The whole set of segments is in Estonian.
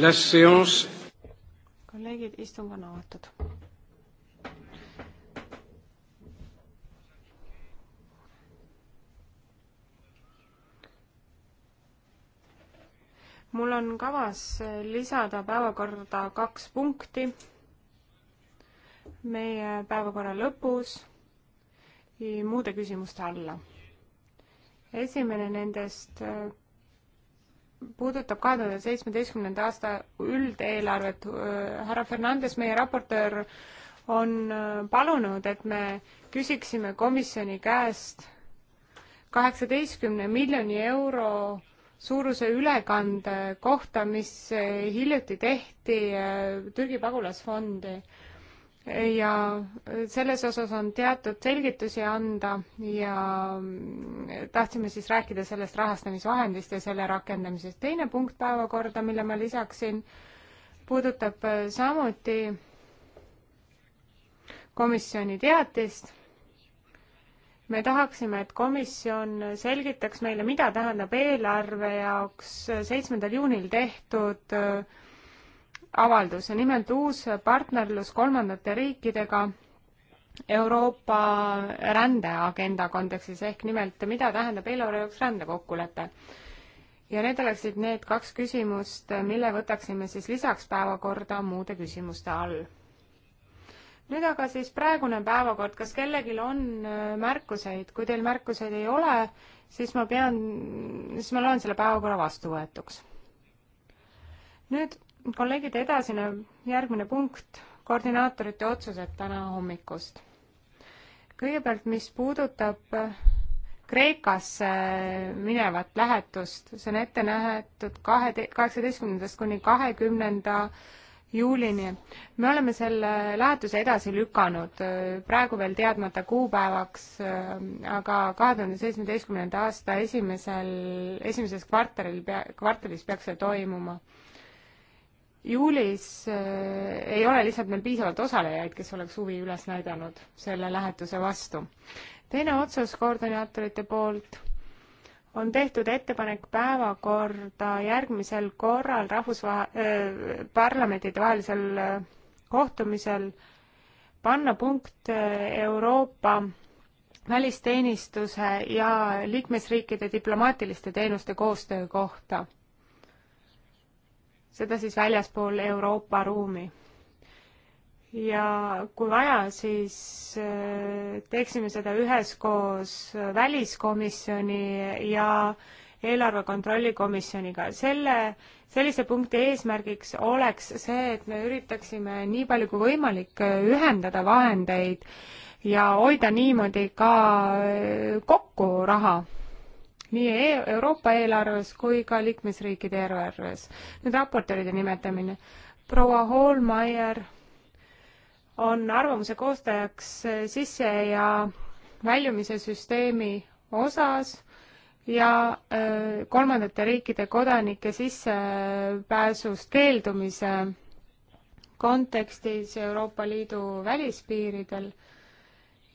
La séance. kolleegid, istung on avatud. mul on kavas lisada päevakorda kaks punkti meie päevakorra lõpus muude küsimuste alla. esimene nendest puudutab kahe tuhande seitsmeteistkümnenda aasta üldeelarvet, härra Fernandes, meie raportöör, on äh, palunud, et me küsiksime komisjoni käest kaheksateistkümne miljoni euro suuruse ülekande kohta, mis äh, hiljuti tehti äh, Türgi pagulasfondi ja selles osas on teatud selgitusi anda ja mm, tahtsime siis rääkida sellest rahastamisvahendist ja selle rakendamisest. teine punkt päevakorda, mille ma lisaksin, puudutab äh, samuti komisjoni teatist. me tahaksime, et komisjon selgitaks meile, mida tähendab eelarve jaoks seitsmendal juunil tehtud äh, avalduse, nimelt uus partnerlus kolmandate riikidega Euroopa rändeagenda kontekstis ehk nimelt, mida tähendab Elora jaoks rändekokkulepe. ja need oleksid need kaks küsimust, mille võtaksime siis lisaks päevakorda muude küsimuste all. nüüd aga siis praegune päevakord, kas kellelgi on äh, märkuseid, kui teil märkuseid ei ole, siis ma pean, siis ma loen selle päevakorra vastuvõetuks. nüüd kolleegid, edasine järgmine punkt, koordinaatorite otsused täna hommikust. kõigepealt, mis puudutab Kreekasse minevat lähetust, see on ette nähtud kahe, kaheksateistkümnendast kuni kahekümnenda juulini. me oleme selle lähetuse edasi lükanud, praegu veel teadmata kuupäevaks, aga kahe tuhande seitsmeteistkümnenda aasta esimesel, esimeses kvartalil pea, kvartalis peaks see toimuma juulis äh, ei ole lihtsalt meil piisavalt osalejaid, kes oleks huvi üles näidanud selle lähetuse vastu. teine otsus koordinaatorite poolt on tehtud ettepanek päevakorda järgmisel korral rahvusvahe- äh,, parlamentidevahelisel äh, kohtumisel panna punkt äh, Euroopa välisteenistuse ja liikmesriikide diplomaatiliste teenuste koostöö kohta seda siis väljaspool Euroopa ruumi. ja kui vaja, siis äh, teeksime seda üheskoos Väliskomisjoni ja eelarve kontrolli komisjoniga. selle, sellise punkti eesmärgiks oleks see, et me üritaksime nii palju kui võimalik äh, ühendada vahendeid ja hoida niimoodi ka äh, kokku raha nii e- Euroopa eelarves kui ka liikmesriikide eelarves. nüüd raportööride nimetamine. proua Hallmeier on arvamuse koostajaks sisse ja väljumise süsteemi osas ja äh, kolmandate riikide kodanike sissepääsust keeldumise kontekstis Euroopa Liidu välispiiridel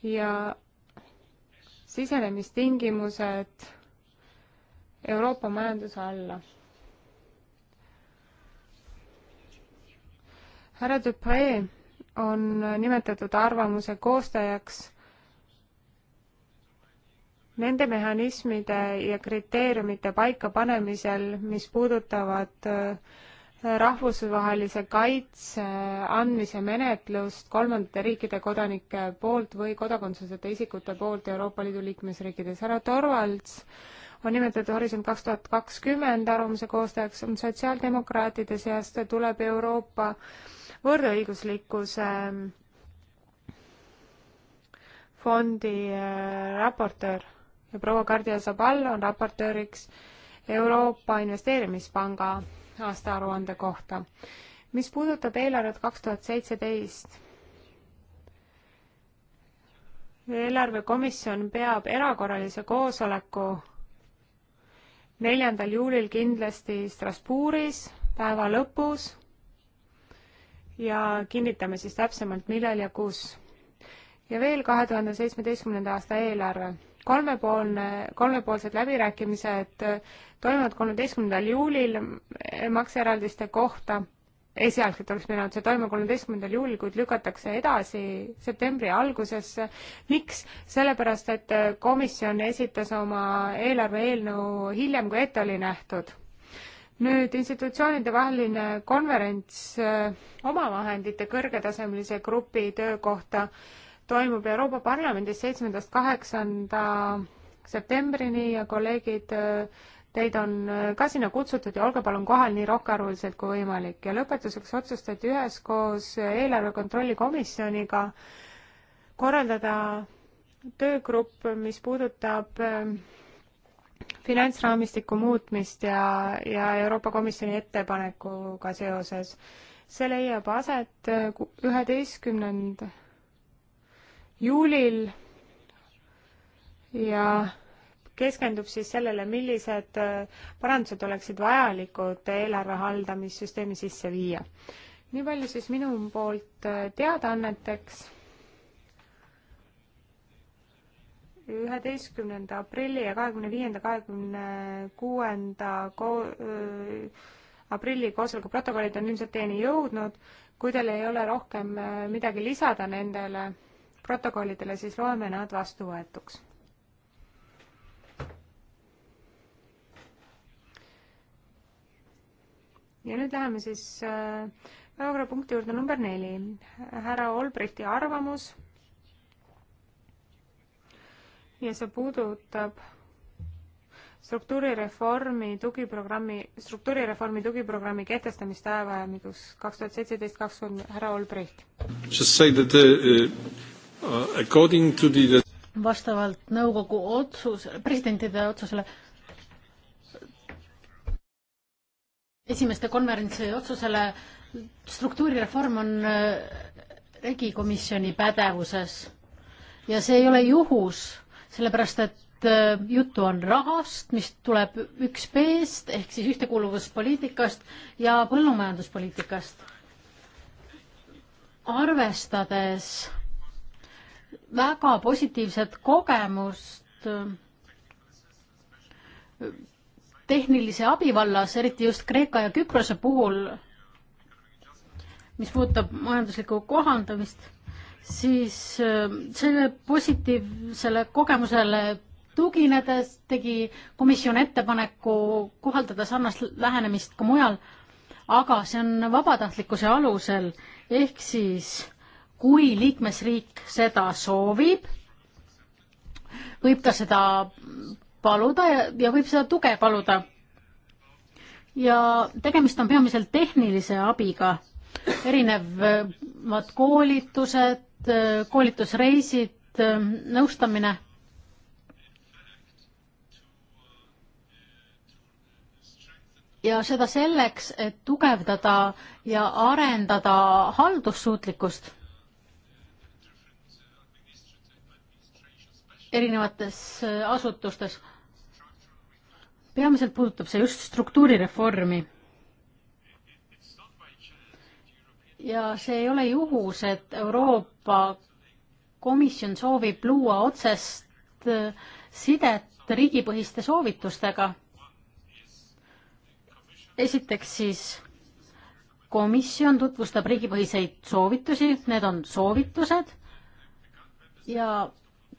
ja sisenemistingimused Euroopa majanduse alla. härra Dupre on nimetatud arvamuse koostajaks nende mehhanismide ja kriteeriumite paikapanemisel, mis puudutavad äh, rahvusvahelise kaitse andmise menetlust kolmandate riikide kodanike poolt või kodakondsuseta isikute poolt Euroopa Liidu liikmesriikides. härra Torvalds äh, on nimetatud Horisont kaks tuhat kakskümmend arvamuse koostajaks, on sotsiaaldemokraatide seast tuleb Euroopa võrdõiguslikkuse ähm, fondi äh, raportöör ja proua Kardia Zabal on raportööriks Euroopa Investeerimispanga aastaaruande kohta. mis puudutab eelarvet kaks tuhat seitseteist, eelarvekomisjon peab erakorralise koosoleku neljandal juulil kindlasti Strasbourgis päeva lõpus ja kinnitame siis täpsemalt, millal ja kus. ja veel kahe tuhande seitsmeteistkümnenda aasta eelarve. kolmepoolne, kolmepoolsed läbirääkimised toimuvad kolmeteistkümnendal juulil makseeraldiste kohta esialgselt oleks pidanud see toimuma kolmeteistkümnendal juulil, kuid lükatakse edasi septembri algusesse. miks? sellepärast, et komisjon esitas oma eelarve eelnõu hiljem, kui ette oli nähtud. nüüd institutsioonide vaheline konverents äh, omavahendite kõrgetasemelise grupi töö kohta toimub Euroopa Parlamendis seitsmendast kaheksanda septembrini ja kolleegid äh, Teid on äh, ka sinna kutsutud ja olge palun kohal nii rohkearvuliselt kui võimalik ja lõpetuseks otsustati üheskoos eelarve kontrolli komisjoniga korraldada töögrupp, mis puudutab äh, finantsraamistiku muutmist ja, ja Euroopa Komisjoni ettepanekuga seoses. see leiab aset äh, üheteistkümnendal juulil ja keskendub siis sellele, millised äh, parandused oleksid vajalikud eelarve haldamissüsteemi sisse viia. nii palju siis minu poolt äh, teadaanneteks. üheteistkümnenda aprilli ja kahekümne viienda, kahekümne kuuenda äh, aprilli koosoleku protokollid on ilmselt teieni jõudnud. kui teil ei ole rohkem midagi lisada nendele protokollidele, siis loeme nad vastuvõetuks ja nüüd läheme siis äh, päevakorrapunkti juurde number neli, härra Olbrichti arvamus. ja see puudutab struktuurireformi tugiprogrammi, struktuurireformi tugiprogrammi kehtestamist ajavahemikus kaks tuhat seitseteist, kakskümmend, härra Olbricht. Uh, uh, vastavalt nõukogu otsus, presidentide otsusele esimeste konverentsi otsusele struktuurireform on äh, regikomisjoni pädevuses ja see ei ole juhus, sellepärast et äh, juttu on rahast, mis tuleb üks B-st ehk siis ühtekuuluvuspoliitikast ja põllumajanduspoliitikast. arvestades väga positiivset kogemust tehnilise abi vallas, eriti just Kreeka ja Küprose puhul, mis puudutab majanduslikku kohandamist, siis äh, selle positiivsele kogemusele tuginedes tegi komisjon ettepaneku kohaldada sarnast lähenemist ka mujal, aga see on vabatahtlikkuse alusel, ehk siis kui liikmesriik seda soovib, võib ta seda paluda ja, ja võib seda tuge paluda. ja tegemist on peamiselt tehnilise abiga, erinevad äh, koolitused, äh, koolitusreisid, äh, nõustamine. ja seda selleks, et tugevdada ja arendada haldussuutlikkust erinevates äh, asutustes. peamiselt puudutab see just struktuurireformi. ja see ei ole juhus, et Euroopa Komisjon soovib luua otsest äh, sidet riigipõhiste soovitustega. esiteks siis komisjon tutvustab riigipõhiseid soovitusi, need on soovitused ja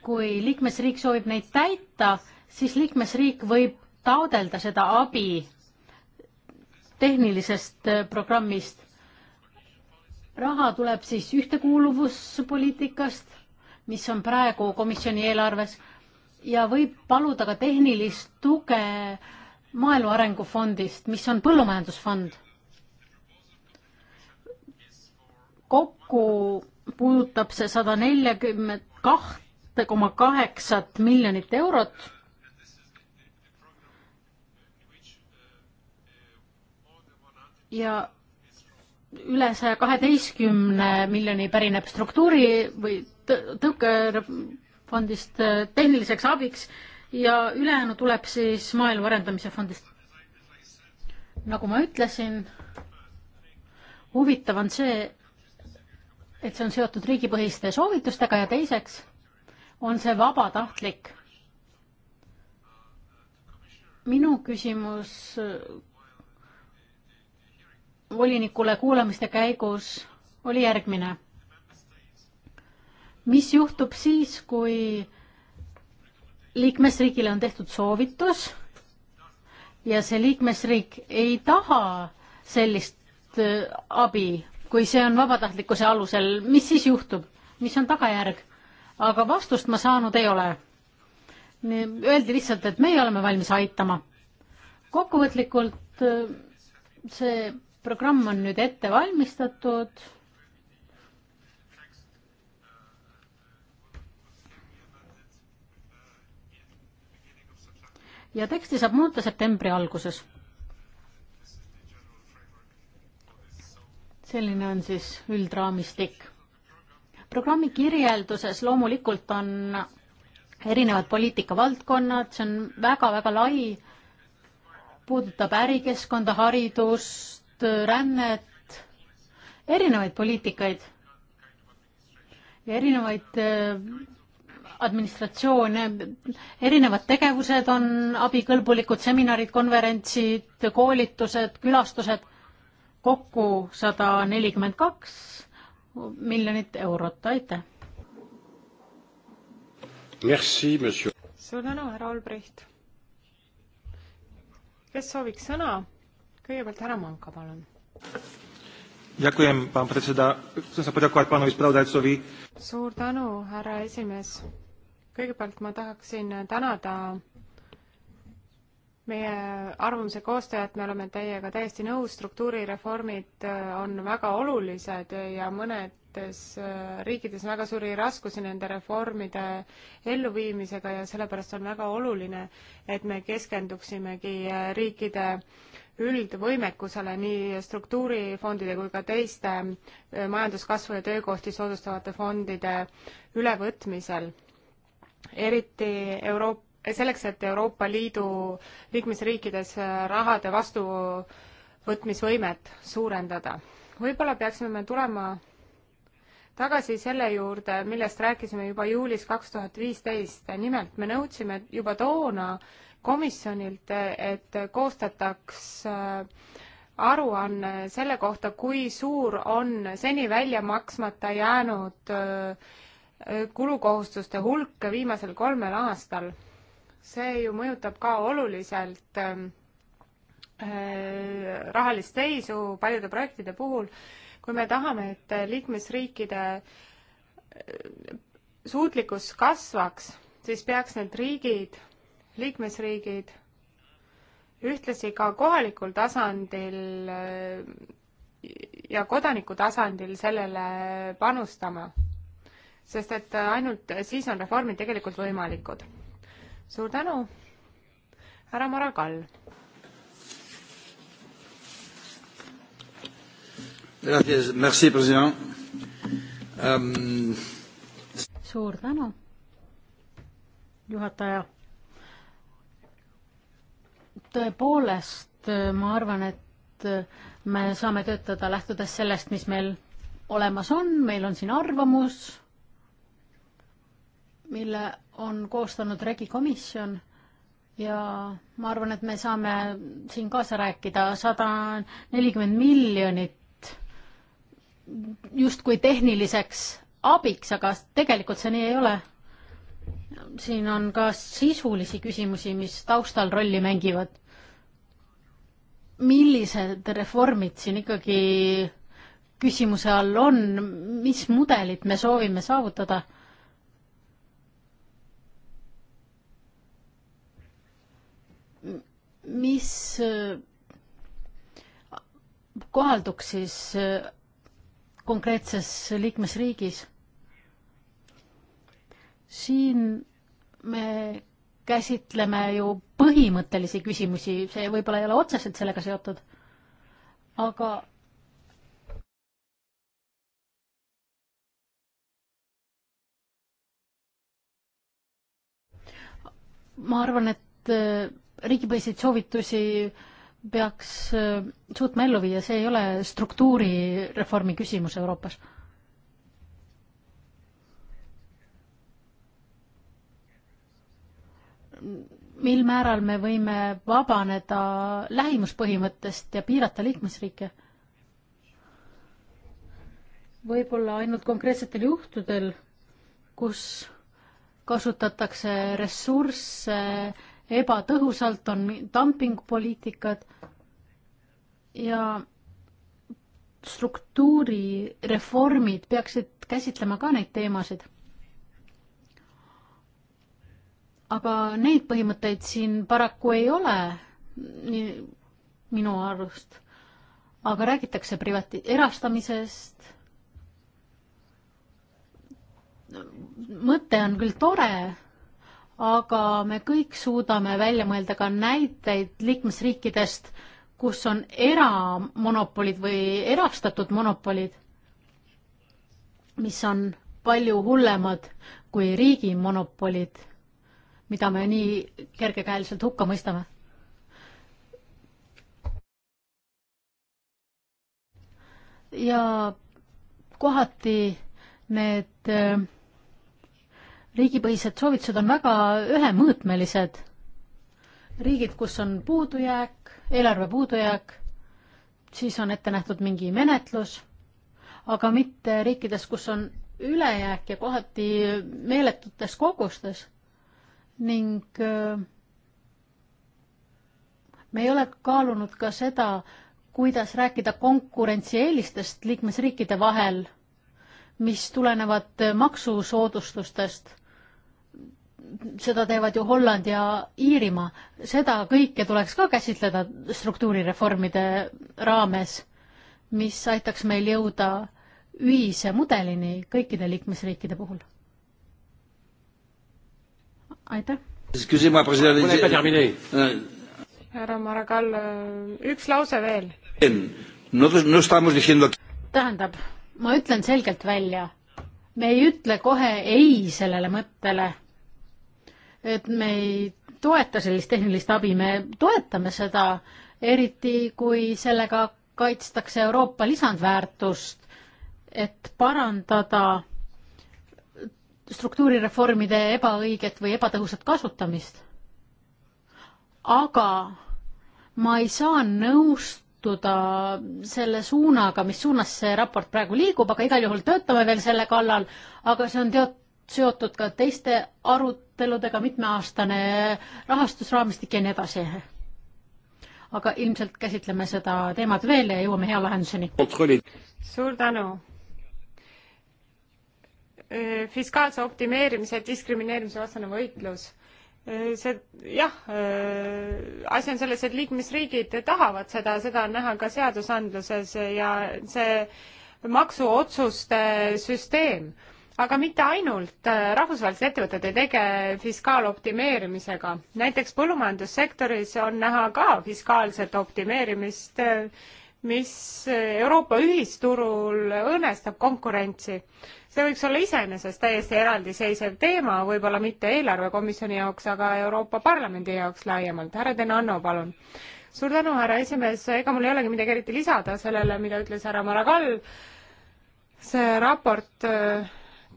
kui liikmesriik soovib neid täita, siis liikmesriik võib taodelda seda abi tehnilisest äh, programmist. raha tuleb siis ühtekuuluvuspoliitikast, mis on praegu komisjoni eelarves ja võib paluda ka tehnilist tuge Maaelu Arengufondist, mis on põllumajandusfond. kokku puudutab see sada neljakümmet kaht kahte koma kaheksat miljonit eurot. ja üle saja kaheteistkümne miljoni pärineb struktuuri või tõukefondist äh, tehniliseks abiks ja ülejäänu tuleb siis Maaelu Arendamise Fondist. nagu ma ütlesin, huvitav on see, et see on seotud riigipõhiste soovitustega ja teiseks on see vabatahtlik. minu küsimus äh, volinikule kuulamiste käigus oli järgmine. mis juhtub siis, kui liikmesriigile on tehtud soovitus ja see liikmesriik ei taha sellist äh, abi, kui see on vabatahtlikkuse alusel, mis siis juhtub, mis on tagajärg? aga vastust ma saanud ei ole. Öeldi lihtsalt, et meie oleme valmis aitama. kokkuvõtlikult äh, see programm on nüüd ette valmistatud. ja teksti saab muuta septembri alguses. selline on siis üldraamistik programmi kirjelduses loomulikult on erinevad poliitikavaldkonnad, see on väga-väga lai, puudutab ärikeskkonda, haridust, rännet, erinevaid poliitikaid ja erinevaid äh, administratsioone, erinevad tegevused on abikõlbulikud, seminarid, konverentsid, koolitused, külastused, kokku sada nelikümmend kaks miljonit eurot, aitäh! suur tänu, härra Olbricht! kes sooviks sõna? kõigepealt härra Manka, palun. suur tänu, härra esimees! kõigepealt ma tahaksin tänada meie arvamuse koostajad, me oleme teiega täiesti nõus, struktuurireformid äh, on väga olulised ja mõnedes äh, riikides on väga suuri raskusi nende reformide elluviimisega ja sellepärast on väga oluline, et me keskenduksimegi äh, riikide üldvõimekusele nii struktuurifondide kui ka teiste majanduskasvu ja töökohti soodustavate fondide ülevõtmisel eriti Euroop-, selleks, et Euroopa Liidu liikmesriikides äh, rahade vastuvõtmisvõimet suurendada. võib-olla peaksime me tulema tagasi selle juurde, millest rääkisime juba juulis kaks tuhat viisteist, nimelt me nõudsime juba toona komisjonilt, et koostataks äh, aruanne selle kohta, kui suur on seni välja maksmata jäänud äh, kulukohustuste hulk viimasel kolmel aastal see ju mõjutab ka oluliselt ähm, äh, rahalist seisu paljude projektide puhul, kui me tahame, et liikmesriikide äh, suutlikkus kasvaks, siis peaks need riigid, liikmesriigid ühtlasi ka kohalikul tasandil äh, ja kodaniku tasandil sellele panustama. sest et ainult siis on reformid tegelikult võimalikud suur tänu, härra Mara Kall. Merci, president um.... suur tänu, juhataja. tõepoolest, ma arvan, et me saame töötada lähtudes sellest, mis meil olemas on, meil on siin arvamus, mille on koostanud regikomisjon ja ma arvan, et me saame siin kaasa rääkida, sada nelikümmend miljonit justkui tehniliseks abiks, aga tegelikult see nii ei ole. siin on ka sisulisi küsimusi, mis taustal rolli mängivad. millised reformid siin ikkagi küsimuse all on, mis mudelit me soovime saavutada mis äh, kohalduks siis äh, konkreetses liikmesriigis. siin me käsitleme ju põhimõttelisi küsimusi, see võib-olla ei ole otseselt sellega seotud, aga ma arvan, et äh, riigipõhiseid soovitusi peaks äh, suutma ellu viia, see ei ole struktuurireformi küsimus Euroopas. mil määral me võime vabaneda lähimuspõhimõttest ja piirata liikmesriike? võib-olla ainult konkreetsetel juhtudel, kus kasutatakse ressursse äh, ebatõhusalt, on dumpingpoliitikad ja struktuurireformid peaksid käsitlema ka neid teemasid. aga neid põhimõtteid siin paraku ei ole, minu arust. aga räägitakse privati-, erastamisest mõte on küll tore, aga me kõik suudame välja mõelda ka näiteid liikmesriikidest, kus on eramonopolid või erastatud monopolid, mis on palju hullemad kui riigi monopolid, mida me nii kergekäeliselt hukka mõistame. ja kohati need äh, riigipõhised soovitused on väga ühemõõtmelised. riigid, kus on puudujääk, eelarve puudujääk, siis on ette nähtud mingi menetlus, aga mitte riikides, kus on ülejääk ja kohati meeletutes kogustes ning äh, me ei ole kaalunud ka seda, kuidas rääkida konkurentsieelistest liikmesriikide vahel, mis tulenevad maksusoodustustest seda teevad ju Holland ja Iirimaa. seda kõike tuleks ka käsitleda struktuurireformide raames, mis aitaks meil jõuda ühise mudelini kõikide liikmesriikide puhul. aitäh. Euh, härra Maragall, euh, üks lause veel. tähendab, ma ütlen selgelt välja, me ei ütle kohe ei sellele mõttele et me ei toeta sellist tehnilist abi, me toetame seda, eriti kui sellega kaitstakse Euroopa lisandväärtust, et parandada struktuurireformide ebaõiget või ebatõhusat kasutamist. aga ma ei saa nõustuda selle suunaga, mis suunas see raport praegu liigub, aga igal juhul töötame veel selle kallal, aga see on teot-, seotud ka teiste aruteludega, mitmeaastane rahastusraamistik ja nii edasi. aga ilmselt käsitleme seda teemat veel ja jõuame hea lahenduseni. suur tänu! fiskaalse optimeerimise diskrimineerimise vastane võitlus see jah, asi on selles, et liikmesriigid tahavad seda, seda on näha ka seadusandluses ja see maksuotsuste süsteem aga mitte ainult, äh, rahvusvahelised ettevõtted ei tege fiskaaloptimeerimisega. näiteks põllumajandussektoris on näha ka fiskaalset optimeerimist, äh, mis äh, Euroopa ühisturul õõnestab konkurentsi. see võiks olla iseenesest täiesti eraldiseisev teema, võib-olla mitte eelarvekomisjoni jaoks, aga Euroopa Parlamendi jaoks laiemalt. härra Denanno, palun suur tänu, härra esimees, ega mul ei olegi midagi eriti lisada sellele, mida ütles härra Maragall. see raport äh,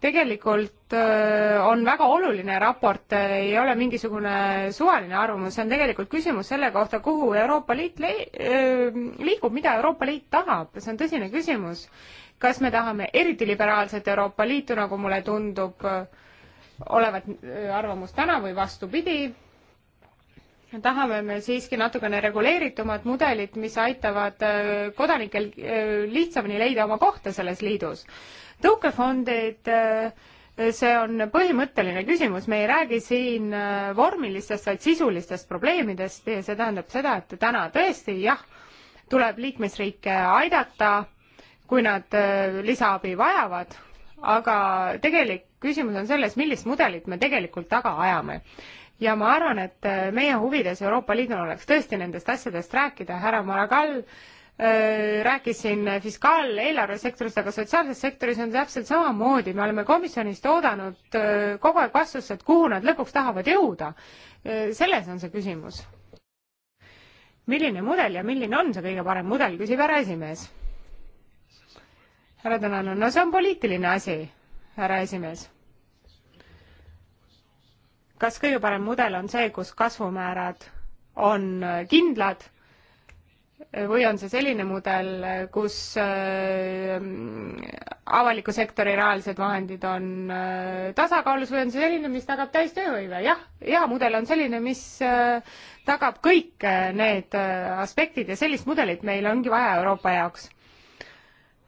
tegelikult äh, on väga oluline raport, äh, ei ole mingisugune suvaline arvamus, see on tegelikult küsimus selle kohta, kuhu Euroopa Liit äh, liigub, mida Euroopa Liit tahab, see on tõsine küsimus. kas me tahame eriti liberaalset Euroopa Liitu, nagu mulle tundub olevat arvamus täna või vastupidi, tahame me siiski natukene reguleeritumat mudelit, mis aitavad kodanikel lihtsamini leida oma kohta selles liidus tõukefondid, äh, see on põhimõtteline küsimus, me ei räägi siin äh, vormilistest, vaid sisulistest probleemidest ja see tähendab seda, et täna tõesti jah, tuleb liikmesriike aidata, kui nad äh, lisaabi vajavad, aga tegelik küsimus on selles, millist mudelit me tegelikult taga ajame ja ma arvan, et meie huvides Euroopa Liidul oleks tõesti nendest asjadest rääkida, härra Maragall Äh, rääkisin fiskaaleelarve sektorist, aga sotsiaalses sektoris on täpselt samamoodi, me oleme komisjonist oodanud äh, kogu aeg vastust, et kuhu nad lõpuks tahavad jõuda. Äh, selles on see küsimus. milline mudel ja milline on see kõige parem mudel, küsib härra esimees. härra Tõnan, no see on poliitiline asi, härra esimees. kas kõige parem mudel on see, kus kasvumäärad on kindlad või on see selline mudel, kus äh, avaliku sektori rahalised vahendid on äh, tasakaalus või on see selline, mis tagab täistööhõive? jah, hea mudel on selline, mis äh, tagab kõik need aspektid ja sellist mudelit meil ongi vaja Euroopa jaoks.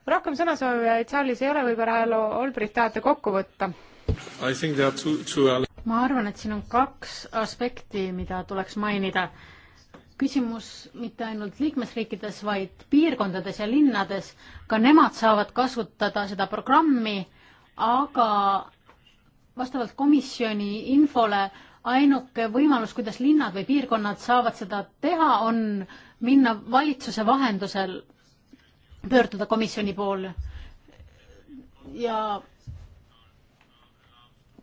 rohkem sõnasoovijaid saalis ei ole, võib-olla härra Olbrit tahate kokku võtta? ma arvan, et siin on kaks aspekti, mida tuleks mainida küsimus mitte ainult liikmesriikides, vaid piirkondades ja linnades. ka nemad saavad kasutada seda programmi, aga vastavalt komisjoni infole ainuke võimalus, kuidas linnad või piirkonnad saavad seda teha, on minna valitsuse vahendusel, pöörduda komisjoni poole. ja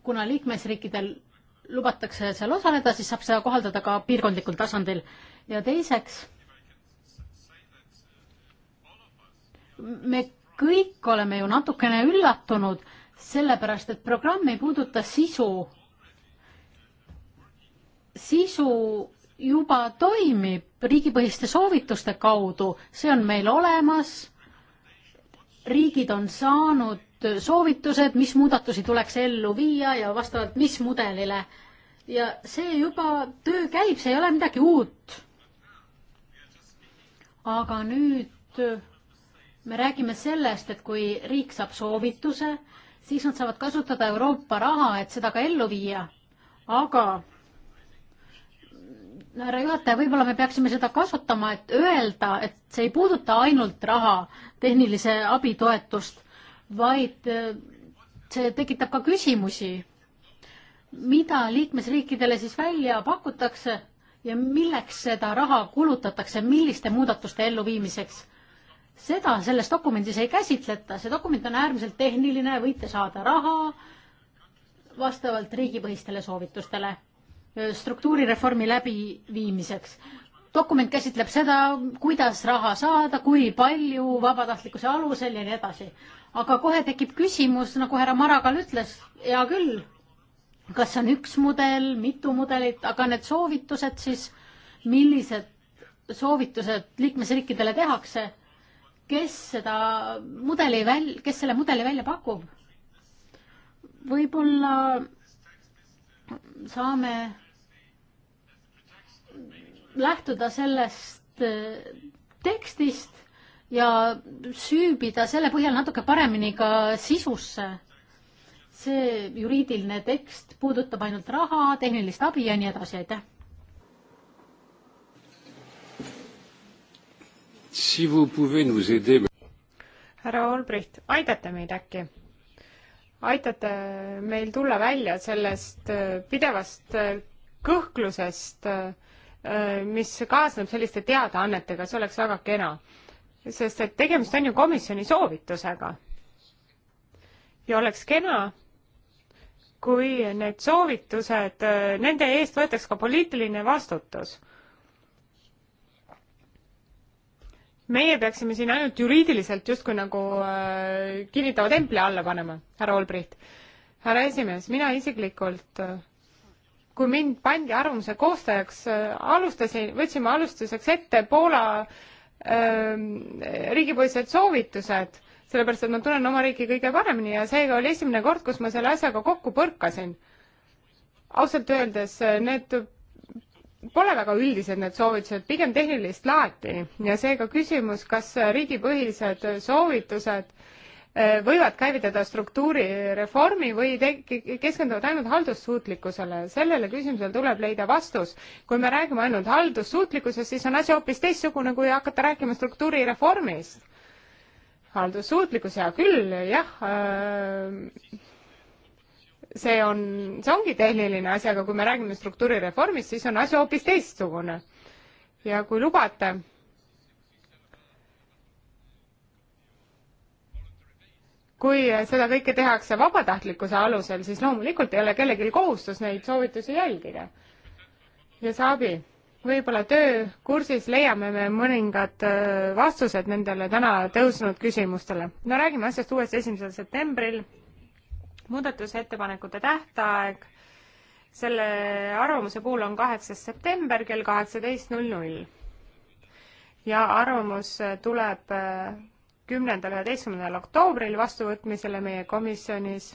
kuna liikmesriikidel lubatakse seal osaleda, siis saab seda kohaldada ka piirkondlikul tasandil ja teiseks, me kõik oleme ju natukene üllatunud, sellepärast et programm ei puuduta sisu. sisu juba toimib riigipõhiste soovituste kaudu, see on meil olemas. riigid on saanud soovitused, mis muudatusi tuleks ellu viia ja vastavalt mis mudelile. ja see juba, töö käib, see ei ole midagi uut aga nüüd äh, me räägime sellest, et kui riik saab soovituse, siis nad saavad kasutada Euroopa raha, et seda ka ellu viia. aga härra juhataja, võib-olla me peaksime seda kasutama, et öelda, et see ei puuduta ainult raha, tehnilise abi toetust, vaid äh, see tekitab ka küsimusi. mida liikmesriikidele siis välja pakutakse ja milleks seda raha kulutatakse, milliste muudatuste elluviimiseks. seda selles dokumendis ei käsitleta, see dokument on äärmiselt tehniline, võite saada raha vastavalt riigipõhistele soovitustele struktuurireformi läbiviimiseks. dokument käsitleb seda, kuidas raha saada, kui palju, vabatahtlikkuse alusel ja nii edasi. aga kohe tekib küsimus, nagu härra Maragal ütles, hea küll kas on üks mudel, mitu mudelit, aga need soovitused siis, millised soovitused liikmesriikidele tehakse, kes seda mudeli väl-, kes selle mudeli välja pakub? võib-olla saame lähtuda sellest eh, tekstist ja süübida selle põhjal natuke paremini ka sisusse see juriidiline tekst puudutab ainult raha, tehnilist abi ja nii edasi, aitäh. härra Olbricht, aidate meid äkki? aitate meil tulla välja sellest äh, pidevast äh, kõhklusest, äh, mis kaasneb selliste teadaannetega, see oleks väga kena. sest et tegemist on ju komisjoni soovitusega. ja oleks kena, kui need soovitused, nende eest võetaks ka poliitiline vastutus. meie peaksime siin ainult juriidiliselt justkui nagu äh, kinnitava templi alla panema, härra Olbricht. härra esimees, mina isiklikult äh, kui mind pandi arvamuse koostajaks, äh, alustasin, võtsime alustuseks ette Poola öö, äh, riigipoolsed soovitused sellepärast et ma tunnen oma riiki kõige paremini ja seega oli esimene kord, kus ma selle asjaga kokku põrkasin. ausalt öeldes need pole väga üldised need soovitused, pigem tehnilist laati ja seega küsimus, kas riigipõhised soovitused eh, võivad käivitada struktuurireformi või keskenduvad ainult haldussuutlikkusele, sellele küsimusele tuleb leida vastus. kui me räägime ainult haldussuutlikkusest, siis on asi hoopis teistsugune, kui hakata rääkima struktuurireformist haldussuutlikkus, hea küll, jah äh,, see on, see ongi tehniline asi, aga kui me räägime struktuurireformist, siis on asi hoopis teistsugune. ja kui lubate, kui seda kõike tehakse vabatahtlikkuse alusel, siis loomulikult ei ole kellelgi kohustus neid soovitusi jälgida. ja see abi võib-olla töökursis leiame me mõningad äh, vastused nendele täna tõusnud küsimustele. no räägime asjast uuesti esimesel septembril. muudatusettepanekute tähtaeg selle arvamuse puhul on kaheksas september kell kaheksateist null null. ja arvamus tuleb äh, kümnendal, üheteistkümnendal oktoobril vastuvõtmisele meie komisjonis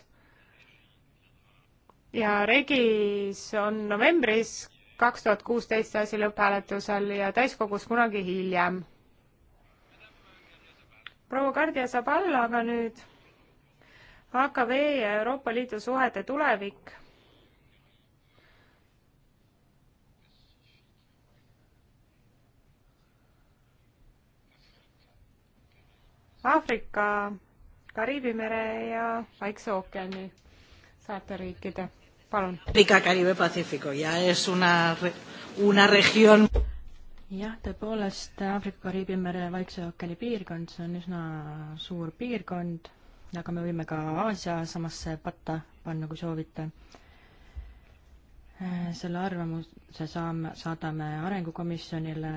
ja Regis on novembris kaks tuhat kuusteist see asi lõpphääletusel ja täiskogus kunagi hiljem. proua Kardia saab alla, aga nüüd AKV ja Euroopa Liidu suhete tulevik. Aafrika, Kariibi mere ja Vaikse ookeani saarte riikide palun. Caribe Pacifico ja es una, una región jah, tõepoolest Aafrika-Kariibi mere Vaikse ookeani piirkond, see on üsna suur piirkond, aga me võime ka Aasia samasse patta panna, kui soovite. Äh, selle arvamuse saame, saadame Arengukomisjonile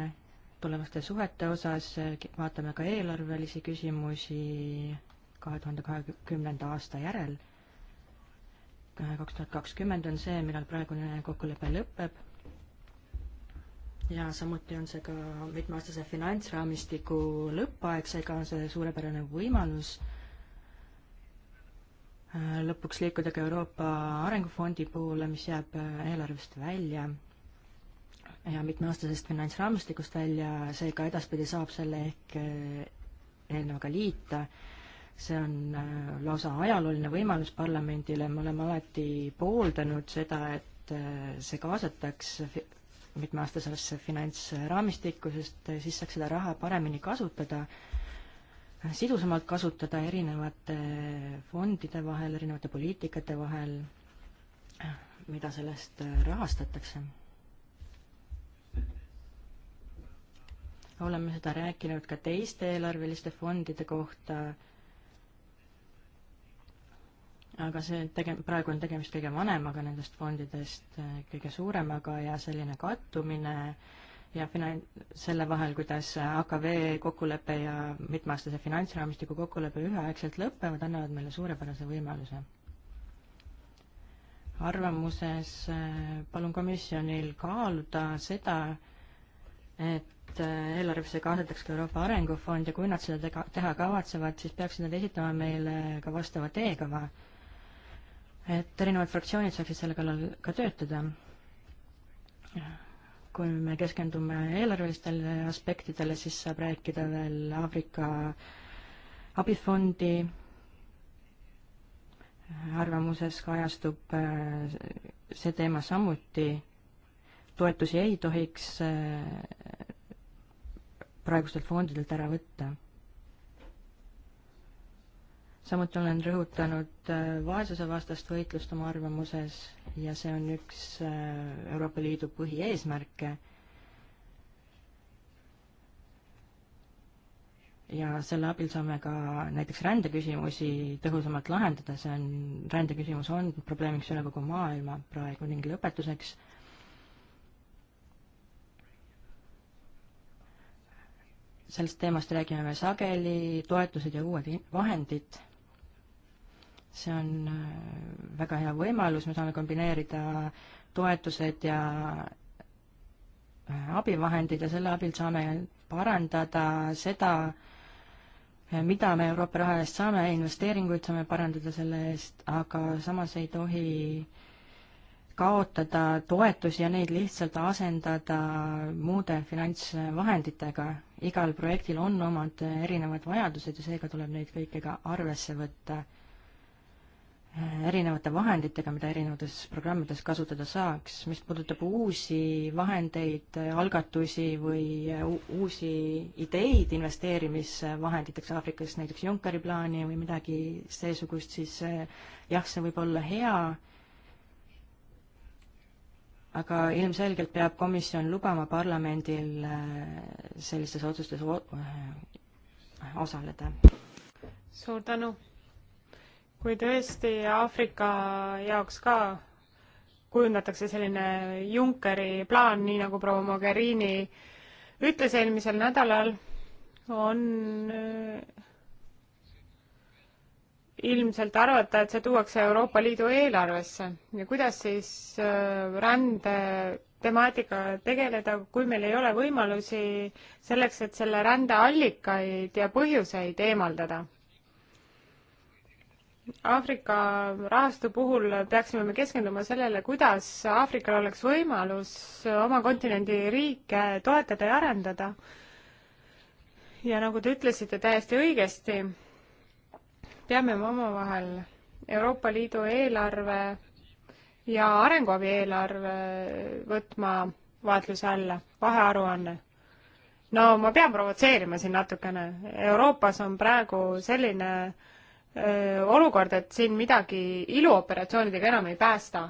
tulevaste suhete osas, vaatame ka eelarvelisi küsimusi kahe tuhande kahekümnenda aasta järel kaks tuhat kakskümmend on see, millal praegune kokkulepe lõpeb. ja samuti on see ka mitmeaastase finantsraamistiku lõppaeg, seega on see suurepärane võimalus äh, lõpuks liikuda ka Euroopa Arengufondi poole, mis jääb äh, eelarvest välja ja mitmeaastasest finantsraamistikust välja, seega edaspidi saab selle ehk äh, eelnevaga liita see on äh, lausa ajalooline võimalus parlamendile, me oleme alati pooldanud seda, et äh, see kaasataks mitmeaastasesse finantsraamistikku, sest äh, siis saaks seda raha paremini kasutada, sidusamalt kasutada erinevate fondide vahel, erinevate poliitikate vahel, mida sellest rahastatakse oleme seda rääkinud ka teiste eelarveliste fondide kohta, aga see tege-, praegu on tegemist kõige vanemaga nendest fondidest, kõige suuremaga ja selline kattumine ja finan-, selle vahel, kuidas AKV kokkulepe ja mitmeaastase finantsraamistiku kokkulepe üheaegselt lõpevad, annavad meile suurepärase võimaluse. arvamuses palun komisjonil kaaluda seda, et eelarvesse kaasatakse ka Euroopa Arengufond ja kui nad seda tega-, teha kavatsevad, siis peaksid nad esitama meile ka vastava teekava et erinevad fraktsioonid saaksid selle kallal ka töötada. kui me keskendume eelarvelistele aspektidele, siis saab rääkida veel Aafrika abifondi arvamuses kajastub äh, see teema samuti, toetusi ei tohiks äh, praegustelt fondidelt ära võtta samuti olen rõhutanud äh, vaesusevastast võitlust oma arvamuses ja see on üks äh, Euroopa Liidu põhieesmärke. ja selle abil saame ka näiteks rändeküsimusi tõhusamalt lahendada, see on, rändeküsimus on probleemiks üle kogu maailma praegu ning lõpetuseks sellest teemast räägime me sageli, toetused ja uued vahendid see on äh, väga hea võimalus, me saame kombineerida toetused ja äh, abivahendid ja selle abil saame parandada seda, äh, mida me Euroopa raha eest saame, investeeringuid saame parandada selle eest, aga samas ei tohi kaotada toetusi ja neid lihtsalt asendada muude finantsvahenditega. igal projektil on omad erinevad vajadused ja seega tuleb neid kõiki ka arvesse võtta erinevate vahenditega, mida erinevates programmides kasutada saaks. mis puudutab uusi vahendeid, algatusi või uusi ideid investeerimisvahenditeks Aafrikas, näiteks Junckeri plaani või midagi seesugust, siis eh, jah, see võib olla hea, aga ilmselgelt peab komisjon lubama parlamendil eh, sellistes otsustes eh, osaleda. suur tänu kui tõesti Aafrika jaoks ka kujundatakse selline Junckeri plaan, nii nagu proua Mogherini ütles eelmisel nädalal, on äh, ilmselt arvata, et see tuuakse Euroopa Liidu eelarvesse ja kuidas siis äh, rände temaatikaga tegeleda, kui meil ei ole võimalusi selleks, et selle rände allikaid ja põhjuseid eemaldada Aafrika rahastu puhul peaksime me keskenduma sellele, kuidas Aafrikal oleks võimalus oma kontinendi riike toetada ja arendada. ja nagu te ütlesite täiesti õigesti, peame me omavahel Euroopa Liidu eelarve ja arenguabi eelarve võtma vaatluse alla, vahearuanne no ma pean provotseerima siin natukene, Euroopas on praegu selline äh, olukord, et siin midagi iluoperatsioonidega enam ei päästa.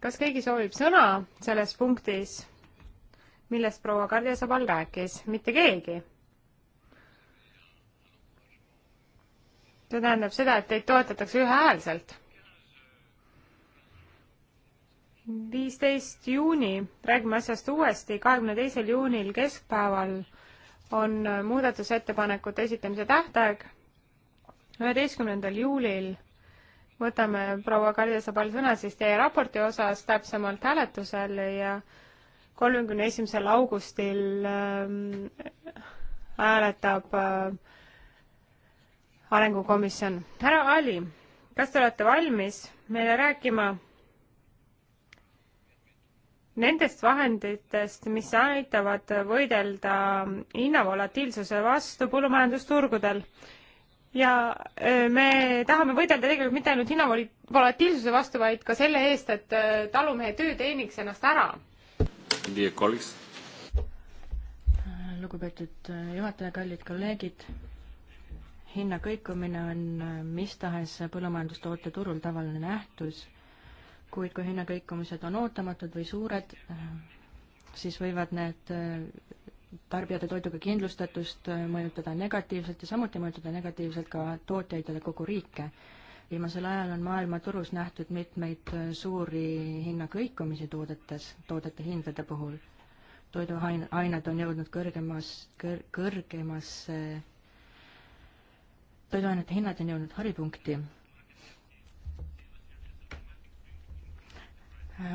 kas keegi soovib sõna selles punktis, millest proua Kardia Sabal rääkis? mitte keegi. see tähendab seda, et teid toetatakse ühehäälselt. viisteist juuni, räägime asjast uuesti, kahekümne teisel juunil keskpäeval on muudatusettepanekute esitamise tähtaeg. üheteistkümnendal juulil võtame proua Karja Sabal sõna siis teie raporti osas täpsemalt hääletusel ja kolmekümne esimesel augustil ähm, hääletab äh, arengukomisjon. härra Ali, kas te olete valmis meile rääkima nendest vahenditest, mis aitavad võidelda hinnavolatiilsuse vastu põllumajandusturgudel. ja me tahame võidelda tegelikult mitte ainult hinnavolatiilsuse vastu, vaid ka selle eest, et talumehe töö teeniks ennast ära. lugupeetud juhataja, kallid kolleegid, hinna kõikumine on mis tahes põllumajandustoote turul tavaline nähtus kuid kui hinnakõikumised on ootamatud või suured, äh, siis võivad need äh, tarbijate toiduga kindlustatust äh, mõjutada negatiivselt ja samuti mõjutada negatiivselt ka tootjaid ja kogu riike. viimasel ajal on maailmaturus nähtud mitmeid suuri hinnakõikumisi toodetes, toodete hindade puhul. toiduained on jõudnud kõrgemas kõr,, kõrgemasse, toiduainete hinnad on jõudnud haripunkti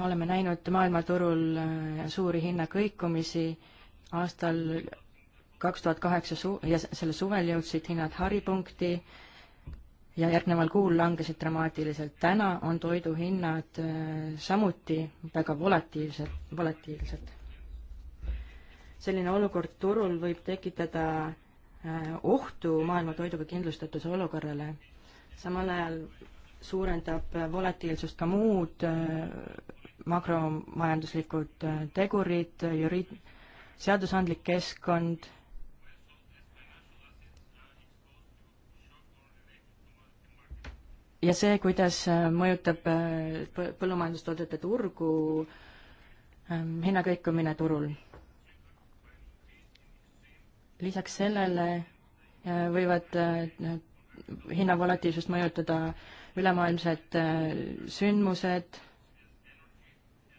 oleme näinud maailmaturul äh, suuri hinnakõikumisi, aastal kaks tuhat kaheksa su-, ja selle suvel jõudsid hinnad haripunkti ja järgneval kuul langesid dramaatiliselt. täna on toiduhinnad äh, samuti väga volatiivsed, volatiilsed. selline olukord turul võib tekitada äh, ohtu maailma toiduga kindlustatuse olukorrale. samal ajal suurendab volatiilsust ka muud äh, makromajanduslikud äh, tegurid, juriid-, seadusandlik keskkond, ja see, kuidas äh, mõjutab põllumajandustoodete turgu, ähm, hinnakõikumine turul. lisaks sellele võivad hinna volatiivsust mõjutada äh, ülemaailmsed äh, sündmused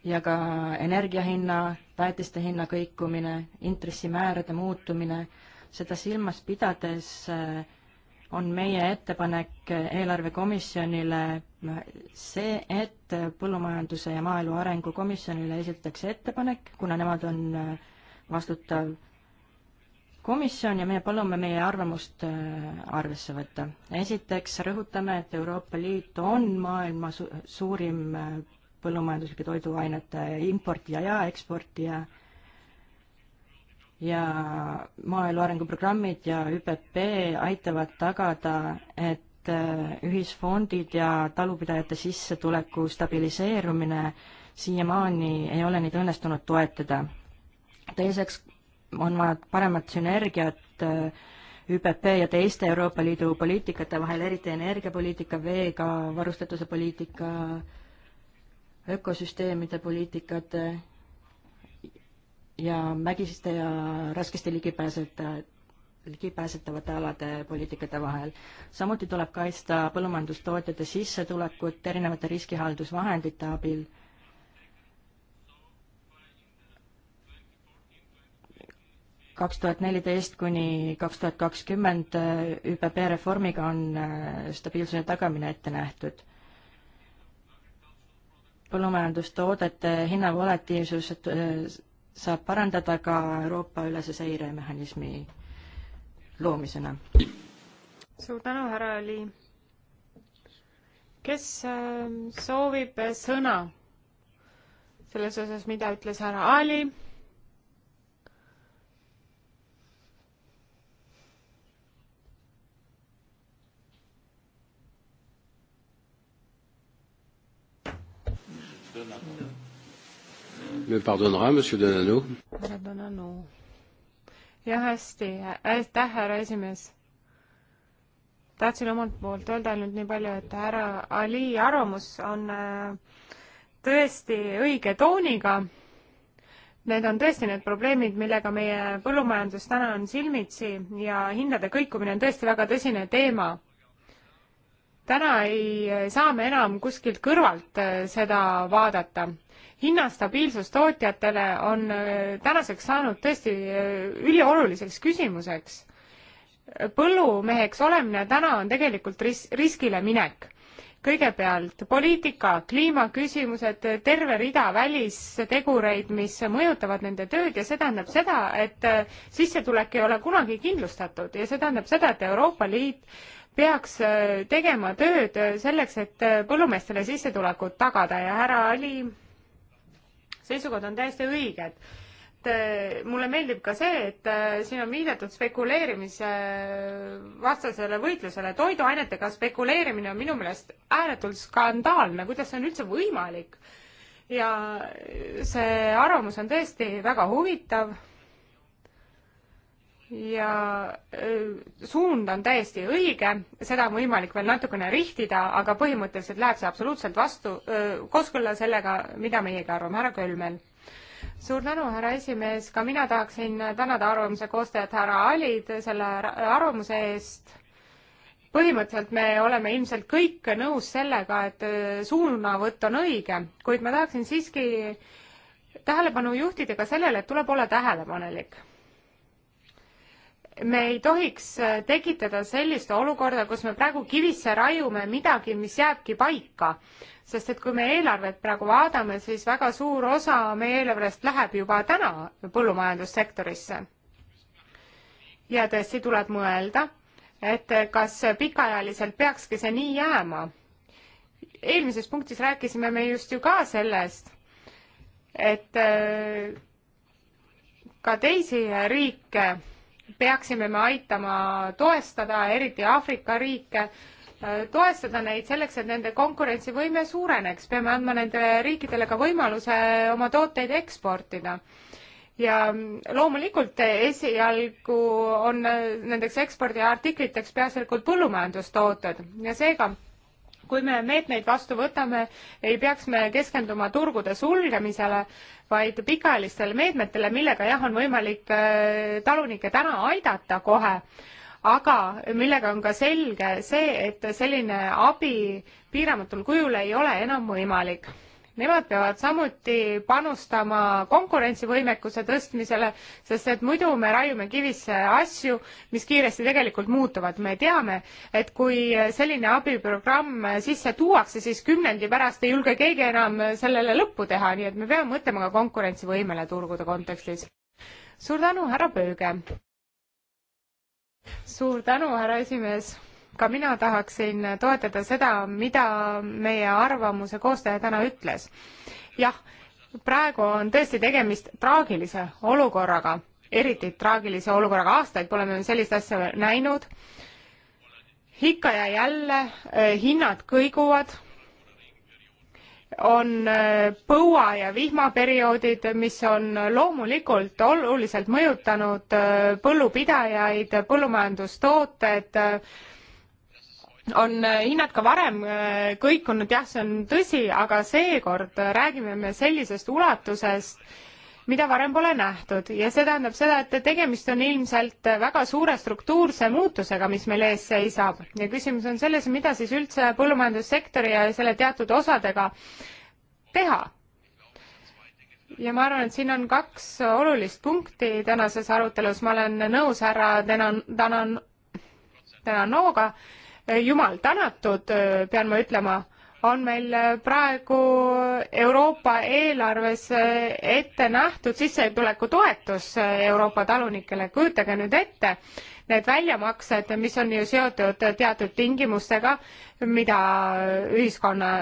ja ka energiahinna, väetiste hinna kõikumine, intressimäärade muutumine, seda silmas pidades äh, on meie ettepanek eelarvekomisjonile see, et Põllumajanduse ja Maaelu Arengu Komisjonile esitatakse ettepanek, kuna nemad on äh, vastutav komisjon ja me palume meie arvamust äh, arvesse võtta. esiteks rõhutame, et Euroopa Liit on maailma su suurim äh, põllumajanduslike toiduainete importija ja eksportija ja maaelu arenguprogrammid ja ÜPP aitavad tagada, et äh, ühisfondid ja talupidajate sissetuleku stabiliseerumine siiamaani ei ole neid õnnestunud toetada. teiseks on vaja paremat sünergiat äh, ÜPP ja teiste Euroopa Liidu poliitikate vahel, eriti energiapoliitika, veega varustatuse poliitika, ökosüsteemide poliitikad ja mägiste ja raskesti ligipääsetav, ligipääsetavate alade poliitikate vahel. samuti tuleb kaitsta põllumajandustootjate sissetulekut erinevate riskihaldusvahendite abil kaks tuhat neliteist kuni kaks tuhat kakskümmend eh, ÜPP reformiga on eh, stabiilsuse tagamine ette nähtud. põllumajandustoodete hinnavolatiivsus eh, saab parandada ka Euroopa-ülese seiremehhanismi loomisena. suur tänu, härra Ali. kes soovib sõna selles osas, mida ütles härra Ali? Me pardonnera, monsieur Donano. härra Donano. jah, hästi, aitäh, härra esimees. tahtsin omalt poolt öelda ainult nii palju, et härra Ali arvamus on äh, tõesti õige tooniga. Need on tõesti need probleemid, millega meie põllumajandus täna on silmitsi ja hindade kõikumine on tõesti väga tõsine teema täna ei saa me enam kuskilt kõrvalt äh, seda vaadata. hinnastabiilsus tootjatele on äh, tänaseks saanud tõesti äh, ülioluliseks küsimuseks. põllumeheks olemine täna on tegelikult ris-, riskile minek. kõigepealt poliitika, kliimaküsimused, terve rida välistegureid, mis mõjutavad nende tööd ja see tähendab seda, et sissetulek ei ole kunagi kindlustatud ja see tähendab seda, et Euroopa Liit peaks äh, tegema tööd äh, selleks, et äh, põllumeestele sissetulekut tagada ja härra Ali seisukohad on täiesti õiged. et mulle meeldib ka see, et siin on viidatud spekuleerimise vastasele võitlusele. toiduainetega spekuleerimine on minu meelest ääretult skandaalne, kuidas see on üldse võimalik? ja see arvamus on tõesti väga huvitav ja suund on täiesti õige, seda on võimalik veel natukene rihtida, aga põhimõtteliselt läheb see absoluutselt vastu, kooskõlla sellega, mida meiegi arvame, härra Kölmel. suur tänu, härra esimees, ka mina tahaksin tänada arvamuse koostajat härra Alid selle arvamuse eest. põhimõtteliselt me oleme ilmselt kõik nõus sellega, et suunavõtt on õige, kuid ma tahaksin siiski tähelepanu juhtida ka sellele, et tuleb olla tähelepanelik me ei tohiks äh, tekitada sellist olukorda, kus me praegu kivisse raiume midagi, mis jääbki paika. sest et kui me eelarvet praegu vaatame, siis väga suur osa meie eelarvest läheb juba täna põllumajandussektorisse. ja tõesti tuleb mõelda, et kas pikaajaliselt peakski see nii jääma. eelmises punktis rääkisime me just ju ka sellest, et äh, ka teisi riike peaksime me aitama toestada, eriti Aafrika riike, äh, toestada neid selleks, et nende konkurentsivõime suureneks, peame andma nendele riikidele ka võimaluse oma tooteid eksportida. ja loomulikult esialgu on äh, nendeks ekspordiartikliteks peaasjalikult põllumajandustooted ja seega kui me meetmeid vastu võtame, ei peaks me keskenduma turgude sulgemisele, vaid pikaajalistele meetmetele, millega jah, on võimalik äh, talunikke täna aidata kohe, aga millega on ka selge see, et selline abi piiramatul kujul ei ole enam võimalik Nemad peavad samuti panustama konkurentsivõimekuse tõstmisele, sest et muidu me raiume kivisse asju, mis kiiresti tegelikult muutuvad. me teame, et kui selline abiprogramm sisse tuuakse, siis kümnendi pärast ei julge keegi enam sellele lõppu teha, nii et me peame mõtlema ka konkurentsivõimele turgude kontekstis. suur tänu, härra Pööge! suur tänu, härra esimees! ka mina tahaksin toetada seda, mida meie arvamuse koostaja täna ütles. jah, praegu on tõesti tegemist traagilise olukorraga, eriti traagilise olukorraga, aastaid pole me sellist asja näinud. ikka ja jälle eh, hinnad kõiguvad on eh, põua ja vihmaperioodid, mis on loomulikult oluliselt mõjutanud eh, põllupidajaid, põllumajandustooted, on äh, hinnad ka varem äh, kõikunud, jah, see on tõsi, aga seekord räägime me sellisest ulatusest, mida varem pole nähtud ja see tähendab seda, et tegemist on ilmselt väga suure struktuurse muutusega, mis meil ees seisab ja küsimus on selles, mida siis üldse põllumajandussektori ja selle teatud osadega teha. ja ma arvan, et siin on kaks olulist punkti tänases arutelus, ma olen nõus härra Tänan-, Tänan-, Tänanoga täna Eh, jumal tänatud, eh, pean ma ütlema, on meil eh, praegu Euroopa eelarves ette nähtud sissetulekutoetus Euroopa talunikele, kujutage nüüd ette, need väljamaksed, mis on ju seotud teatud tingimustega, mida ühiskonna,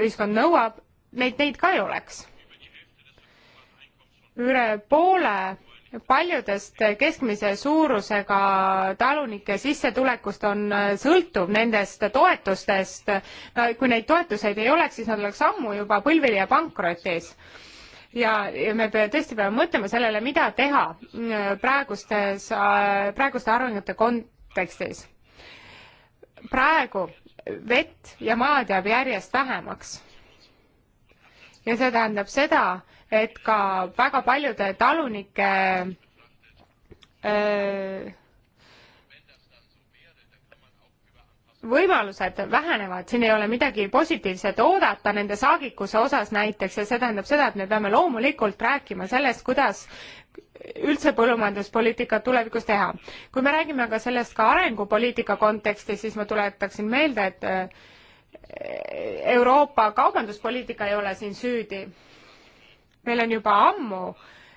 ühiskond nõuab, neid, neid ka ei oleks. üle poole paljudest keskmise suurusega talunike sissetulekust on, äh, sõltub nendest toetustest. kui neid toetuseid ei oleks, siis nad oleks ammu juba põlvili ja pankrotis. ja, ja me pea, tõesti peame mõtlema sellele, mida teha äh, praegustes, äh, praeguste arengute kontekstis. praegu vett ja maad jääb järjest vähemaks. ja see tähendab seda, et ka väga paljude talunike öö, võimalused vähenevad, siin ei ole midagi positiivset oodata nende saagikuse osas näiteks ja see tähendab seda, et me peame loomulikult rääkima sellest, kuidas üldse põllumajanduspoliitikat tulevikus teha. kui me räägime aga sellest ka arengupoliitika kontekstis, siis ma tuletaksin meelde, et Euroopa kaubanduspoliitika ei ole siin süüdi meil on juba ammu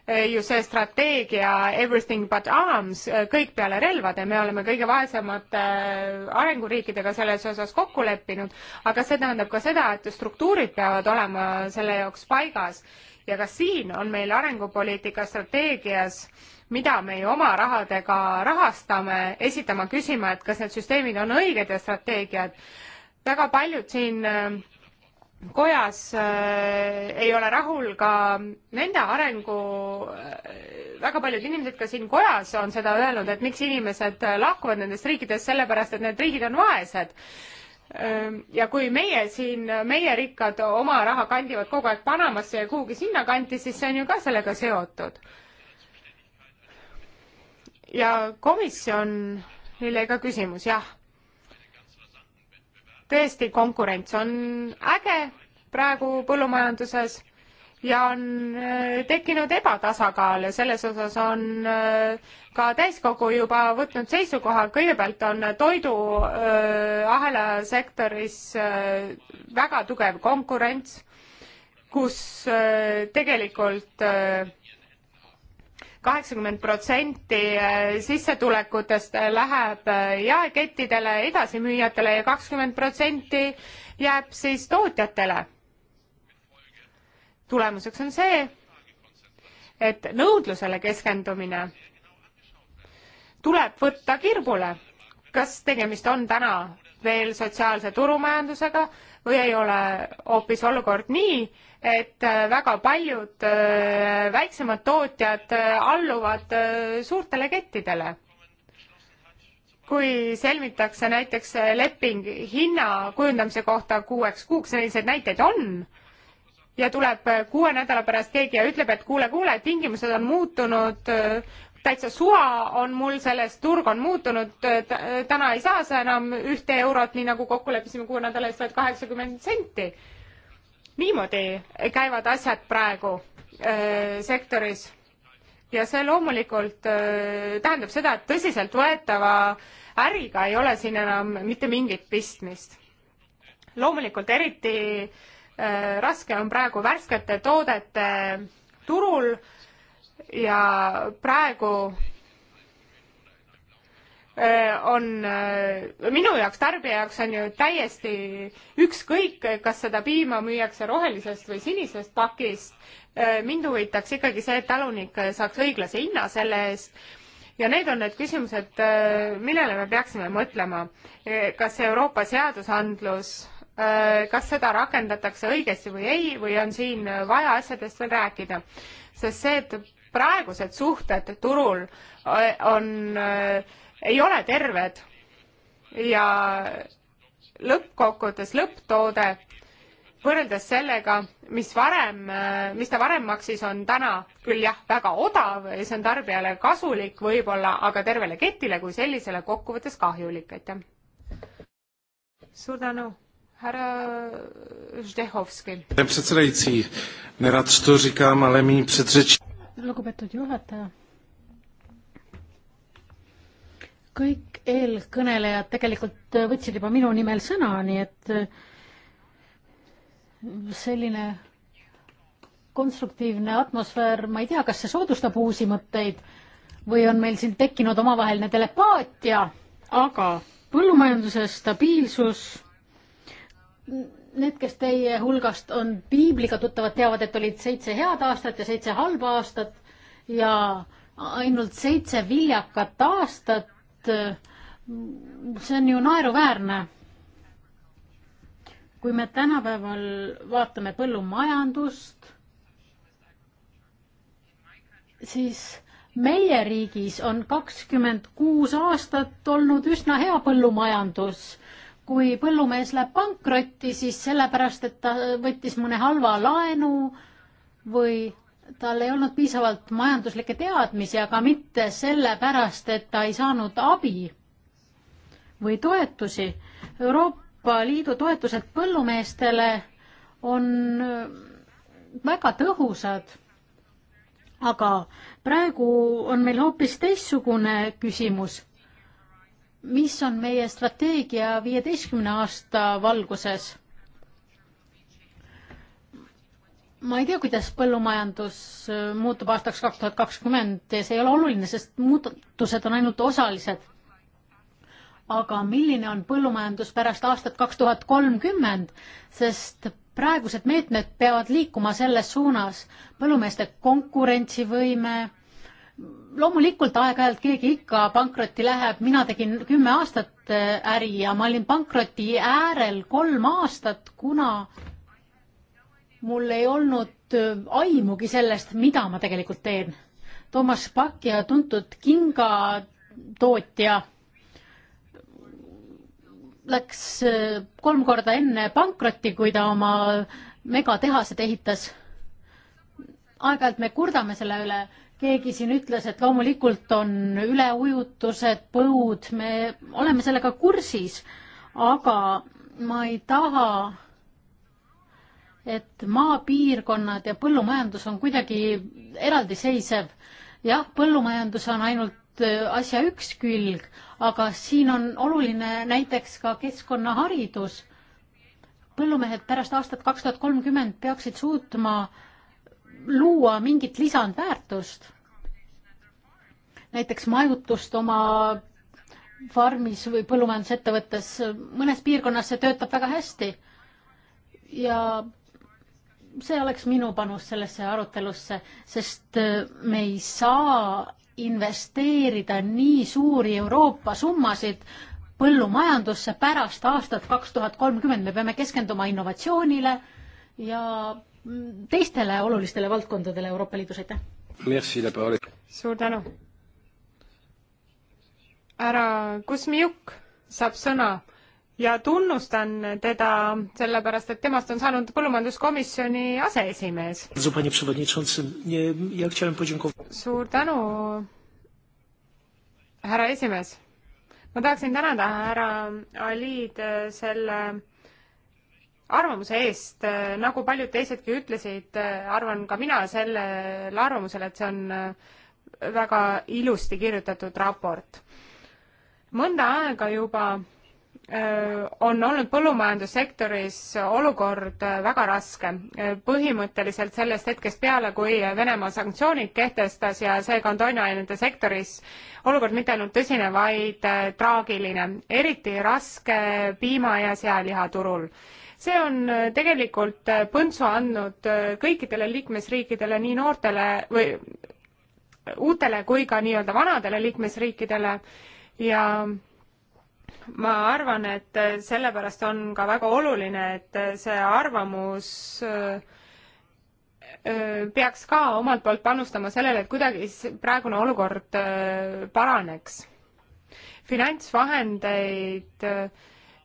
eh, ju see strateegia Everything but arms, eh, kõik peale relvade, me oleme kõige vaesemate eh, arenguriikidega selles osas kokku leppinud, aga see tähendab ka seda, et struktuurid peavad olema selle jaoks paigas ja ka siin on meil arengupoliitika strateegias mida me ju oma rahadega rahastame, esitama küsima, et kas need süsteemid on õiged ja strateegiad. väga paljud siin äh, kojas äh, ei ole rahul ka nende arengu äh,, väga paljud inimesed ka siin kojas on seda öelnud, et miks inimesed äh, lahkuvad nendest riikidest, sellepärast et need riigid on vaesed äh,. ja kui meie siin, meie rikkad oma raha kandivad kogu aeg Panamasse ja kuhugi sinnakanti, siis see on ju ka sellega seotud. ja komisjon, neile ka küsimus, jah tõesti, konkurents on äge praegu põllumajanduses ja on äh, tekkinud ebatasakaal ja selles osas on äh, ka täiskogu juba võtnud seisukoha, kõigepealt on toiduahela äh, sektoris öö, väga tugev konkurents, kus öö, tegelikult öö, kaheksakümmend protsenti eh, sissetulekutest eh, läheb eh, jaekettidele, edasimüüjatele ja kakskümmend protsenti jääb siis tootjatele. tulemuseks on see, et nõudlusele keskendumine tuleb võtta kirbule, kas tegemist on täna veel sotsiaalse turumajandusega või ei ole hoopis olukord nii, et äh, väga paljud äh, väiksemad tootjad äh, alluvad suurtele kettidele. kui sõlmitakse näiteks leping hinna kujundamise kohta kuueks kuuks, selliseid näiteid on, ja tuleb kuue nädala pärast keegi ja ütleb, et kuule, kuule, tingimused on muutunud, täitsa suva on mul sellest, turg on muutunud, täna ei saa sa enam ühte eurot, nii nagu kokku leppisime kuue nädala eest, vaid kaheksakümmend senti niimoodi käivad asjad praegu öö, äh, sektoris ja see loomulikult öö, äh, tähendab seda, et tõsiseltvõetava äriga ei ole siin enam mitte mingit pistmist. loomulikult eriti öö, äh, raske on praegu värskete toodete turul ja praegu Äh, on äh, minu jaoks, tarbija jaoks on ju täiesti ükskõik, kas seda piima müüakse rohelisest või sinisest pakist. Äh, mind huvitaks ikkagi see, et talunik saaks õiglase hinna selle eest ja need on need küsimused, millele me peaksime mõtlema. kas Euroopa seadusandlus kas seda rakendatakse õigesti või ei, või on siin vaja asjadest veel rääkida. sest see, et praegused suhted turul on äh, ei ole terved ja lõppkokkuvõttes lõpptoode võrreldes sellega, mis varem, mis ta varem maksis, on täna küll jah, väga odav ja see on tarbijale kasulik võib-olla, aga tervele ketile kui sellisele kokkuvõttes kahjulik, aitäh. suur tänu, härra Ždehovski. lugupeetud juhataja kõik eelkõnelejad tegelikult võtsid juba minu nimel sõna, nii et eh, selline konstruktiivne atmosfäär, ma ei tea, kas see soodustab uusi mõtteid või on meil siin tekkinud omavaheline telepaatia, aga põllumajanduse stabiilsus, need, kes teie hulgast on piibliga tuttavad, teavad, et olid seitse head aastat ja seitse halba aastat ja ainult seitse viljakat aastat et mm, see on ju naeruväärne. kui me tänapäeval vaatame põllumajandust, siis meie riigis on kakskümmend kuus aastat olnud üsna hea põllumajandus kui põllumees läheb pankrotti, siis sellepärast, et ta võttis mõne halva laenu või tal ei olnud piisavalt majanduslikke teadmisi, aga mitte sellepärast, et ta ei saanud abi või toetusi. Euroopa Liidu toetused põllumeestele on väga tõhusad. aga praegu on meil hoopis teistsugune küsimus. mis on meie strateegia viieteistkümne aasta valguses? ma ei tea, kuidas põllumajandus äh, muutub aastaks kaks tuhat kakskümmend, see ei ole oluline, sest muudatused on ainult osalised. aga milline on põllumajandus pärast aastat kaks tuhat kolmkümmend, sest praegused meetmed peavad liikuma selles suunas, põllumeeste konkurentsivõime, loomulikult aeg-ajalt keegi ikka pankrotti läheb, mina tegin kümme aastat äh, äri ja ma olin pankroti äärel kolm aastat, kuna mul ei olnud äh, aimugi sellest, mida ma tegelikult teen. Toomas Pakk ja tuntud kingatootja läks äh, kolm korda enne pankrotti, kui ta oma megatehased ehitas. aeg-ajalt me kurdame selle üle, keegi siin ütles, et loomulikult on üleujutused, põud, me oleme sellega kursis, aga ma ei taha et maapiirkonnad ja põllumajandus on kuidagi eraldiseisev. jah, põllumajandus on ainult äh, asja üks külg, aga siin on oluline näiteks ka keskkonnaharidus. põllumehed pärast aastat kaks tuhat kolmkümmend peaksid suutma luua mingit lisandväärtust. näiteks majutust oma farmis või põllumajandusettevõttes, mõnes piirkonnas see töötab väga hästi. ja see oleks minu panus sellesse arutelusse, sest äh, me ei saa investeerida nii suuri Euroopa summasid põllumajandusse pärast aastat kaks tuhat kolmkümmend, me peame keskenduma innovatsioonile ja mm, teistele olulistele valdkondadele Euroopa Liidus, aitäh! suur tänu! härra Kusmiuk saab sõna ja tunnustan teda sellepärast, et temast on saanud põllumajanduskomisjoni aseesimees. suur tänu, härra esimees. ma tahaksin tänada härra Alid äh, selle arvamuse eest, äh, nagu paljud teisedki ütlesid, äh, arvan ka mina sellel arvamusel, et see on väga ilusti kirjutatud raport. mõnda aega juba on olnud põllumajandussektoris olukord väga raske. põhimõtteliselt sellest hetkest peale, kui Venemaa sanktsioonid kehtestas ja seega on toiduainete sektoris olukord mitte ainult tõsine, vaid traagiline. eriti raske piima- ja sealihaturul. see on tegelikult põntsu andnud kõikidele liikmesriikidele, nii noortele või uutele kui ka nii-öelda vanadele liikmesriikidele ja ma arvan, et sellepärast on ka väga oluline, et see arvamus äh, äh, peaks ka omalt poolt panustama sellele, et kuidagi praegune olukord äh, paraneks. finantsvahendeid,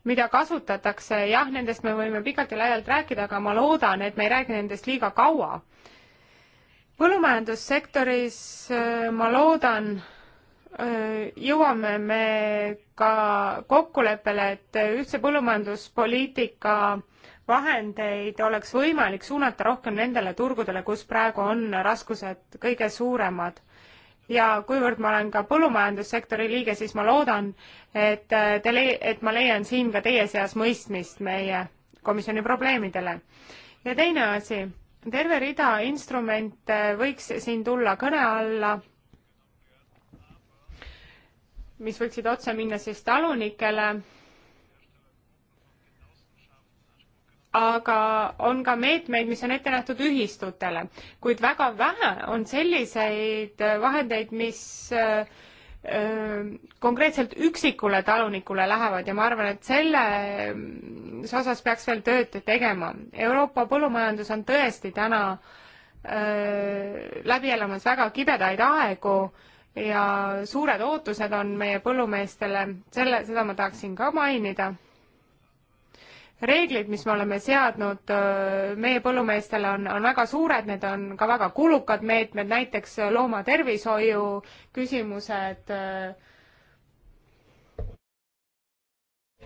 mida kasutatakse, jah, nendest me võime pikalt ja laialt rääkida, aga ma loodan, et me ei räägi nendest liiga kaua. põllumajandussektoris ma loodan, jõuame me ka kokkuleppele, et ühtse põllumajanduspoliitika vahendeid oleks võimalik suunata rohkem nendele turgudele, kus praegu on raskused kõige suuremad. ja kuivõrd ma olen ka põllumajandussektori liige, siis ma loodan, et äh, te le-, et ma leian siin ka teie seas mõistmist meie komisjoni probleemidele. ja teine asi, terve rida instrumente võiks siin tulla kõne alla mis võiksid otse minna siis talunikele. aga on ka meetmeid, mis on ette nähtud ühistutele, kuid väga vähe on selliseid vahendeid, mis äh, äh, konkreetselt üksikule talunikule lähevad ja ma arvan, et selles osas peaks veel tööd tegema. Euroopa põllumajandus on tõesti täna äh, läbi elamas väga kibedaid aegu ja suured ootused on meie põllumeestele, selle, seda ma tahaksin ka mainida. reeglid, mis me oleme seadnud meie põllumeestele, on, on väga suured, need on ka väga kulukad meetmed, näiteks loomatervishoiu küsimused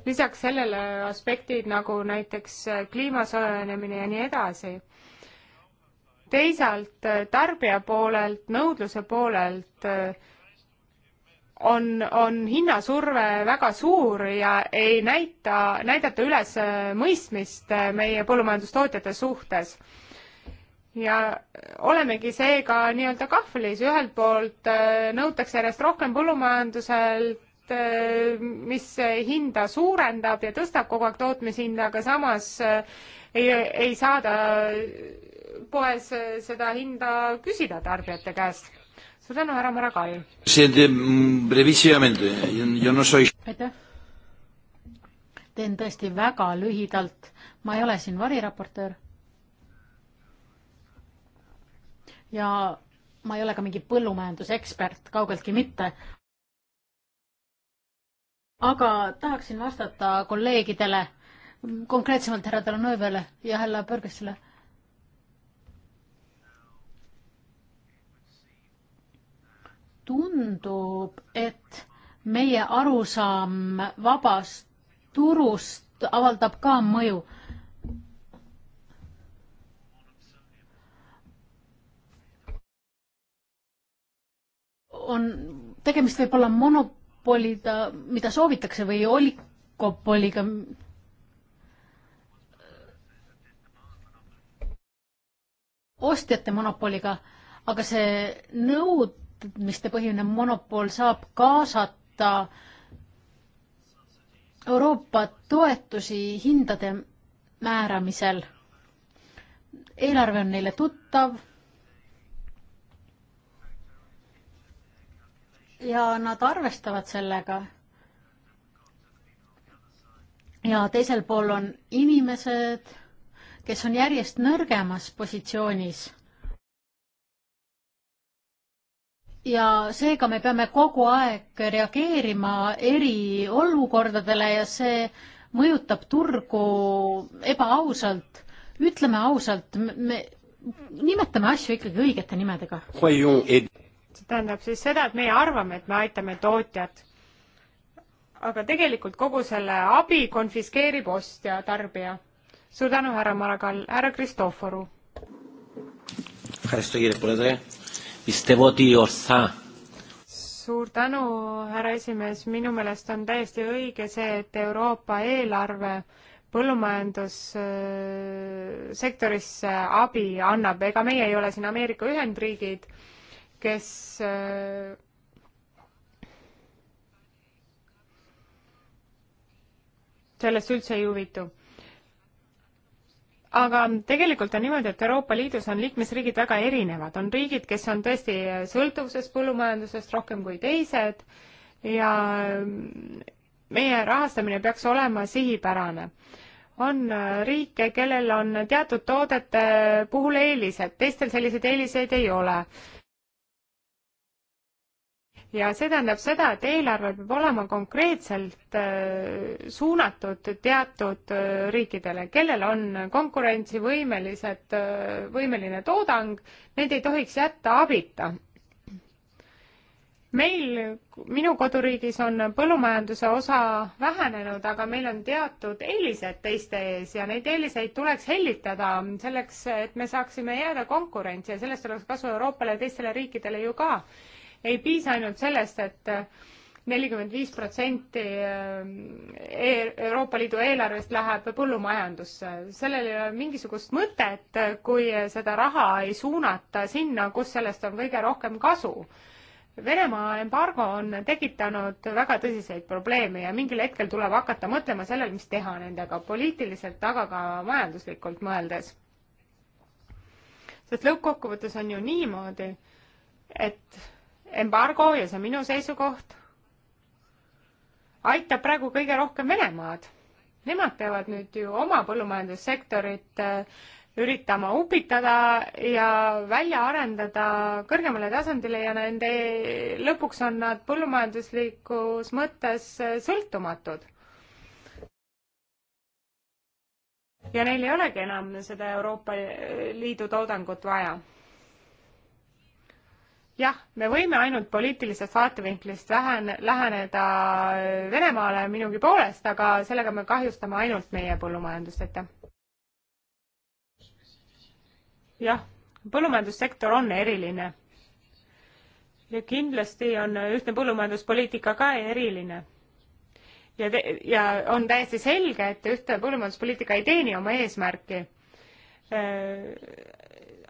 lisaks sellele aspektid nagu näiteks kliima soojenemine ja nii edasi teisalt äh, tarbija poolelt, nõudluse poolelt äh, on, on hinnasurve väga suur ja ei näita, näidata üles äh, mõistmist meie põllumajandustootjate suhtes ja olemegi seega nii-öelda kahvlis, ühelt poolt nõutakse järjest rohkem põllumajanduselt, mis hinda suurendab ja tõstab kogu aeg tootmishinda, aga samas ei, ei saada poes seda hinda küsida tarbijate käest. suur tänu, härra Maragall. Mm, aitäh. teen tõesti väga lühidalt, ma ei ole siin variraportöör. ja ma ei ole ka mingi põllumajandusekspert, kaugeltki mitte. aga tahaksin vastata kolleegidele, konkreetsemalt härra Talanõvele ja härra Pörgesele tundub, et meie arusaam vabast turust avaldab ka mõju. on tegemist võib-olla monopolida, mida soovitakse või olikopoliga, ostjate monopoliga, aga see nõud-, tootmiste põhine monopol saab kaasata Euroopa toetusi hindade määramisel. eelarve on neile tuttav. ja nad arvestavad sellega. ja teisel pool on inimesed, kes on järjest nõrgemas positsioonis ja seega me peame kogu aeg reageerima eriolukordadele ja see mõjutab turgu ebaausalt. ütleme ausalt, me nimetame asju ikkagi õigete nimedega. see tähendab siis seda, et meie arvame, et me aitame tootjat. aga tegelikult kogu selle abi konfiskeerib ostja, tarbija. suur tänu, härra Maragall, härra Kristoforu. Πιστεύω ότι ορθά suur tänu, härra esimees, minu meelest on täiesti õige see, et Euroopa eelarve põllumajandussektorisse abi annab, ega meie ei ole siin Ameerika Ühendriigid, kes äh, sellest üldse ei huvitu aga tegelikult on niimoodi, et Euroopa Liidus on liikmesriigid väga erinevad, on riigid, kes on tõesti sõltuvuses põllumajandusest rohkem kui teised ja meie rahastamine peaks olema sihipärane. on riike, kellel on teatud toodete puhul eelised, teistel selliseid eeliseid ei ole ja see tähendab seda, et eelarve peab olema konkreetselt äh, suunatud teatud äh, riikidele, kellel on konkurentsivõimelised, äh, võimeline toodang, neid ei tohiks jätta abita. meil, minu koduriigis on põllumajanduse osa vähenenud, aga meil on teatud eelised teiste ees ja neid eeliseid tuleks hellitada selleks, et me saaksime jääda konkurentsi ja sellest oleks kasu Euroopale ja teistele riikidele ju ka ei piisa ainult sellest, et äh, nelikümmend viis protsenti äh, e-, Euroopa Liidu eelarvest läheb põllumajandusse. sellel ei ole mingisugust mõtet, kui seda raha ei suunata sinna, kus sellest on kõige rohkem kasu Venemaa embargo on tekitanud väga tõsiseid probleeme ja mingil hetkel tuleb hakata mõtlema sellele, mis teha nendega poliitiliselt, aga ka majanduslikult mõeldes. sest lõppkokkuvõttes on ju niimoodi, et embargo ja see on minu seisukoht, aitab praegu kõige rohkem Venemaad. Nemad peavad nüüd ju oma põllumajandussektorit äh, üritama upitada ja välja arendada kõrgemale tasandile ja nende lõpuks on nad põllumajanduslikus mõttes äh, sõltumatud. ja neil ei olegi enam seda Euroopa Liidu toodangut vaja jah, me võime ainult poliitilisest vaatevinklist lähen-, läheneda Venemaale minugi poolest, aga sellega me kahjustame ainult meie põllumajandust, aitäh. jah, põllumajandussektor on eriline. ja kindlasti on ühtne põllumajanduspoliitika ka eriline. ja te-, ja on täiesti selge, et ühtne põllumajanduspoliitika ei teeni oma eesmärki äh,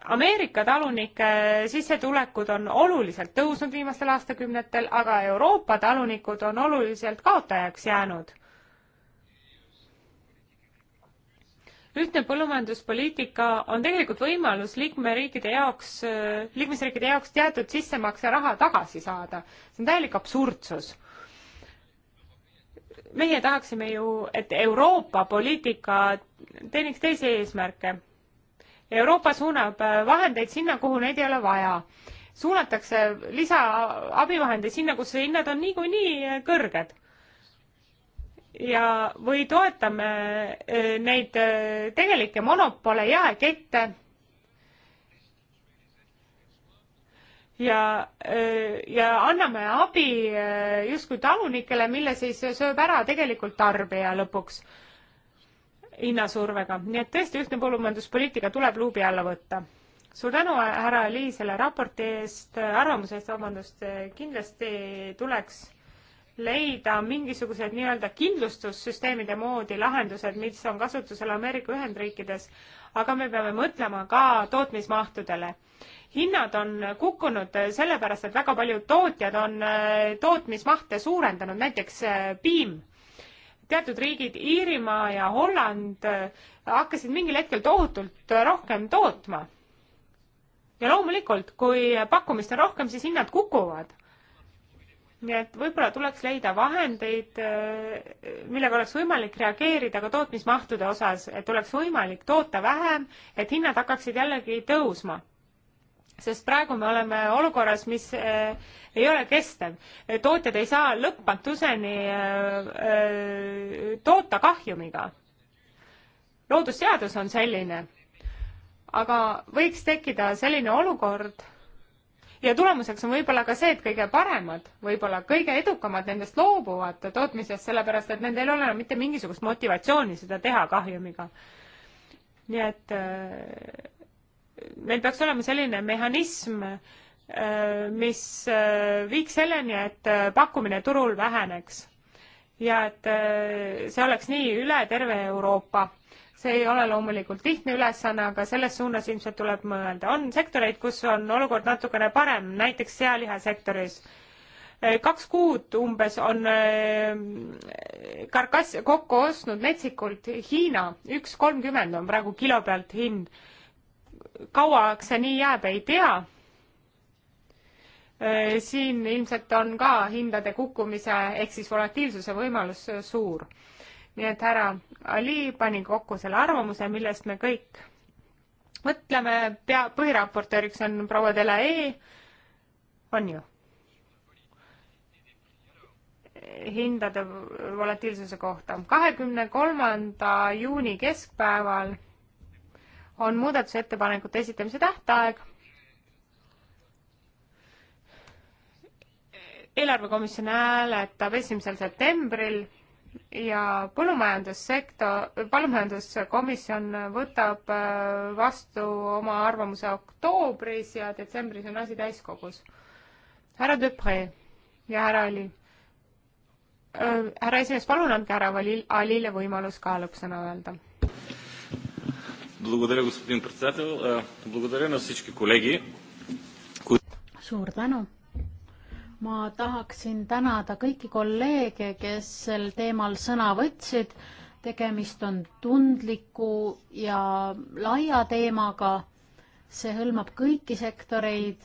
Ameerika talunike sissetulekud on oluliselt tõusnud viimastel aastakümnetel, aga Euroopa talunikud on oluliselt kaotajaks jäänud. ühtne põllumajanduspoliitika on tegelikult võimalus liikmeriikide jaoks, liikmesriikide jaoks teatud sissemakseraha tagasi saada. see on täielik absurdsus meie tahaksime ju, et Euroopa poliitika teeniks teisi eesmärke. Euroopa suunab äh, vahendeid sinna, kuhu neid ei ole vaja. suunatakse lisaabivahendeid sinna, kus hinnad on niikuinii äh, kõrged. ja, või toetame äh, neid tegelikke monopole, jaekette ja, ja anname abi justkui talunikele, mille siis sööb ära tegelikult tarbija lõpuks hinnasurvega, nii et tõesti ühtne põllumajanduspoliitika tuleb luubi alla võtta. suur tänu, härra Lii, selle raporti eest, arvamuse eest, vabandust, kindlasti tuleks leida mingisugused nii-öelda kindlustussüsteemide moodi lahendused, mis on kasutusel Ameerika Ühendriikides, aga me peame mõtlema ka tootmismahtudele. hinnad on kukkunud sellepärast, et väga paljud tootjad on tootmismahte suurendanud, näiteks piim teatud riigid, Iirimaa ja Holland, äh, hakkasid mingil hetkel tohutult äh, rohkem tootma. ja loomulikult, kui pakkumist on rohkem, siis hinnad kukuvad. nii et võib-olla tuleks leida vahendeid, äh, millega oleks võimalik reageerida ka tootmismahtude osas, et oleks võimalik toota vähem, et hinnad hakkaksid jällegi tõusma sest praegu me oleme olukorras, mis eh, ei ole kestev. tootjad ei saa lõpmatuseni eh, eh, toota kahjumiga. loodusseadus on selline. aga võiks tekkida selline olukord ja tulemuseks on võib-olla ka see, et kõige paremad, võib-olla kõige edukamad nendest loobuvad tootmisest, sellepärast et nendel ei ole enam mitte mingisugust motivatsiooni seda teha kahjumiga. nii et meil peaks olema selline mehhanism, äh, mis äh, viiks selleni, et äh, pakkumine turul väheneks. ja et see oleks nii üle terve Euroopa. see ei ole loomulikult lihtne ülesanne, aga selles suunas ilmselt tuleb mõelda. on sektoreid, kus on olukord natukene parem, näiteks sealihasektoris kaks kuud umbes on karkass kokku ostnud metsikult Hiina, üks kolmkümmend on praegu kilo pealt hind kauaks see nii jääb, ei tea. Äh, siin ilmselt on ka hindade kukkumise ehk siis volatiilsuse võimalus suur. nii et härra Ali pani kokku selle arvamuse, millest me kõik mõtleme, pea, põhiraportööriks on proua Delae, on ju? hindade volatiilsuse kohta. kahekümne kolmanda juuni keskpäeval on muudatusettepanekute esitamise tähtaeg. eelarvekomisjon hääletab esimesel septembril ja põllumajandussektor, põllumajanduskomisjon võtab äh, vastu oma arvamuse oktoobris ja detsembris on asi täiskogus. härra Dupre ja härra Ali. Äh, härra esimees, palun andke härra Alile võimalus ka lõppsõna öelda. Благодаря, господин председател. Благодаря на всички колеги. Suur tänu. Ma tahaksin tänada kõiki kolleege, kes sel teemal sõna võtsid. Tegemist on tundliku ja laia teemaga. See hõlmab kõiki sektoreid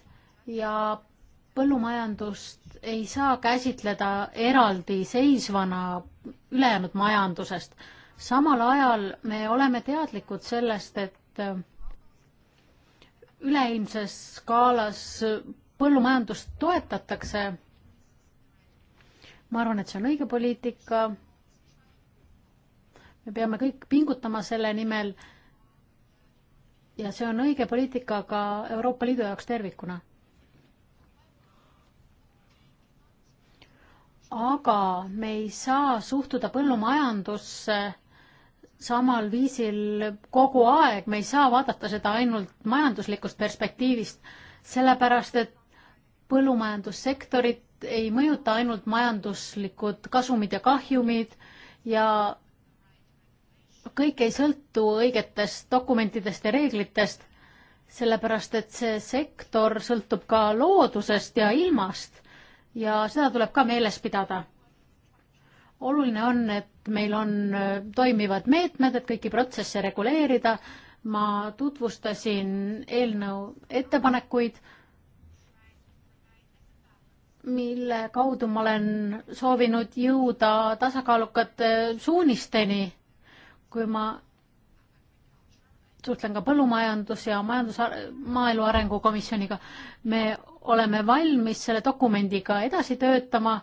ja põllumajandust ei saa käsitleda eraldi seisvana ülejäänud majandusest samal ajal me oleme teadlikud sellest, et äh, üleilmses skaalas äh, põllumajandust toetatakse. ma arvan, et see on õige poliitika. me peame kõik pingutama selle nimel. ja see on õige poliitika ka Euroopa Liidu jaoks tervikuna. aga me ei saa suhtuda põllumajandusse samal viisil kogu aeg, me ei saa vaadata seda ainult majanduslikust perspektiivist, sellepärast et põllumajandussektorit ei mõjuta ainult majanduslikud kasumid ja kahjumid ja kõik ei sõltu õigetest dokumentidest ja reeglitest, sellepärast et see sektor sõltub ka loodusest ja ilmast ja seda tuleb ka meeles pidada oluline on, et meil on äh, toimivad meetmed, et kõiki protsesse reguleerida. ma tutvustasin eelnõu ettepanekuid, mille kaudu ma olen soovinud jõuda tasakaalukate suunisteni, kui ma suhtlen ka põllumajandus- ja majandus, maaelu arengukomisjoniga. me oleme valmis selle dokumendiga edasi töötama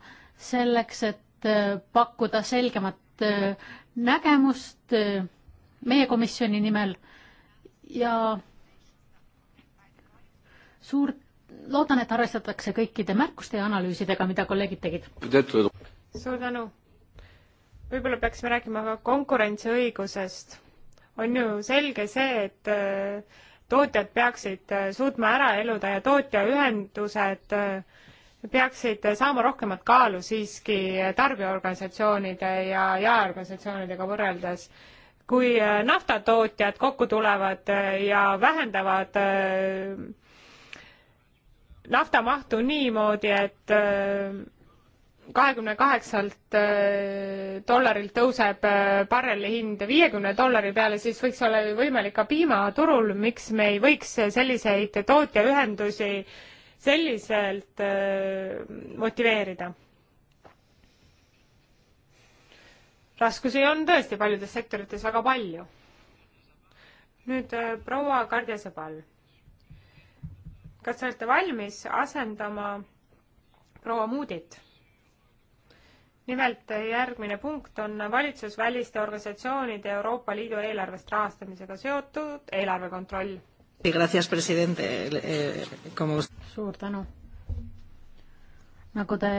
selleks, et Äh, pakkuda selgemat äh, nägemust äh, meie komisjoni nimel ja suur, loodan, et arvestatakse kõikide märkuste ja analüüsidega, mida kolleegid tegid. suur tänu. võib-olla peaksime rääkima ka konkurentsiõigusest. on ju selge see, et tootjad peaksid suutma ära eluda ja tootjaühendused äh, peaksid saama rohkemat kaalu siiski tarbijaorganisatsioonide ja jaeorganisatsioonidega võrreldes. kui äh, naftatootjad kokku tulevad äh, ja vähendavad äh, naftamahtu niimoodi, et kahekümne kaheksalt dollarilt tõuseb barreli hind viiekümne dollari peale, siis võiks olla ju võimalik ka piimaturul, miks me ei võiks selliseid tootjaühendusi selliselt äh, motiveerida. raskusi on tõesti paljudes sektorites väga palju. nüüd äh, proua Kardjasepall, kas te olete valmis asendama proua Moodit? nimelt äh, järgmine punkt on valitsusväliste organisatsioonide Euroopa Liidu eelarvest rahastamisega seotud eelarvekontroll Eh, suur tänu. nagu te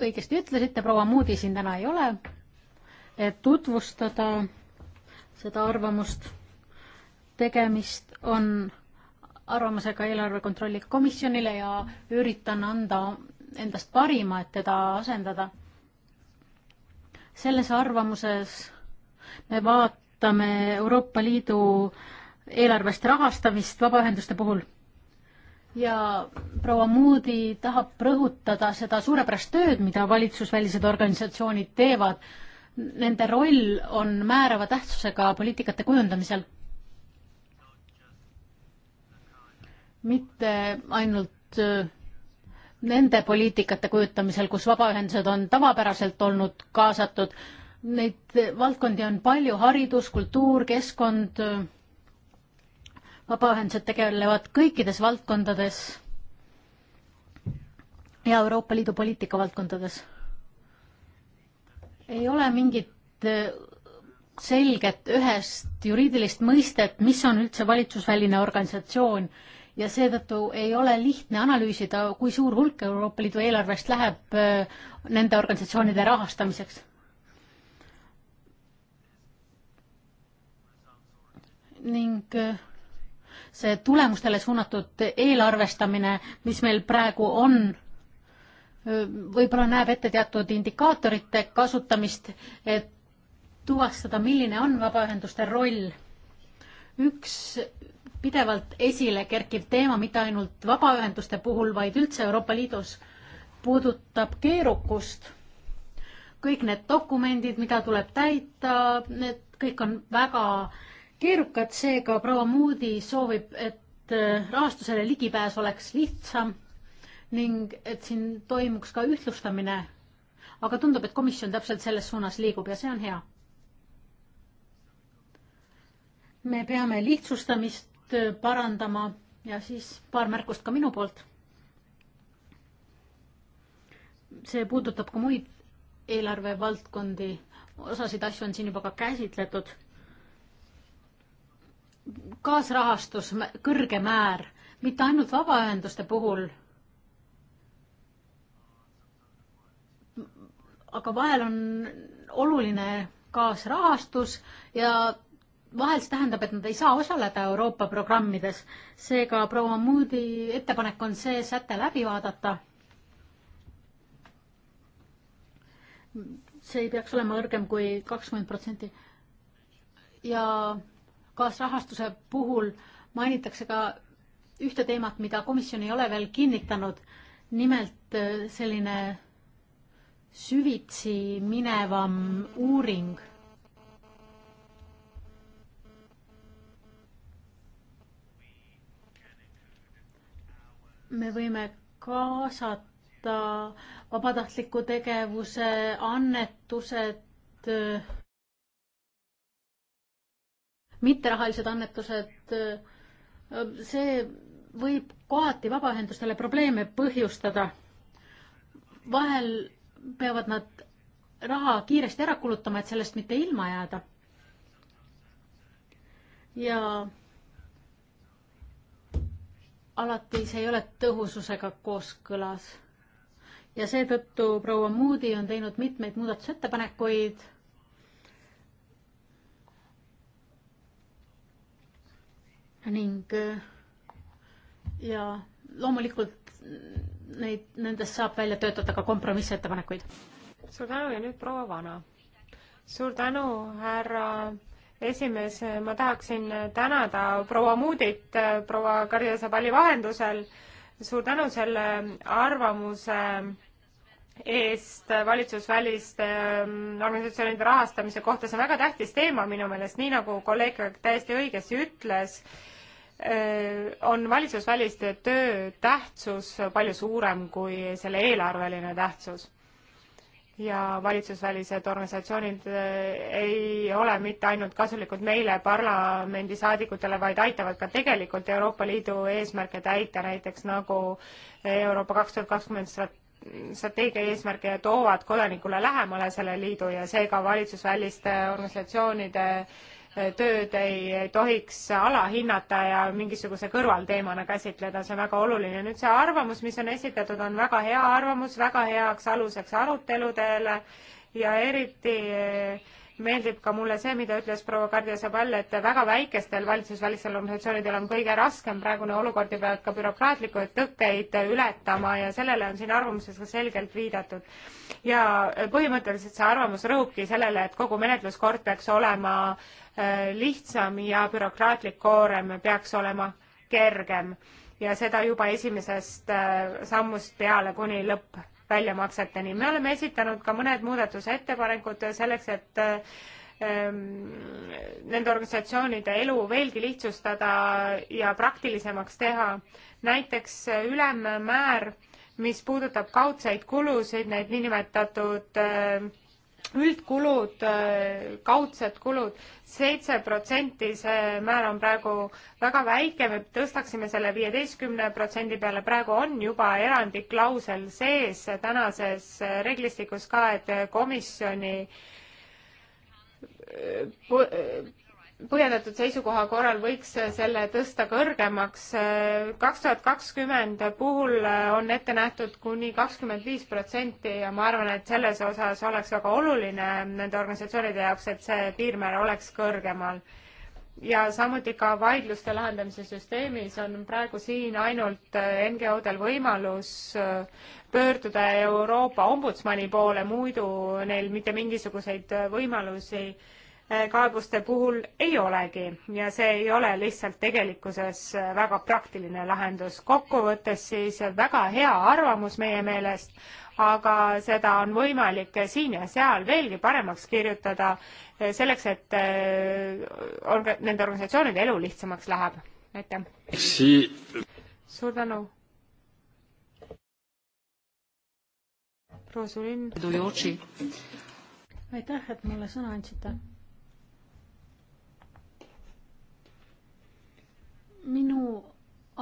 õigesti ütlesite, proua Moody siin täna ei ole, et tutvustada seda arvamust. tegemist on arvamusega eelarve kontrolli komisjonile ja üritan anda endast parima, et teda asendada. selles arvamuses me vaatame Euroopa Liidu äh, eelarvest rahastamist vabaühenduste puhul. ja proua Moody tahab rõhutada seda suurepärast tööd, mida valitsusvälised organisatsioonid teevad. Nende roll on määrava tähtsusega poliitikate kujundamisel. mitte ainult äh, nende poliitikate kujutamisel, kus vabaühendused on tavapäraselt olnud kaasatud, neid valdkondi on palju, haridus, kultuur, keskkond äh, vabaühendused tegelevad kõikides valdkondades ja Euroopa Liidu poliitika valdkondades. ei ole mingit äh, selget ühest juriidilist mõistet, mis on üldse valitsusväline organisatsioon ja seetõttu ei ole lihtne analüüsida, kui suur hulk Euroopa Liidu eelarvest läheb äh, nende organisatsioonide rahastamiseks. ning äh, see tulemustele suunatud eelarvestamine, mis meil praegu on, võib-olla näeb ette teatud indikaatorite kasutamist, et tuvastada, milline on vabaühenduste roll. üks pidevalt esile kerkiv teema, mitte ainult vabaühenduste puhul, vaid üldse Euroopa Liidus, puudutab keerukust. kõik need dokumendid, mida tuleb täita, need kõik on väga äh, keerukad, seega proua Moody soovib, et äh, rahastusele ligipääs oleks lihtsam ning et siin toimuks ka ühtlustamine. aga tundub, et komisjon täpselt selles suunas liigub ja see on hea. me peame lihtsustamist äh, parandama ja siis paar märkust ka minu poolt. see puudutab ka muid eelarvevaldkondi, osasid asju on siin juba ka käsitletud kaasrahastus kõrge määr, mitte ainult vabaühenduste puhul. aga vahel on oluline kaasrahastus ja vahel see tähendab, et nad ei saa osaleda Euroopa programmides. seega proua Moody ettepanek on see säte läbi vaadata. see ei peaks olema kõrgem kui kakskümmend protsenti. ja kaasrahastuse puhul mainitakse ka ühte teemat, mida komisjon ei ole veel kinnitanud, nimelt äh, selline süvitsi minevam uuring. me võime kaasata vabatahtliku tegevuse annetused äh, mitterahalised annetused, see võib kohati vabaühendustele probleeme põhjustada. vahel peavad nad raha kiiresti ära kulutama, et sellest mitte ilma jääda. ja alati see ei ole tõhususega kooskõlas. ja seetõttu proua Moody on teinud mitmeid muudatusettepanekuid ning äh, ja loomulikult neid, nendest saab välja töötada ka kompromissettepanekuid. suur tänu ja nüüd proua Vana. suur tänu, härra esimees, ma tahaksin tänada proua Moodit proua Karja Sabali vahendusel. suur tänu selle arvamuse eest valitsusväliste ähm, organisatsioonide rahastamise kohta, see on väga tähtis teema minu meelest, nii nagu kolleeg täiesti õigesti ütles, äh, on valitsusväliste töö tähtsus palju suurem kui selle eelarveline tähtsus. ja valitsusvälised organisatsioonid äh, ei ole mitte ainult kasulikud meile, parlamendisaadikutele, vaid aitavad ka tegelikult Euroopa Liidu eesmärke täita, näiteks nagu Euroopa kaks tuhat kakskümmend strate-, strateegia eesmärke ja toovad kodanikule lähemale selle liidu ja seega valitsusväliste organisatsioonide eh, tööd ei tohiks alahinnata ja mingisuguse kõrvalteemana käsitleda, see on väga oluline. nüüd see arvamus, mis on esitatud, on väga hea arvamus, väga heaks aluseks aruteludele ja eriti eh, meeldib ka mulle see, mida ütles proua Kardia Sabal, et väga väikestel valitsusvälistel organisatsioonidel on kõige raskem praegune olukord ja peavad ka bürokraatlikke tõkkeid ületama ja sellele on siin arvamuses ka selgelt viidatud. ja põhimõtteliselt see arvamus rõhubki sellele, et kogu menetluskord peaks olema äh, lihtsam ja bürokraatlik koorem peaks olema kergem ja seda juba esimesest äh, sammust peale kuni lõpp väljamakseteni. me oleme esitanud ka mõned muudatusettepanekud selleks, et ähm, nende organisatsioonide elu veelgi lihtsustada ja praktilisemaks teha. näiteks ülemmäär, mis puudutab kaudseid kulusid, need niinimetatud äh, üldkulud, kaudsed kulud, seitse protsenti, see määr on praegu väga väike, me tõstaksime selle viieteistkümne protsendi peale, praegu on juba erandiklausel sees tänases reeglistikus ka, et komisjoni põhjendatud seisukoha korral võiks selle tõsta kõrgemaks. kaks tuhat kakskümmend puhul on ette nähtud kuni kakskümmend viis protsenti ja ma arvan, et selles osas oleks väga oluline nende organisatsioonide jaoks, et see piirmäär oleks kõrgemal. ja samuti ka vaidluste lahendamise süsteemis on praegu siin ainult NGO-del võimalus pöörduda Euroopa ombudsmani poole, muidu neil mitte mingisuguseid võimalusi äh, kaebuste puhul ei olegi ja see ei ole lihtsalt tegelikkuses väga praktiline lahendus. kokkuvõttes siis väga hea arvamus meie meelest, aga seda on võimalik siin ja seal veelgi paremaks kirjutada selleks, et äh, orga-, nende organisatsioonide elu lihtsamaks läheb. aitäh! suur tänu! proua Sulin. aitäh, et mulle sõna andsite minu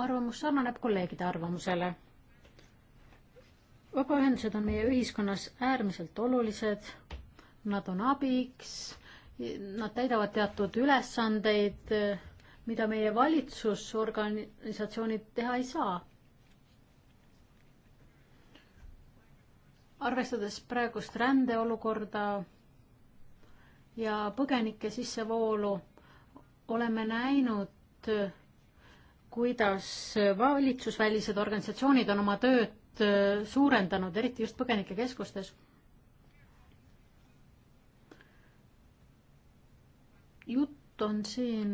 arvamus sarnaneb kolleegide arvamusele. vabaühendused on meie ühiskonnas äärmiselt olulised, nad on abiks, nad täidavad teatud ülesandeid, mida meie valitsusorganisatsioonid teha ei saa. arvestades praegust rändeolukorda ja põgenike sissevoolu, oleme näinud kuidas valitsusvälised organisatsioonid on oma tööd äh, suurendanud, eriti just põgenikekeskustes. jutt on siin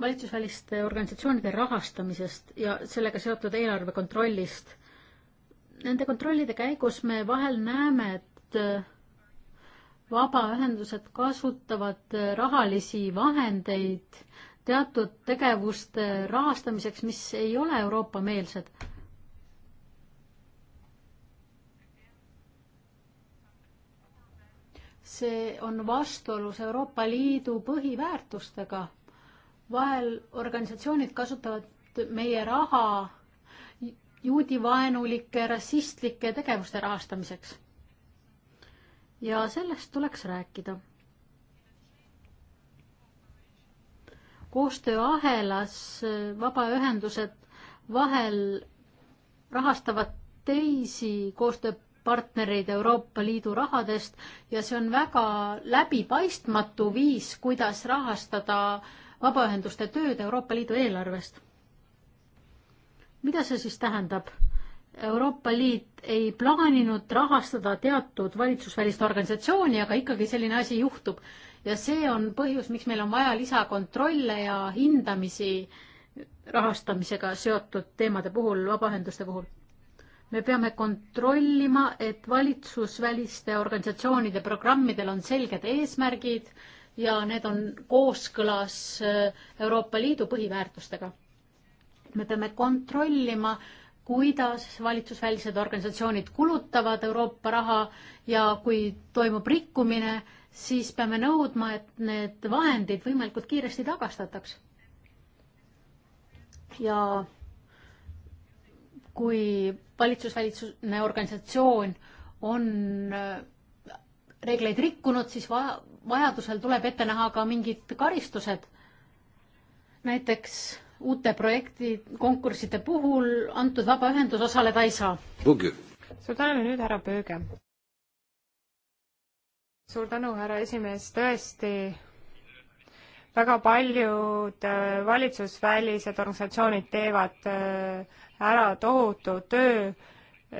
valitsusväliste organisatsioonide rahastamisest ja sellega seotud eelarve kontrollist. Nende kontrollide käigus me vahel näeme, et äh, vabaühendused kasutavad äh, rahalisi vahendeid teatud tegevuste rahastamiseks, mis ei ole Euroopa-meelsed. see on vastuolus Euroopa Liidu põhiväärtustega. vahel organisatsioonid kasutavad meie raha juudivaenulike rassistlike tegevuste rahastamiseks. ja sellest tuleks rääkida koostööahelas vabaühendused vahel rahastavad teisi koostööpartnereid Euroopa Liidu rahadest ja see on väga läbipaistmatu viis, kuidas rahastada vabaühenduste tööd Euroopa Liidu eelarvest. mida see siis tähendab? Euroopa Liit ei plaaninud rahastada teatud valitsusvälist organisatsiooni, aga ikkagi selline asi juhtub ja see on põhjus, miks meil on vaja lisakontrolle ja hindamisi rahastamisega seotud teemade puhul, vabaühenduste puhul. me peame kontrollima, et valitsusväliste organisatsioonide programmidel on selged eesmärgid ja need on kooskõlas äh, Euroopa Liidu põhiväärtustega. me peame kontrollima, kuidas valitsusvälised organisatsioonid kulutavad Euroopa raha ja kui toimub rikkumine, siis peame nõudma, et need vahendid võimalikult kiiresti tagastataks. ja kui valitsusvälitsune organisatsioon on äh, reegleid rikkunud, siis vaja, vajadusel tuleb ette näha ka mingid karistused. näiteks uute projekti konkursside puhul antud vabaühendus osaleda ei saa. suur tänu nüüd, härra Pööge suur tänu, härra esimees, tõesti väga paljud äh, valitsusvälised organisatsioonid teevad äh, ära tohutu töö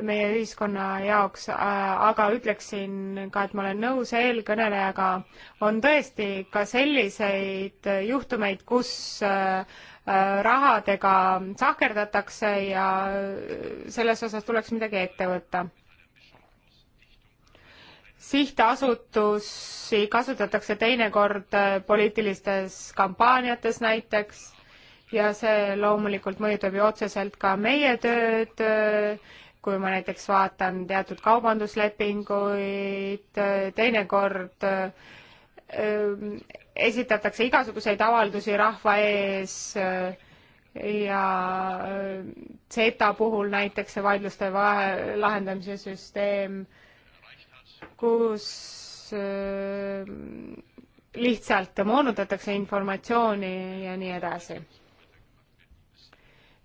meie ühiskonna jaoks, äh, aga ütleksin ka, et ma olen nõus eelkõnelejaga, on tõesti ka selliseid juhtumeid, kus rahadega sahkerdatakse ja selles osas tuleks midagi ette võtta sihtasutusi kasutatakse teinekord äh, poliitilistes kampaaniates näiteks ja see loomulikult mõjutab ju otseselt ka meie tööd, äh, kui ma näiteks vaatan teatud kaubanduslepinguid, äh, teinekord ähm, esitatakse igasuguseid avaldusi rahva ees ja Zeta puhul näiteks see vaidluste vahe, lahendamise süsteem kus äh, lihtsalt moonutatakse informatsiooni ja nii edasi.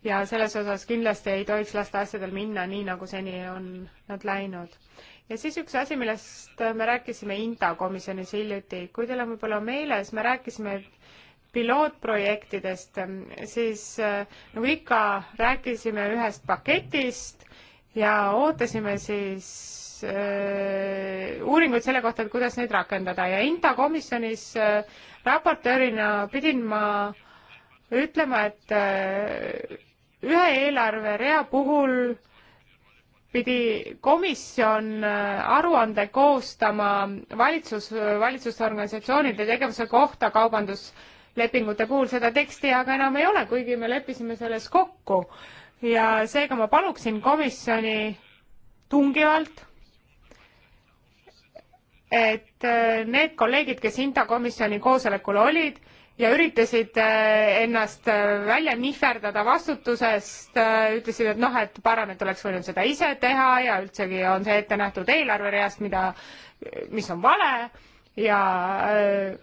ja selles osas kindlasti ei tohiks lasta asjadel minna nii, nagu seni on nad läinud. ja siis üks asi, millest me rääkisime INTA komisjonis hiljuti, kui teil on võib-olla meeles, me rääkisime pilootprojektidest, siis äh, nagu ikka, rääkisime ühest paketist ja ootasime siis äh, uuringuid selle kohta, et kuidas neid rakendada ja INTA komisjonis äh, raportöörina pidin ma ütlema, et äh, ühe eelarverea puhul pidi komisjon äh, aruande koostama valitsus, valitsuste organisatsioonide tegevuse kohta kaubanduslepingute puhul, seda teksti aga enam ei ole, kuigi me leppisime selles kokku äh, ja seega ma paluksin komisjoni tungivalt, et äh, need kolleegid, kes Inta komisjoni koosolekul olid ja üritasid äh, ennast äh, välja nihverdada vastutusest, ütlesid, et noh, et parlament oleks võinud seda ise teha ja üldsegi on see ette nähtud eelarvereast, mida, mis on vale ja öö,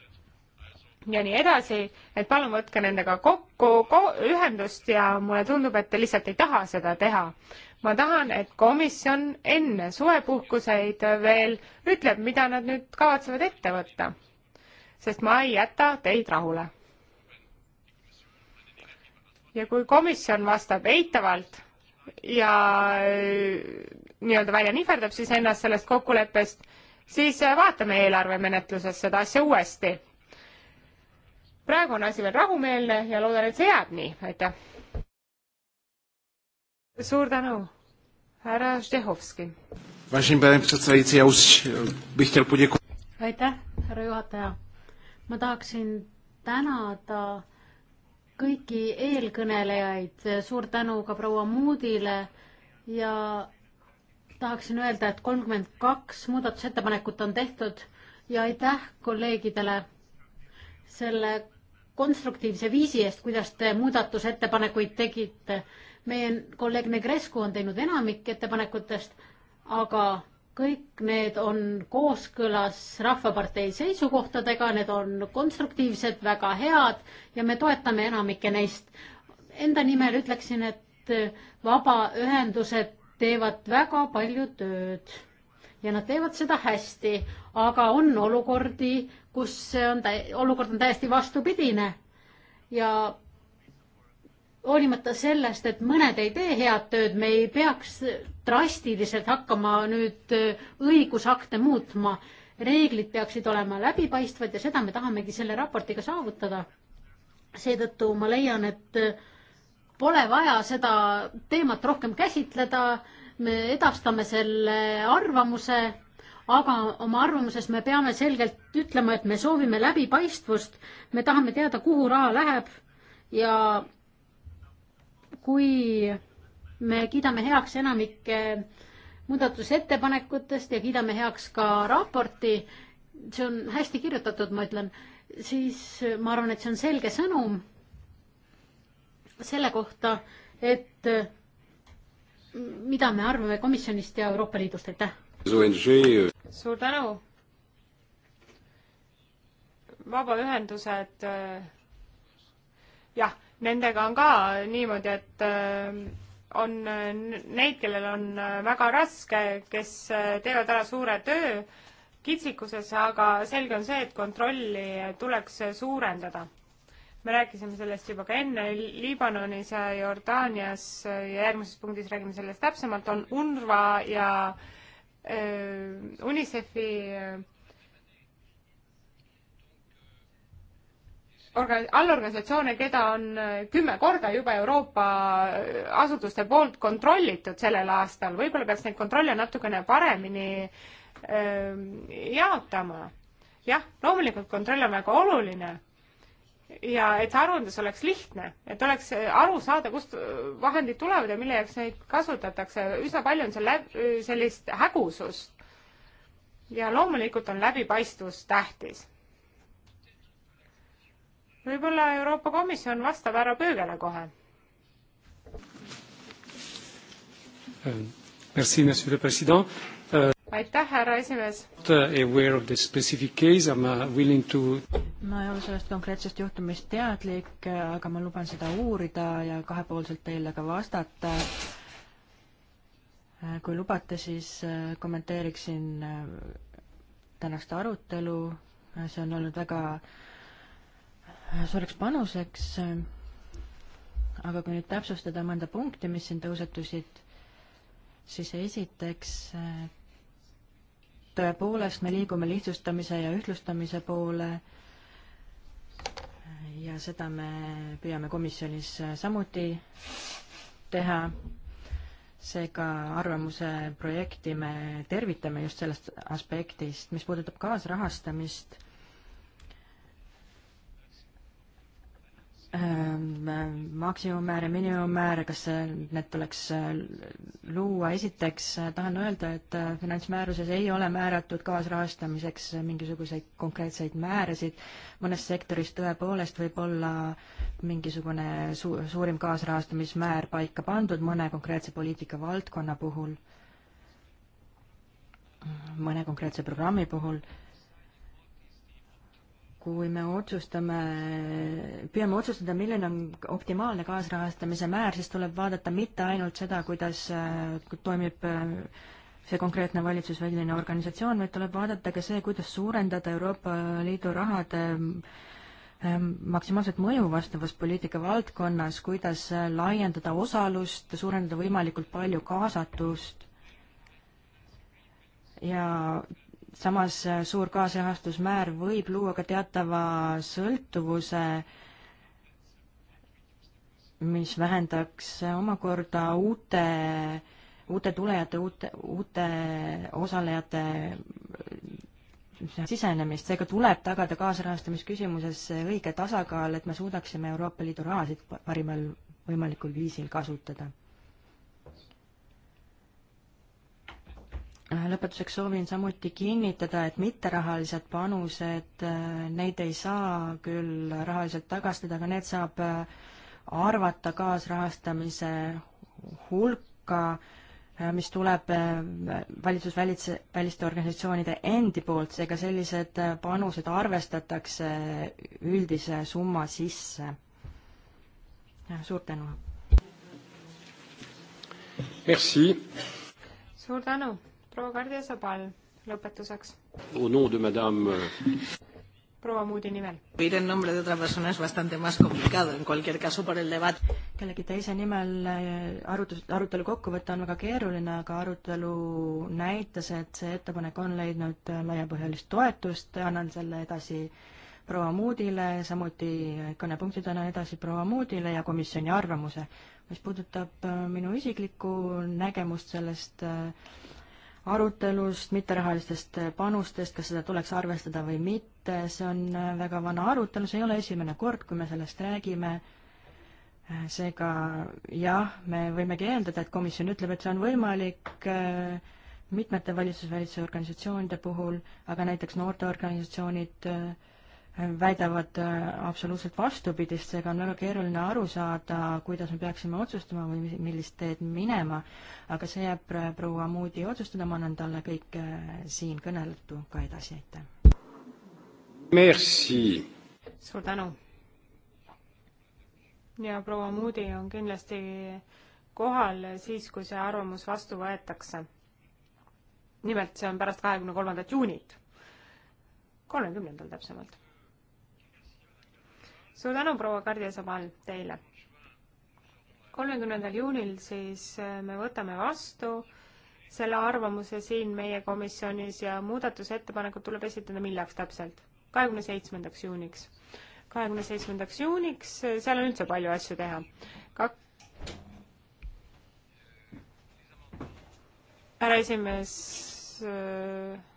ja nii edasi, et palun võtke nendega kokku ko ühendust ja mulle tundub, et te lihtsalt ei taha seda teha. ma tahan, et komisjon enne suvepuhkuseid veel ütleb, mida nad nüüd kavatsevad ette võtta. sest ma ei jäta teid rahule. ja kui komisjon vastab eitavalt ja äh, nii-öelda välja nihverdab siis ennast sellest kokkuleppest, siis vaatame eelarvemenetluses seda asja uuesti praegu on asi veel rahumeelne ja loodan, et see jääb nii, aitäh. suur tänu, härra Štehovski. aitäh, härra juhataja. ma tahaksin tänada kõiki eelkõnelejaid, suur tänu ka proua Moodile ja tahaksin öelda, et kolmkümmend kaks muudatusettepanekut on tehtud ja aitäh kolleegidele selle konstruktiivse viisi eest, kuidas te muudatusettepanekuid tegite. meie kolleeg Negrescu on teinud enamik ettepanekutest, aga kõik need on kooskõlas Rahvapartei seisukohtadega, need on konstruktiivsed, väga head ja me toetame enamikke neist. Enda nimel ütleksin, et vabaühendused teevad väga palju tööd ja nad teevad seda hästi, aga on olukordi, kus see on, olukord on täiesti vastupidine. ja hoolimata sellest, et mõned ei tee head tööd, me ei peaks drastiliselt hakkama nüüd õigusakte muutma. reeglid peaksid olema läbipaistvad ja seda me tahamegi selle raportiga saavutada. seetõttu ma leian, et pole vaja seda teemat rohkem käsitleda me edastame selle arvamuse, aga oma arvamuses me peame selgelt ütlema, et me soovime läbipaistvust, me tahame teada, kuhu raha läheb ja kui me kiidame heaks enamike muudatusettepanekutest ja kiidame heaks ka raporti, see on hästi kirjutatud, ma ütlen, siis ma arvan, et see on selge sõnum selle kohta, et mida me arvame komisjonist ja Euroopa Liidust, aitäh! suur tänu! vabaühendused, äh, jah, nendega on ka niimoodi, et äh, on neid, kellel on äh, väga raske, kes teevad ära suure töö kitsikuses, aga selge on see, et kontrolli tuleks suurendada me rääkisime sellest juba ka enne Liibanonis ja Jordaanias ja järgmises punktis räägime sellest täpsemalt, on UNRWA ja äh, UNICEF-i äh, organ-, allorganisatsioone, keda on äh, kümme korda juba Euroopa äh, asutuste poolt kontrollitud sellel aastal, võib-olla peaks neid kontrolle natukene paremini öö, jaotama. jah, loomulikult kontroll on väga oluline ja et see aruandlus oleks lihtne, et oleks aru saada, kust vahendid tulevad ja mille jaoks neid kasutatakse. üsna palju on seal läb-, sellist hägusust. ja loomulikult on läbipaistvus tähtis. võib-olla Euroopa Komisjon vastab härra Pöögele kohe. Merci, monsieur le president aitäh, härra esimees! Uh, uh, ma ei ole sellest konkreetsest juhtumist teadlik, aga ma luban seda uurida ja kahepoolselt teile ka vastata. kui lubate, siis äh, kommenteeriksin äh, tänast arutelu, see on olnud väga äh, suureks panuseks, aga kui nüüd täpsustada mõnda punkti, mis siin tõusetusid, siis esiteks tõepoolest me liigume lihtsustamise ja ühtlustamise poole ja seda me püüame komisjonis samuti teha. seega arvamuse projekti me tervitame just sellest aspektist, mis puudutab kaasrahastamist maksimummääre, miinimummääre, kas äh, need tuleks äh, luua, esiteks äh, tahan öelda, et finantsmääruses ei ole määratud kaasrahastamiseks mingisuguseid konkreetseid määrasid, mõnes sektoris tõepoolest võib olla mingisugune su-, suurim kaasrahastamismäär paika pandud mõne konkreetse poliitikavaldkonna puhul, mõne konkreetse programmi puhul kui me otsustame, püüame otsustada, milline on optimaalne kaasrahastamise määr, siis tuleb vaadata mitte ainult seda, kuidas äh, toimib äh, see konkreetne valitsusväline organisatsioon, vaid tuleb vaadata ka see, kuidas suurendada Euroopa Liidu rahade äh, maksimaalset mõju vastavuspoliitika valdkonnas, kuidas laiendada osalust, suurendada võimalikult palju kaasatust ja samas äh, suur kaasrahastusmäär võib luua ka teatava sõltuvuse, mis vähendaks omakorda uute, uute tulejate, uute, uute osalejate äh, sisenemist, seega tuleb tagada kaasrahastamisküsimuses õige tasakaal, et me suudaksime Euroopa Liidu rahasid parimal võimalikul viisil kasutada lõpetuseks soovin samuti kinnitada, et mitterahalised panused, äh, neid ei saa küll rahaliselt tagastada, aga need saab äh, arvata kaasrahastamise hulka, äh, mis tuleb valitsusvälitse, väliste organisatsioonide endi poolt, seega sellised panused arvestatakse üldise summa sisse. suur tänu! suur tänu! proua Kardia Sobal lõpetuseks. Euh, proua Moodi nimel. kellegi teise nimel äh, arutelu, arutelu kokku võtta on väga keeruline, aga arutelu näitas, et see ettepanek on leidnud äh, laiapõhjalist toetust, annan selle edasi proua Moodile, samuti kõnepunktid annan edasi proua Moodile ja komisjoni arvamuse. mis puudutab äh, minu isiklikku nägemust sellest äh, arutelust, mitterahalistest panustest, kas seda tuleks arvestada või mitte, see on äh, väga vana arutelu, see ei ole esimene kord, kui me sellest räägime, äh, seega jah, me võimegi eeldada, et komisjon ütleb, et see on võimalik äh, mitmete valitsusvälise organisatsioonide puhul, aga näiteks noorteorganisatsioonid äh, väidavad äh, absoluutselt vastupidist, seega on väga keeruline aru saada, kuidas me peaksime otsustama või millist teed minema. aga see jääb proua Moodi otsustada, ma annan talle kõik äh, siin kõneletu ka edasi, aitäh. Merci! suur tänu! ja proua Moodi on kindlasti kohal siis, kui see arvamus vastu võetakse. nimelt see on pärast kahekümne kolmandat juunit, kolmekümnendal täpsemalt suur tänu, proua Kardia Sabal, teile! kolmekümnendal juunil siis äh, me võtame vastu selle arvamuse siin meie komisjonis ja muudatusettepanekud tuleb esitada millaks täpselt? kahekümne seitsmendaks juuniks. kahekümne seitsmendaks juuniks, äh, seal on üldse palju asju teha. kak-, härra esimees äh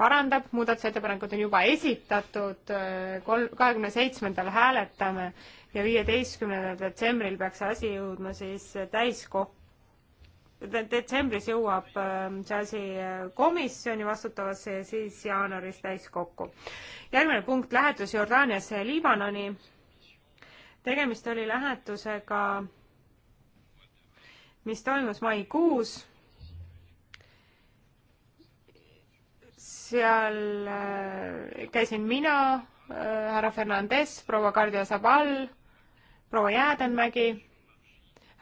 parandab, muudatusettepanekud on juba esitatud, äh, kolm, kahekümne seitsmendal hääletame ja viieteistkümnendal detsembril peaks see asi jõudma siis täiskokku. Detsembris jõuab ähm, see asi äh, komisjoni vastutavasse ja siis jaanuaris täiskokku. järgmine punkt, lähetus Jordaaniasse ja Liibanoni. tegemist oli lähetusega, mis toimus maikuus seal äh, käisin mina, äh, härra Fernandes, proua Kardia Sabal, proua Jäädenmägi,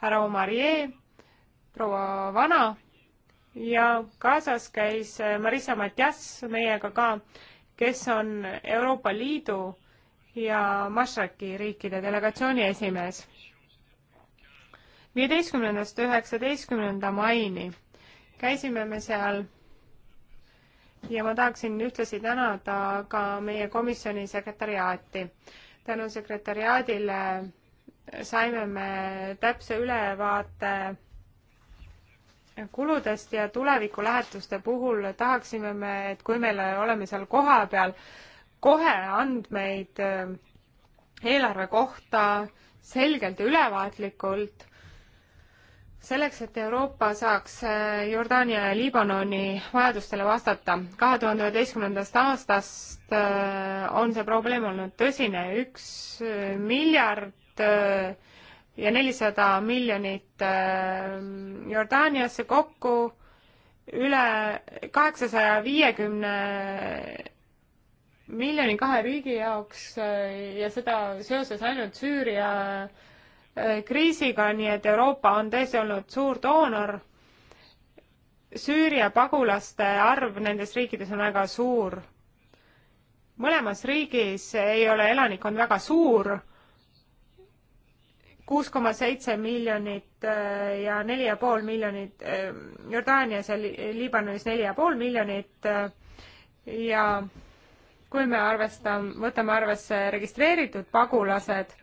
härra Omarie, proua Vana ja kaasas käis äh, Marissa Matjas meiega ka, kes on Euroopa Liidu ja Mašraki riikide delegatsiooni esimees. viieteistkümnendast üheksateistkümnenda maini käisime me seal ja ma tahaksin ühtlasi tänada ka meie komisjoni sekretariaati. tänu sekretariaadile saime me täpse ülevaate kuludest ja tulevikulähetuste puhul tahaksime me, et kui me oleme seal kohapeal, kohe andmeid äh, eelarve kohta selgelt ja ülevaatlikult selleks, et Euroopa saaks äh, Jordaania ja Liibanoni vajadustele vastata, kahe tuhande üheteistkümnendast aastast äh, on see probleem olnud tõsine, üks äh, miljard ja nelisada miljonit Jordaaniasse kokku, üle kaheksasaja viiekümne miljoni kahe riigi jaoks ja seda seoses ainult Süüria Äh, kriisiga, nii et Euroopa on tõesti olnud suur doonor. Süüria pagulaste arv nendes riikides on väga suur. mõlemas riigis ei ole elanikkond väga suur, kuus koma seitse miljonit äh, ja neli ja pool miljonit, äh, Jordaanias ja Liibanonis neli ja pool miljonit ja kui me arvestame, võtame arvesse registreeritud pagulased,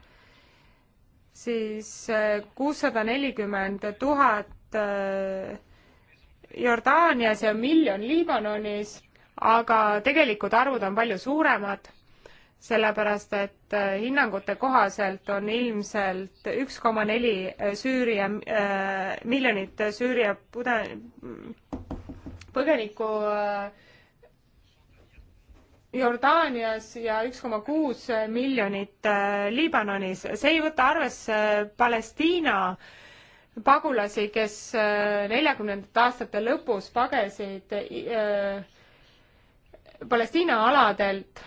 siis äh, kuussada nelikümmend tuhat äh, Jordaanias ja miljon Liibanonis, aga tegelikud arvud on palju suuremad, sellepärast et äh, hinnangute kohaselt on ilmselt üks koma neli Süüria äh,, miljonit Süüria pude-, põgenikku äh, Jordaanias ja üks koma kuus miljonit äh, Liibanonis. see ei võta arvesse Palestiina pagulasi, kes äh, neljakümnendate aastate lõpus pagesid äh, Palestiina aladelt.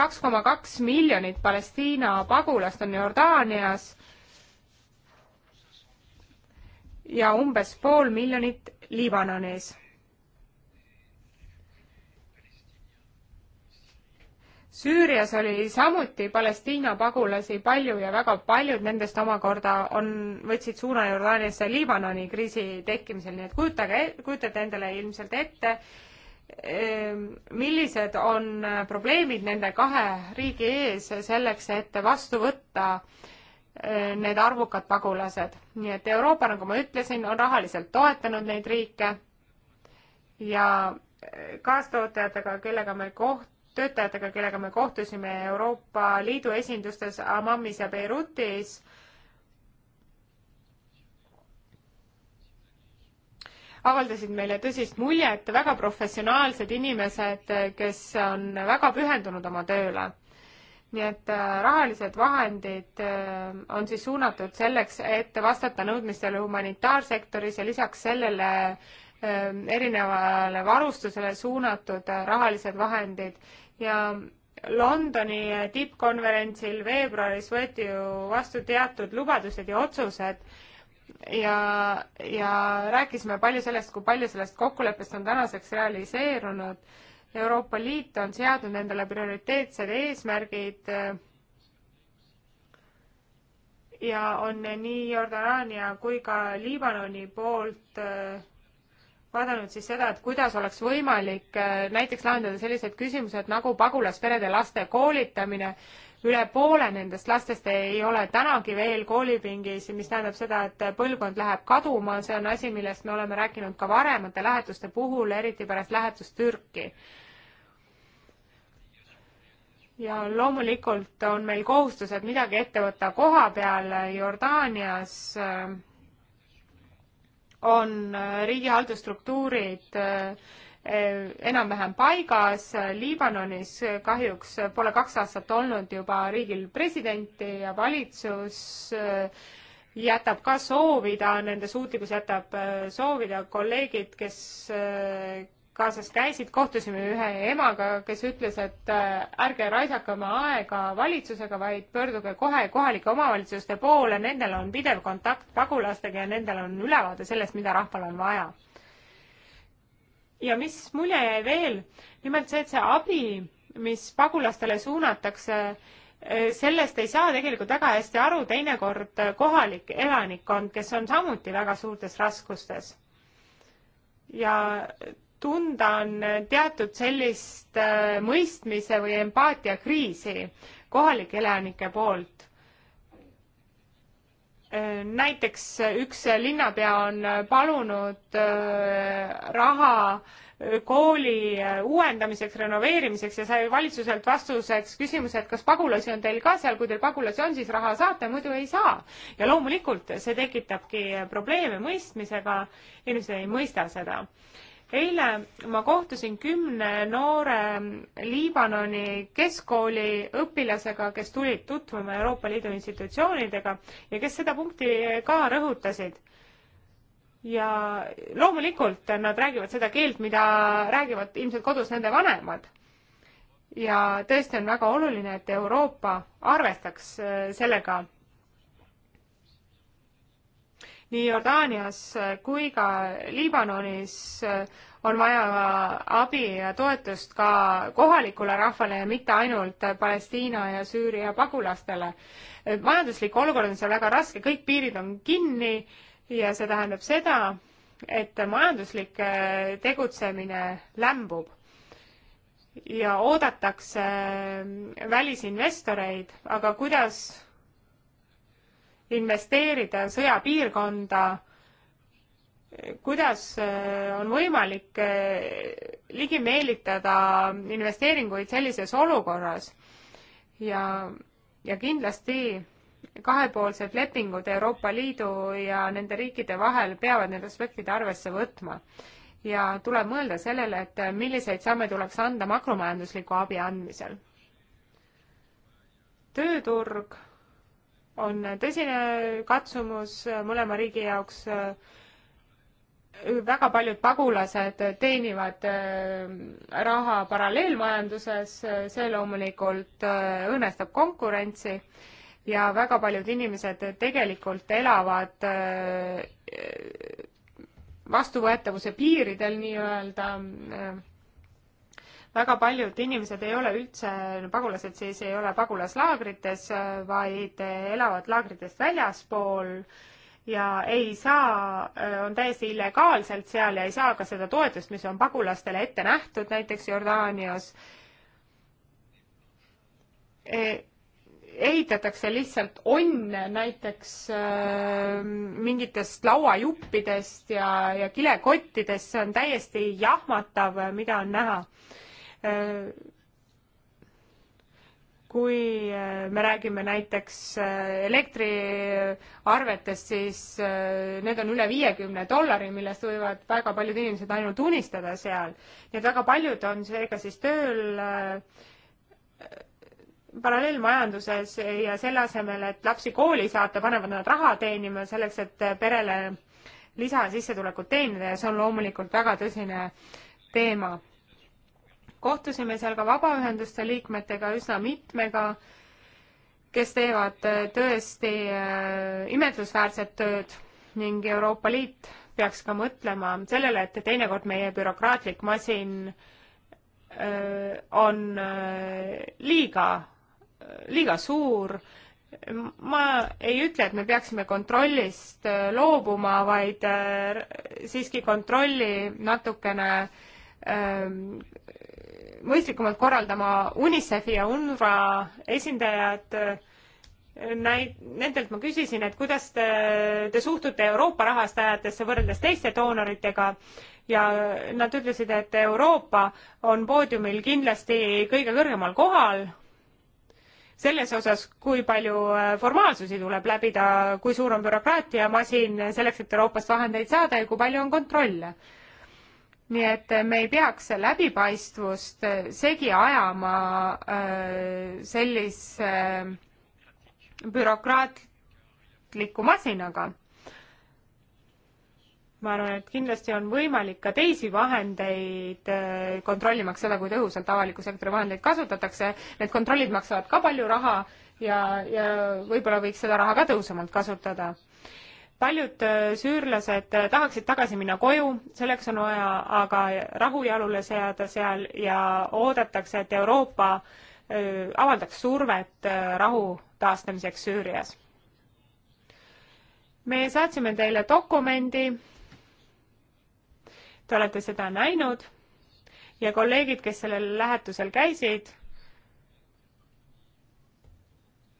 kaks koma kaks miljonit Palestiina pagulast on Jordaanias ja umbes pool miljonit Liibanonis Süürias oli samuti Palestiina pagulasi palju ja väga paljud nendest omakorda on, võtsid suuna Jordaaniasse Liibanoni kriisi tekkimisel, nii et kujutage, kujutate endale ilmselt ette, ehm, millised on probleemid nende kahe riigi ees selleks, et vastu võtta eh, need arvukad pagulased. nii et Euroopa, nagu ma ütlesin, on rahaliselt toetanud neid riike ja eh, kaastootjatega, kellega me koht-, töötajatega, kellega me kohtusime Euroopa Liidu esindustes Ammamis ja Beirutis. avaldasid meile tõsist muljet, väga professionaalsed inimesed, kes on väga pühendunud oma tööle. nii et äh, rahalised vahendid äh, on siis suunatud selleks, et vastata nõudmistele humanitaarsektoris ja lisaks sellele äh, erinevale varustusele suunatud rahalised vahendid ja Londoni tippkonverentsil veebruaris võeti ju vastu teatud lubadused ja otsused ja, ja rääkisime palju sellest, kui palju sellest kokkuleppest on tänaseks realiseerunud. Euroopa Liit on seadnud endale prioriteetsed eesmärgid ja on nii Jordaania kui ka Liibanoni poolt äh, vaadanud siis seda, et kuidas oleks võimalik äh, näiteks lahendada sellised küsimused nagu pagulasperede laste koolitamine. üle poole nendest lastest ei ole tänagi veel koolipingis, mis tähendab seda, et põlvkond läheb kaduma, see on asi, millest me oleme rääkinud ka varemate lähetuste puhul, eriti pärast lähetust Türki ja loomulikult on meil kohustused midagi ette võtta koha peal Jordaanias äh, on äh, riigihaldusstruktuurid äh, äh, enam-vähem paigas, Liibanonis kahjuks pole kaks aastat olnud juba riigil presidenti ja valitsus jätab ka soovida, nende suutlikkus jätab soovida, kolleegid, kes kaasas käisid, kohtusime ühe emaga, kes ütles, et äh, ärge raisake oma aega valitsusega, vaid pöörduge kohe kohalike omavalitsuste poole, nendel on pidev kontakt pagulastega ja nendel on ülevaade sellest, mida rahval on vaja. ja mis mulje jäi veel, nimelt see, et see abi, mis pagulastele suunatakse, äh, sellest ei saa tegelikult väga hästi aru teinekord kohalik elanikkond, kes on samuti väga suurtes raskustes ja tunda on teatud sellist äh, mõistmise või empaatiakriisi kohalike elanike poolt. Äh, näiteks üks linnapea on palunud äh, raha kooli uuendamiseks, renoveerimiseks ja sai valitsuselt vastuseks küsimuse, et kas pagulasi on teil ka seal, kui teil pagulasi on, siis raha saate, muidu ei saa. ja loomulikult see tekitabki probleeme mõistmisega, inimesed ei mõista seda eile ma kohtusin kümne noore Liibanoni keskkooli õpilasega, kes tulid tutvuma Euroopa Liidu institutsioonidega ja kes seda punkti ka rõhutasid. ja loomulikult nad räägivad seda keelt, mida räägivad ilmselt kodus nende vanemad ja tõesti on väga oluline, et Euroopa arvestaks äh, sellega, nii Jordaanias kui ka Liibanonis on vaja abi ja toetust ka kohalikule rahvale ja mitte ainult Palestiina ja Süüria pagulastele. majanduslik olukord on seal väga raske, kõik piirid on kinni ja see tähendab seda, et majanduslik äh, tegutsemine lämbub ja oodatakse äh, välisinvestoreid, aga kuidas investeerida sõjapiirkonda, kuidas äh, on võimalik äh, ligi meelitada investeeringuid sellises olukorras ja, ja kindlasti kahepoolsed lepingud Euroopa Liidu ja nende riikide vahel peavad need aspektid arvesse võtma. ja tuleb mõelda sellele, et milliseid samme tuleks anda makromajandusliku abi andmisel. tööturg on tõsine katsumus mõlema riigi jaoks. väga paljud pagulased teenivad äh, raha paralleelmajanduses, see loomulikult äh, õõnestab konkurentsi ja väga paljud inimesed tegelikult elavad äh, vastuvõetavuse piiridel nii-öelda väga paljud inimesed ei ole üldse pagulased, siis ei ole pagulaslaagrites, vaid elavad laagritest väljaspool ja ei saa, on täiesti illegaalselt seal ja ei saa ka seda toetust, mis on pagulastele ette nähtud, näiteks Jordaanias. E-, ehitatakse lihtsalt onne näiteks ähm, mingitest lauajuppidest ja, ja kilekottidest, see on täiesti jahmatav, mida on näha Äh, kui äh, me räägime näiteks äh, elektriarvetest, siis need on üle viiekümne dollari, millest võivad väga paljud inimesed ainult unistada seal. nii et väga paljud on seega siis tööl paralleelmajanduses ja selle asemel, et lapsi kooli saata, panevad nad raha teenima selleks, et perele lisasissetulekut teenida ja see on loomulikult väga tõsine teema kohtusime seal ka vabaühenduste liikmetega, üsna mitmega, kes teevad äh, tõesti äh, imetlusväärset tööd ning Euroopa Liit peaks ka mõtlema sellele, et teinekord meie bürokraatlik masin äh, on liiga, liiga suur. ma ei ütle, et me peaksime kontrollist loobuma, vaid siiski kontrolli natukene mõistlikumalt korraldama UNICEF-i ja UNRWA esindajad äh, näit-, nendelt ma küsisin, et kuidas te, te suhtute Euroopa rahastajatesse võrreldes teiste doonoritega ja nad ütlesid, et Euroopa on poodiumil kindlasti kõige kõrgemal kohal selles osas, kui palju äh, formaalsusi tuleb läbida, kui suur on bürokraatiamasin selleks, et Euroopast vahendeid saada ja kui palju on kontrolle nii et äh, me ei peaks läbipaistvust äh, segi ajama äh, sellise bürokraatliku masinaga. ma arvan, et kindlasti on võimalik ka teisi vahendeid kontrollimaks seda, kui tõhusalt avaliku sektori vahendeid kasutatakse. Need kontrollid maksavad ka palju raha ja, ja võib-olla võiks seda raha ka tõhusamalt kasutada paljud äh, süürlased äh, tahaksid tagasi minna koju, selleks on vaja aga rahu jalule seada seal ja oodatakse, et Euroopa äh, avaldaks survet rahu taastamiseks Süürias. me saatsime teile dokumendi, te olete seda näinud ja kolleegid, kes sellel lähetusel käisid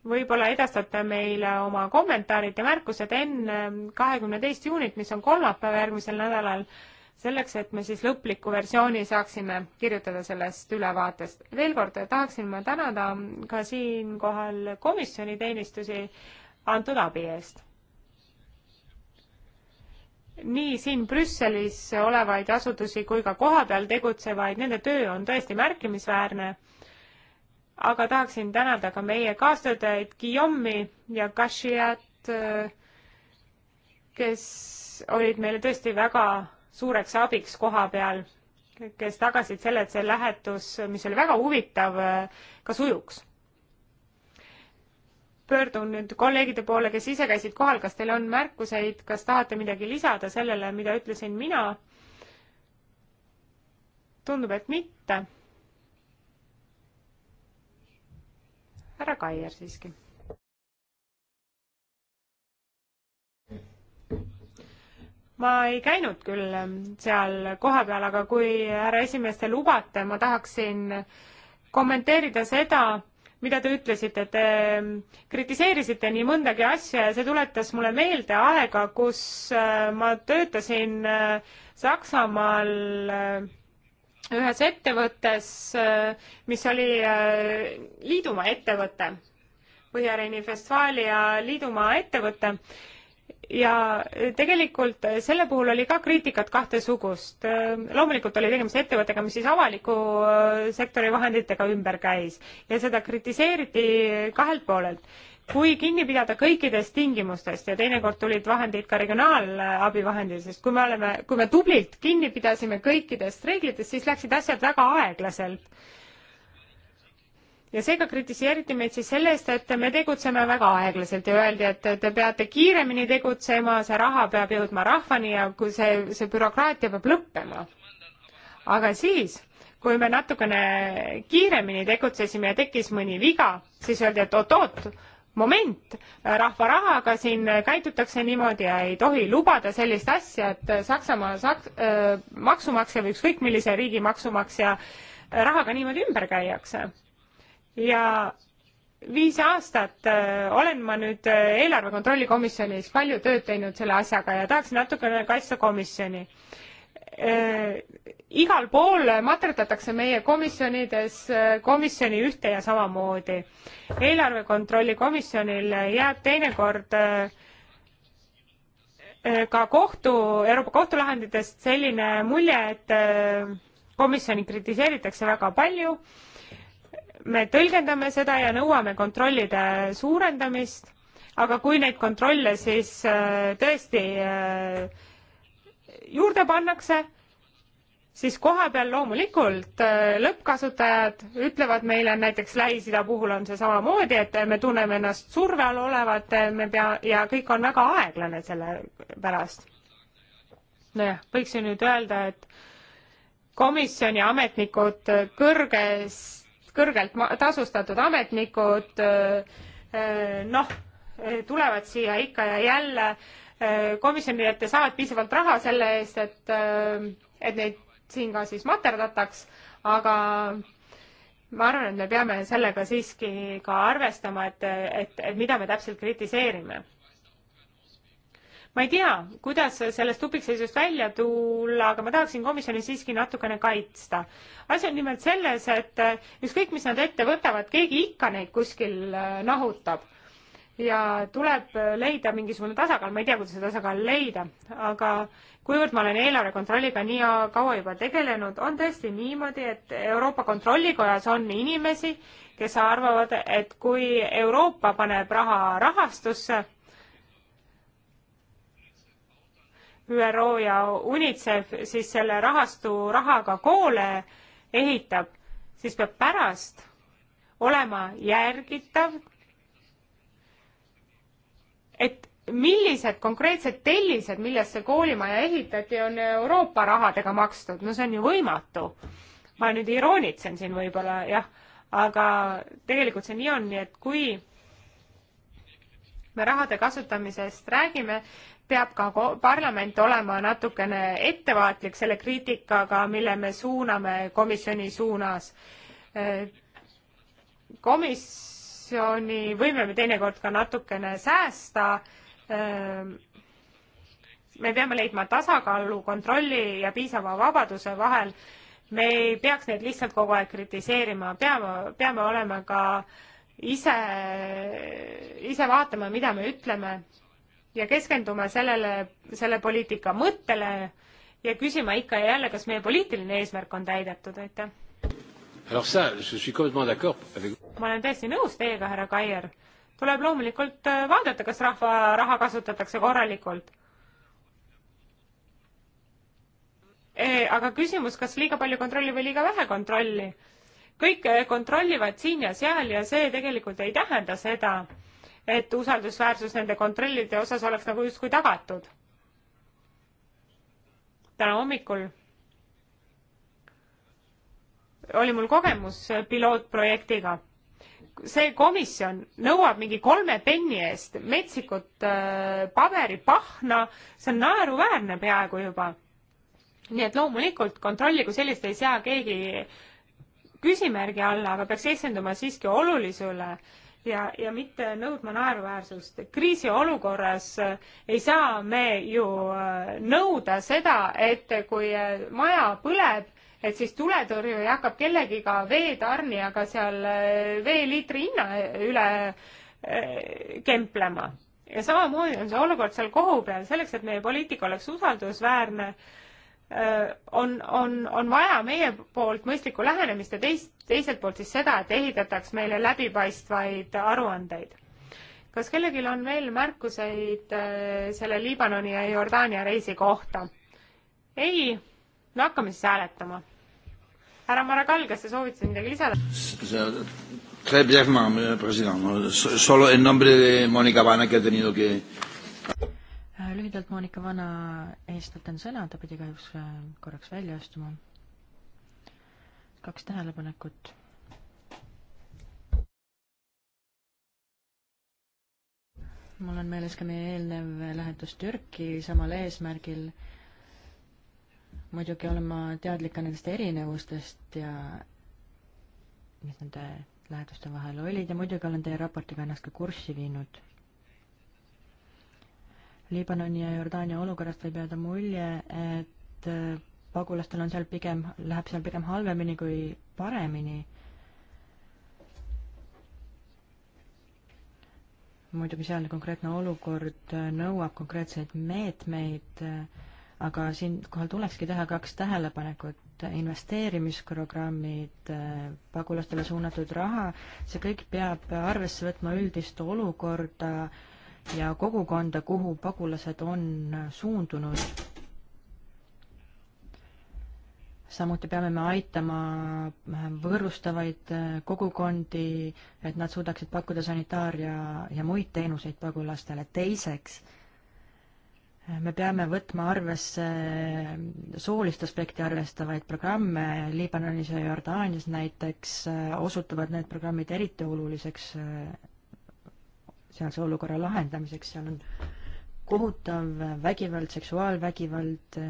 võib-olla edastate meile oma kommentaarid ja märkused enne kahekümne teist juunit, mis on kolmapäev järgmisel nädalal, selleks, et me siis lõpliku versiooni saaksime kirjutada sellest ülevaatest. veel kord tahaksin ma tänada ka siinkohal komisjoni teenistusi antud abi eest. nii siin Brüsselis olevaid asutusi kui ka kohapeal tegutsevaid, nende töö on tõesti märkimisväärne aga tahaksin tänada ka meie kaastöötajaid Guillaume'i ja Kashiat, kes olid meile tõesti väga suureks abiks koha peal, kes tagasid selle, et see lähetus, mis oli väga huvitav, ka sujuks. pöördun nüüd kolleegide poole, kes ise käisid kohal, kas teil on märkuseid, kas tahate midagi lisada sellele, mida ütlesin mina? tundub, et mitte härra Kaier siiski. ma ei käinud küll ähm, seal kohapeal, aga kui härra esimees, te lubate, ma tahaksin kommenteerida seda, mida te ütlesite, te ähm, kritiseerisite nii mõndagi asja ja see tuletas mulle meelde aega, kus äh, ma töötasin äh, Saksamaal äh, ühes ettevõttes, äh, mis oli äh, Liidumaa ettevõte, Põhja-Reini Festfaalia Liidumaa ettevõte ja äh, tegelikult selle puhul oli ka kriitikat kahte sugust. loomulikult oli tegemist ettevõttega, mis siis avaliku sektori vahenditega ümber käis ja seda kritiseeriti kahelt poolelt kui kinni pidada kõikidest tingimustest ja teinekord tulid vahendid ka regionaalabivahenditest, kui me oleme, kui me tublilt kinni pidasime kõikidest reeglitest, siis läksid asjad väga aeglaselt. ja seega kritiseeriti meid siis selle eest, et me tegutseme väga aeglaselt ja öeldi, et te peate kiiremini tegutsema, see raha peab jõudma rahvani ja kui see, see bürokraatia peab lõppema. aga siis kui me natukene kiiremini tegutsesime ja tekkis mõni viga, siis öeldi, et oot-oot, moment rahva rahaga, siin käitutakse niimoodi ja ei tohi lubada sellist asja, et Saksamaa saks, äh, maksumaksja või ükskõik millise riigi maksumaksja rahaga niimoodi ümber käiakse. ja viis aastat äh, olen ma nüüd äh, eelarve kontrolli komisjonis palju tööd teinud selle asjaga ja tahaksin natukene kaitsta komisjoni äh, äh, igal pool materdatakse meie komisjonides äh, komisjoni ühte ja samamoodi. eelarve kontrolli komisjonil jääb teinekord äh, äh, ka kohtu, Euroopa Kohtu lahenditest selline mulje, et äh, komisjoni kritiseeritakse väga palju. me tõlgendame seda ja nõuame kontrollide suurendamist, aga kui neid kontrolle siis äh, tõesti juurde pannakse, siis kohapeal loomulikult äh, lõppkasutajad ütlevad meile, näiteks Lähis-Ida puhul on see samamoodi, et me tunneme ennast surve all olevat, äh, me pea, ja kõik on väga aeglane selle pärast. nojah, võiks ju nüüd öelda, et komisjoni ametnikud, äh, kõrges, kõrgelt tasustatud ametnikud, noh, tulevad siia ikka ja jälle Äh, komisjonile, et te saavad piisavalt raha selle eest, et, äh, et neid siin ka siis materdataks, aga ma arvan, et me peame sellega siiski ka arvestama, et, et, et mida me täpselt kritiseerime. ma ei tea, kuidas sellest tupikseisust välja tulla, aga ma tahaksin komisjoni siiski natukene kaitsta. asi on nimelt selles, et ükskõik, mis nad ette võtavad, keegi ikka neid kuskil äh, nahutab ja tuleb leida mingisugune tasakaal, ma ei tea, kuidas seda tasakaalu leida, aga kuivõrd ma olen eelarve kontrolliga nii kaua juba tegelenud, on tõesti niimoodi, et Euroopa Kontrollikojas on inimesi, kes arvavad, et kui Euroopa paneb raha rahastusse, ÜRO ja UNICEF siis selle rahastu rahaga koole ehitab, siis peab pärast olema järgitav et millised konkreetsed tellised, milles see koolimaja ehitati, on Euroopa rahadega makstud, no see on ju võimatu. ma nüüd iroonitsen siin võib-olla jah, aga tegelikult see nii on, nii et kui me rahade kasutamisest räägime, peab ka parlament olema natukene ettevaatlik selle kriitikaga, mille me suuname komisjoni suunas. komis-, komisjoni võime me teinekord ka natukene säästa. Ehm, me peame leidma tasakaalu kontrolli ja piisava vabaduse vahel. me ei peaks neid lihtsalt kogu aeg kritiseerima, peame, peame olema ka ise, ise vaatama, mida me ütleme ja keskendume sellele, selle poliitika mõttele ja küsima ikka ja jälle, kas meie poliitiline eesmärk on täidetud, aitäh ma olen täiesti nõus teiega, härra Kaier. tuleb loomulikult äh, vaadata, kas rahva raha kasutatakse korralikult e,. aga küsimus, kas liiga palju kontrolli või liiga vähe kontrolli? kõik äh, kontrollivad siin ja seal ja see tegelikult ei tähenda seda, et usaldusväärsus nende kontrollide osas oleks nagu justkui tagatud. täna hommikul oli mul kogemus äh, pilootprojektiga. see komisjon nõuab mingi kolme penni eest metsikut äh, paberipahna, see on naeruväärne peaaegu juba. nii et loomulikult kontrolli kui sellist ei sea keegi küsimärgi alla, aga peaks keskenduma siiski olulisele ja, ja mitte nõudma naeruväärsust. kriisiolukorras äh, ei saa me ju äh, nõuda seda, et kui maja põleb, et siis tuletõrjuja hakkab kellegiga veetarnijaga seal äh, veeliitri hinna äh, üle äh, kemplema. ja samamoodi on see olukord seal kohu peal, selleks et meie poliitika oleks usaldusväärne, on, on, on vaja meie poolt mõistlikku lähenemist ja teist, teiselt poolt siis seda, et ehitataks meile läbipaistvaid aruandeid. kas kellelgi on veel märkuseid selle Liibanoni ja Jordaania reisi kohta? ei? no hakkame siis hääletama härra Maragall, kas te soovite midagi lisada? Très brièvement, président, solo en nombre de Monika Vana que he tenido que äh, lühidalt Monika Vana eest võtan sõna, ta pidi kahjuks äh, korraks välja astuma. kaks tähelepanekut. mul on meeles ka meie eelnev lähetus Türki samal eesmärgil muidugi olema teadlik ka nendest erinevustest ja mis nende läheduste vahel olid ja muidugi olen teie raportiga ennast ka kurssi viinud. Liibanoni ja Jordaania olukorrast võib jääda mulje, et äh, pagulastel on seal pigem, läheb seal pigem halvemini kui paremini. muidugi sealne konkreetne olukord äh, nõuab konkreetseid meetmeid meet, äh, aga siinkohal tulekski teha kaks tähelepanekut, investeerimisprogrammid, äh, pagulastele suunatud raha, see kõik peab arvesse võtma üldist olukorda ja kogukonda, kuhu pagulased on suundunud. samuti peame me aitama võõrustavaid äh, kogukondi, et nad suudaksid pakkuda sanitaar- ja, ja muid teenuseid pagulastele. teiseks, me peame võtma arvesse soolist aspekti arvestavaid programme, Liibanonis ja Jordaanias näiteks äh, osutuvad need programmid eriti oluliseks äh, sealse olukorra lahendamiseks, seal on kohutav vägivald, seksuaalvägivald, äh,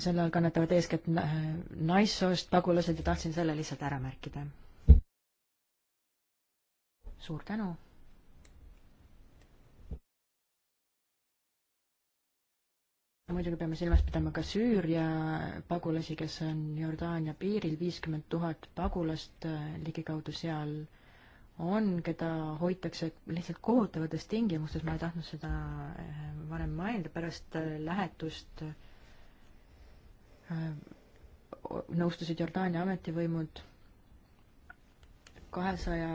selle all kannatavad eeskätt naissoost pagulased ja tahtsin selle lihtsalt ära märkida. suur tänu! muidugi peame silmas pidama ka Süüria pagulasi, kes on Jordaania piiril, viiskümmend tuhat pagulast äh, ligikaudu seal on, keda hoitakse lihtsalt kohutavates tingimustes, ma ei tahtnud seda äh, varem mainida, pärast äh, lähetust nõustusid Jordaania ametivõimud kahesaja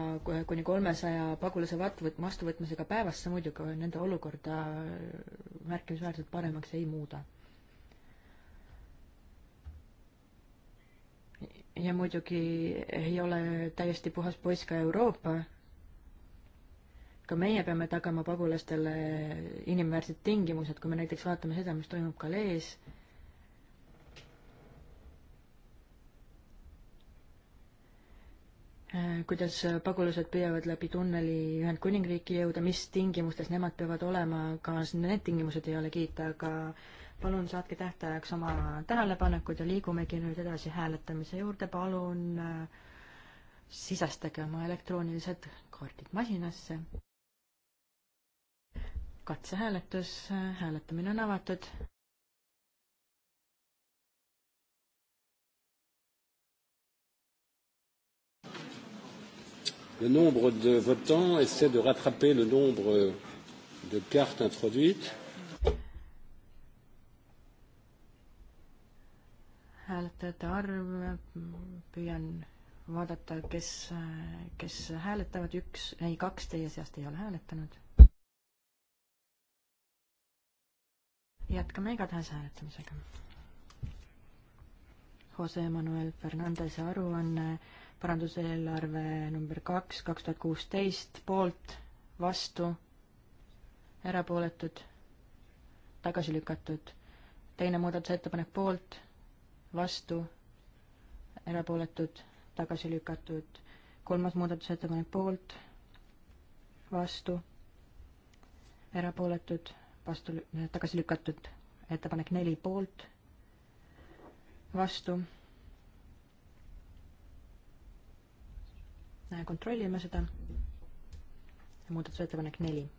kuni kolmesaja pagulase vastuvõt-, vastuvõtmisega päevas, see muidugi nende olukorda märkimisväärselt paremaks ei muuda. ja muidugi ei ole täiesti puhas poiss ka Euroopa, ka meie peame tagama pagulastele inimväärsed tingimused, kui me näiteks vaatame seda, mis toimub Galees ka, Äh, kuidas äh, pagulased püüavad läbi tunneli Ühendkuningriiki jõuda, mis tingimustes nemad peavad olema, ka need tingimused ei ole kiita, aga palun saatke tähtajaks oma tähelepanekud ja liigumegi nüüd edasi hääletamise juurde, palun äh, sisestage oma elektroonilised kaardid masinasse. katsehääletus, hääletamine on avatud. le nombre de votants essaie de rattraper le nombre de cartes introduites. hääletajate arv, püüan vaadata, kes, kes hääletavad, üks, ei kaks teie seast ei ole hääletanud. jätkame igatahes hääletamisega. Jose Manuel Fernandese aruanne on paranduseelarve number kaks, kaks tuhat kuusteist, poolt, vastu, erapooletud, tagasi lükatud. teine muudatusettepanek poolt, vastu, erapooletud, tagasi lükatud. kolmas muudatusettepanek poolt, vastu, erapooletud, vastu, tagasi lükatud. ettepanek neli poolt, vastu Äh, kontrollime seda. muudatusettepanek neli.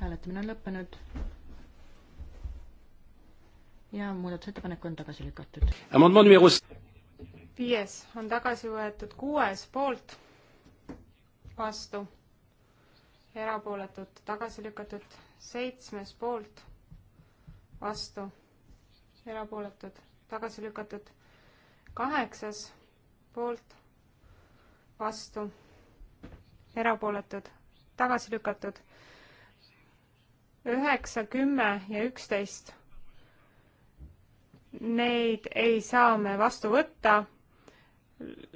hääletamine on lõppenud. ja muudatusettepanek on tagasi lükatud. viies on tagasi võetud, kuues poolt, vastu, erapooletud, tagasi lükatud, seitsmes poolt, vastu erapooletud, tagasi lükatud. kaheksas poolt, vastu, erapooletud, tagasi lükatud. üheksa, kümme ja üksteist. Neid ei saa me vastu võtta,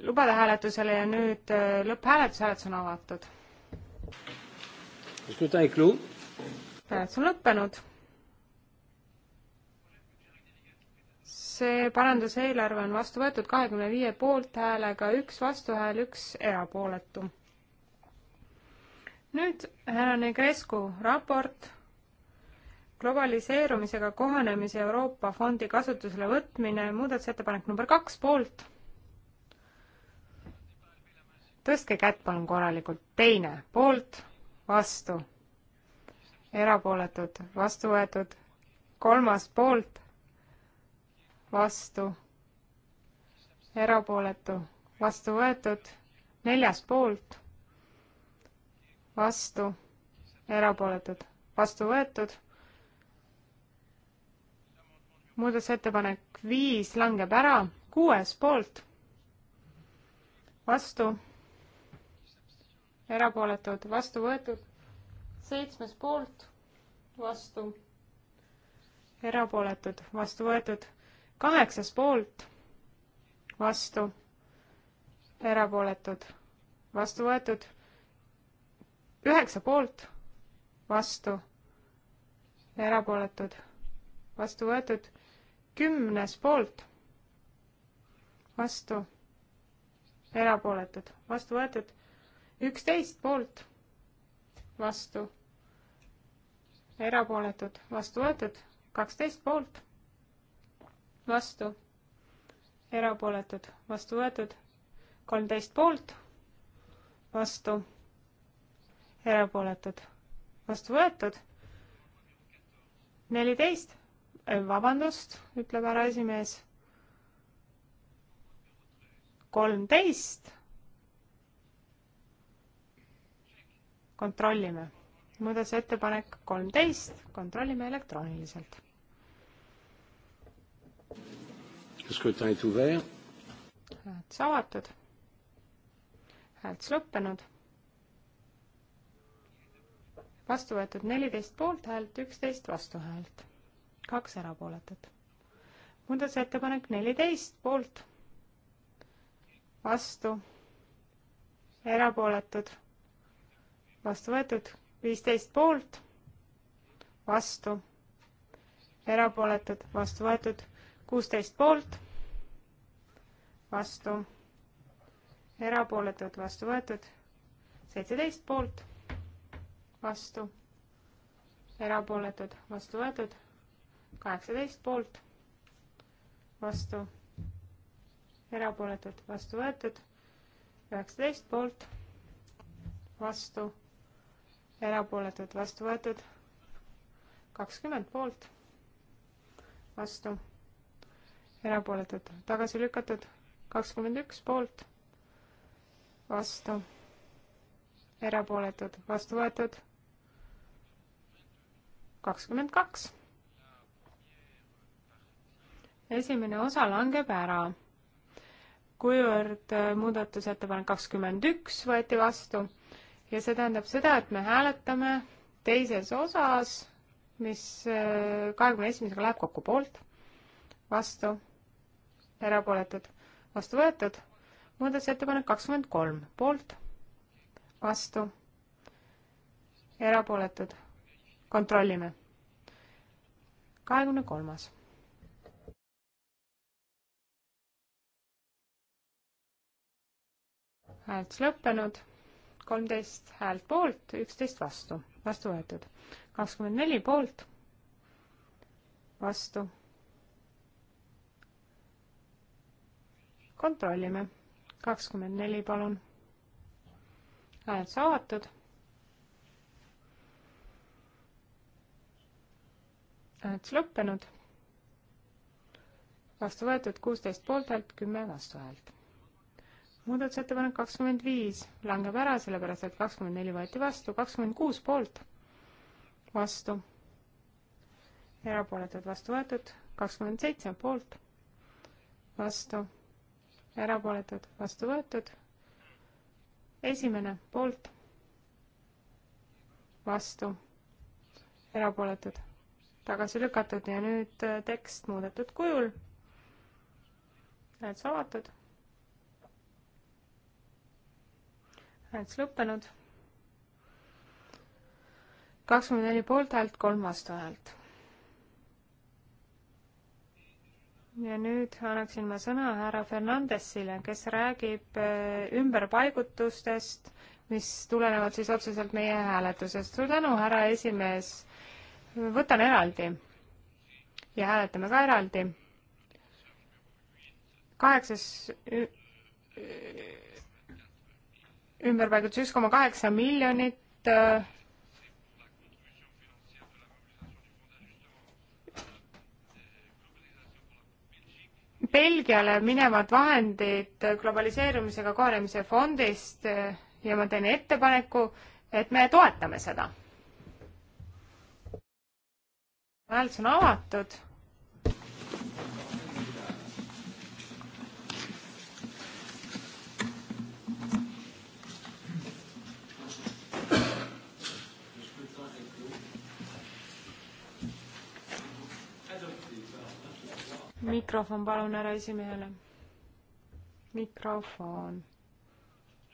lubada hääletusele ja nüüd äh, lõpphääletus, hääletus on avatud. hääletus on lõppenud see paranduseelarve on vastu võetud kahekümne viie poolthäälega, üks vastuhääl, üks erapooletu. nüüd härra Negrescu raport globaliseerumisega kohanemise Euroopa fondi kasutusele võtmine, muudatusettepanek number kaks poolt. tõstke kätt palun korralikult, teine poolt, vastu, erapooletud, vastu võetud, kolmas poolt, vastu, erapooletu, vastu võetud, neljas poolt, vastu, erapooletud, vastu võetud. muudatusettepanek viis langeb ära, kuues poolt, vastu, erapooletud, vastu võetud, seitsmes poolt, vastu, erapooletud, vastu võetud kaheksas poolt, vastu, erapooletud, vastu võetud, üheksa poolt, vastu, erapooletud, vastu võetud, kümnes poolt, vastu, erapooletud, vastu võetud, üksteist poolt, vastu, erapooletud, vastu võetud, kaksteist poolt vastu, erapooletud, vastu võetud, kolmteist poolt, vastu, erapooletud, vastu võetud, neliteist, eh, vabandust, ütleb härra esimees, kolmteist, kontrollime muudatusettepanek kolmteist, kontrollime elektrooniliselt Le scrutin est ouvert. hääletus avatud. hääletus lõppenud. vastu võetud neliteist poolthäält, üksteist vastuhäält, kaks erapooletut. muudatusettepanek neliteist poolt, vastu, erapooletud, vastu võetud viisteist poolt, vastu, erapooletud, vastu võetud kuusteist poolt, vastu, erapooletud, vastu võetud, seitseteist poolt, vastu, erapooletud, vastu võetud, kaheksateist poolt, vastu, erapooletud, vastu võetud, üheksateist poolt, vastu, erapooletud, vastu võetud kakskümmend poolt, vastu, erapooletud, tagasi lükatud, kakskümmend üks poolt, vastu, erapooletud, vastu võetud, kakskümmend kaks. esimene osa langeb ära, kuivõrd äh, muudatusettepanek kakskümmend üks võeti vastu ja see tähendab seda, et me hääletame teises osas, mis äh, kahekümne esimesega läheb kokku poolt, vastu erapooletud, vastu võetud. muudatusettepanek kakskümmend kolm, poolt, vastu, erapooletud, kontrollime. kahekümne kolmas. hääletus lõppenud, kolmteist häält poolt, üksteist vastu, vastu võetud. kakskümmend neli poolt, vastu kontrollime. kakskümmend neli, palun. hääletus avatud. hääletus lõppenud. vastu võetud kuusteist poolthäält, kümme vastuhäält. muudatusettepanek kakskümmend viis langeb ära, sellepärast et kakskümmend neli võeti vastu, kakskümmend kuus poolt, vastu erapooletud vastu võetud, kakskümmend seitse poolt, vastu erapooletud, vastu võetud. esimene poolt, vastu, erapooletud, tagasi lükatud ja nüüd äh, tekst muudetud kujul. hääletus avatud. hääletus lõppenud. kakskümmend neli poolthäält, kolm vastuhäält ja nüüd annaksin ma sõna härra Fernandesile, kes räägib äh, ümberpaigutustest, mis tulenevad siis otseselt meie hääletusest. suur tänu, härra esimees. võtan eraldi ja hääletame ka eraldi. kaheksas ümberpaigutus üks koma kaheksa miljonit äh, Belgiale minevad vahendid globaliseerumisega kohanemise fondist ja ma teen ettepaneku, et me toetame seda. hääletus on avatud mikrofon palun härra esimehele. mikrofon.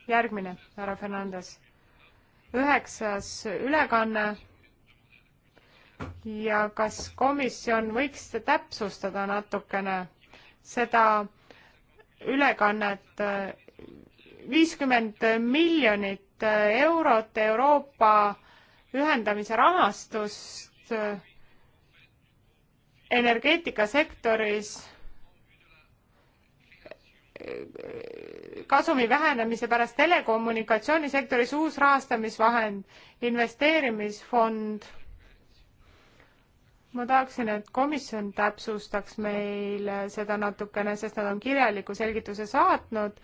järgmine, härra Fernandes. üheksas ülekanne. ja kas komisjon võiks täpsustada natukene seda ülekannet äh, viiskümmend miljonit eurot Euroopa ühendamise rahastust äh, energeetikasektoris kasumi vähenemise pärast telekommunikatsioonisektoris uus rahastamisvahend, investeerimisfond. ma tahaksin, et komisjon täpsustaks meil seda natukene, sest nad on kirjaliku selgituse saatnud,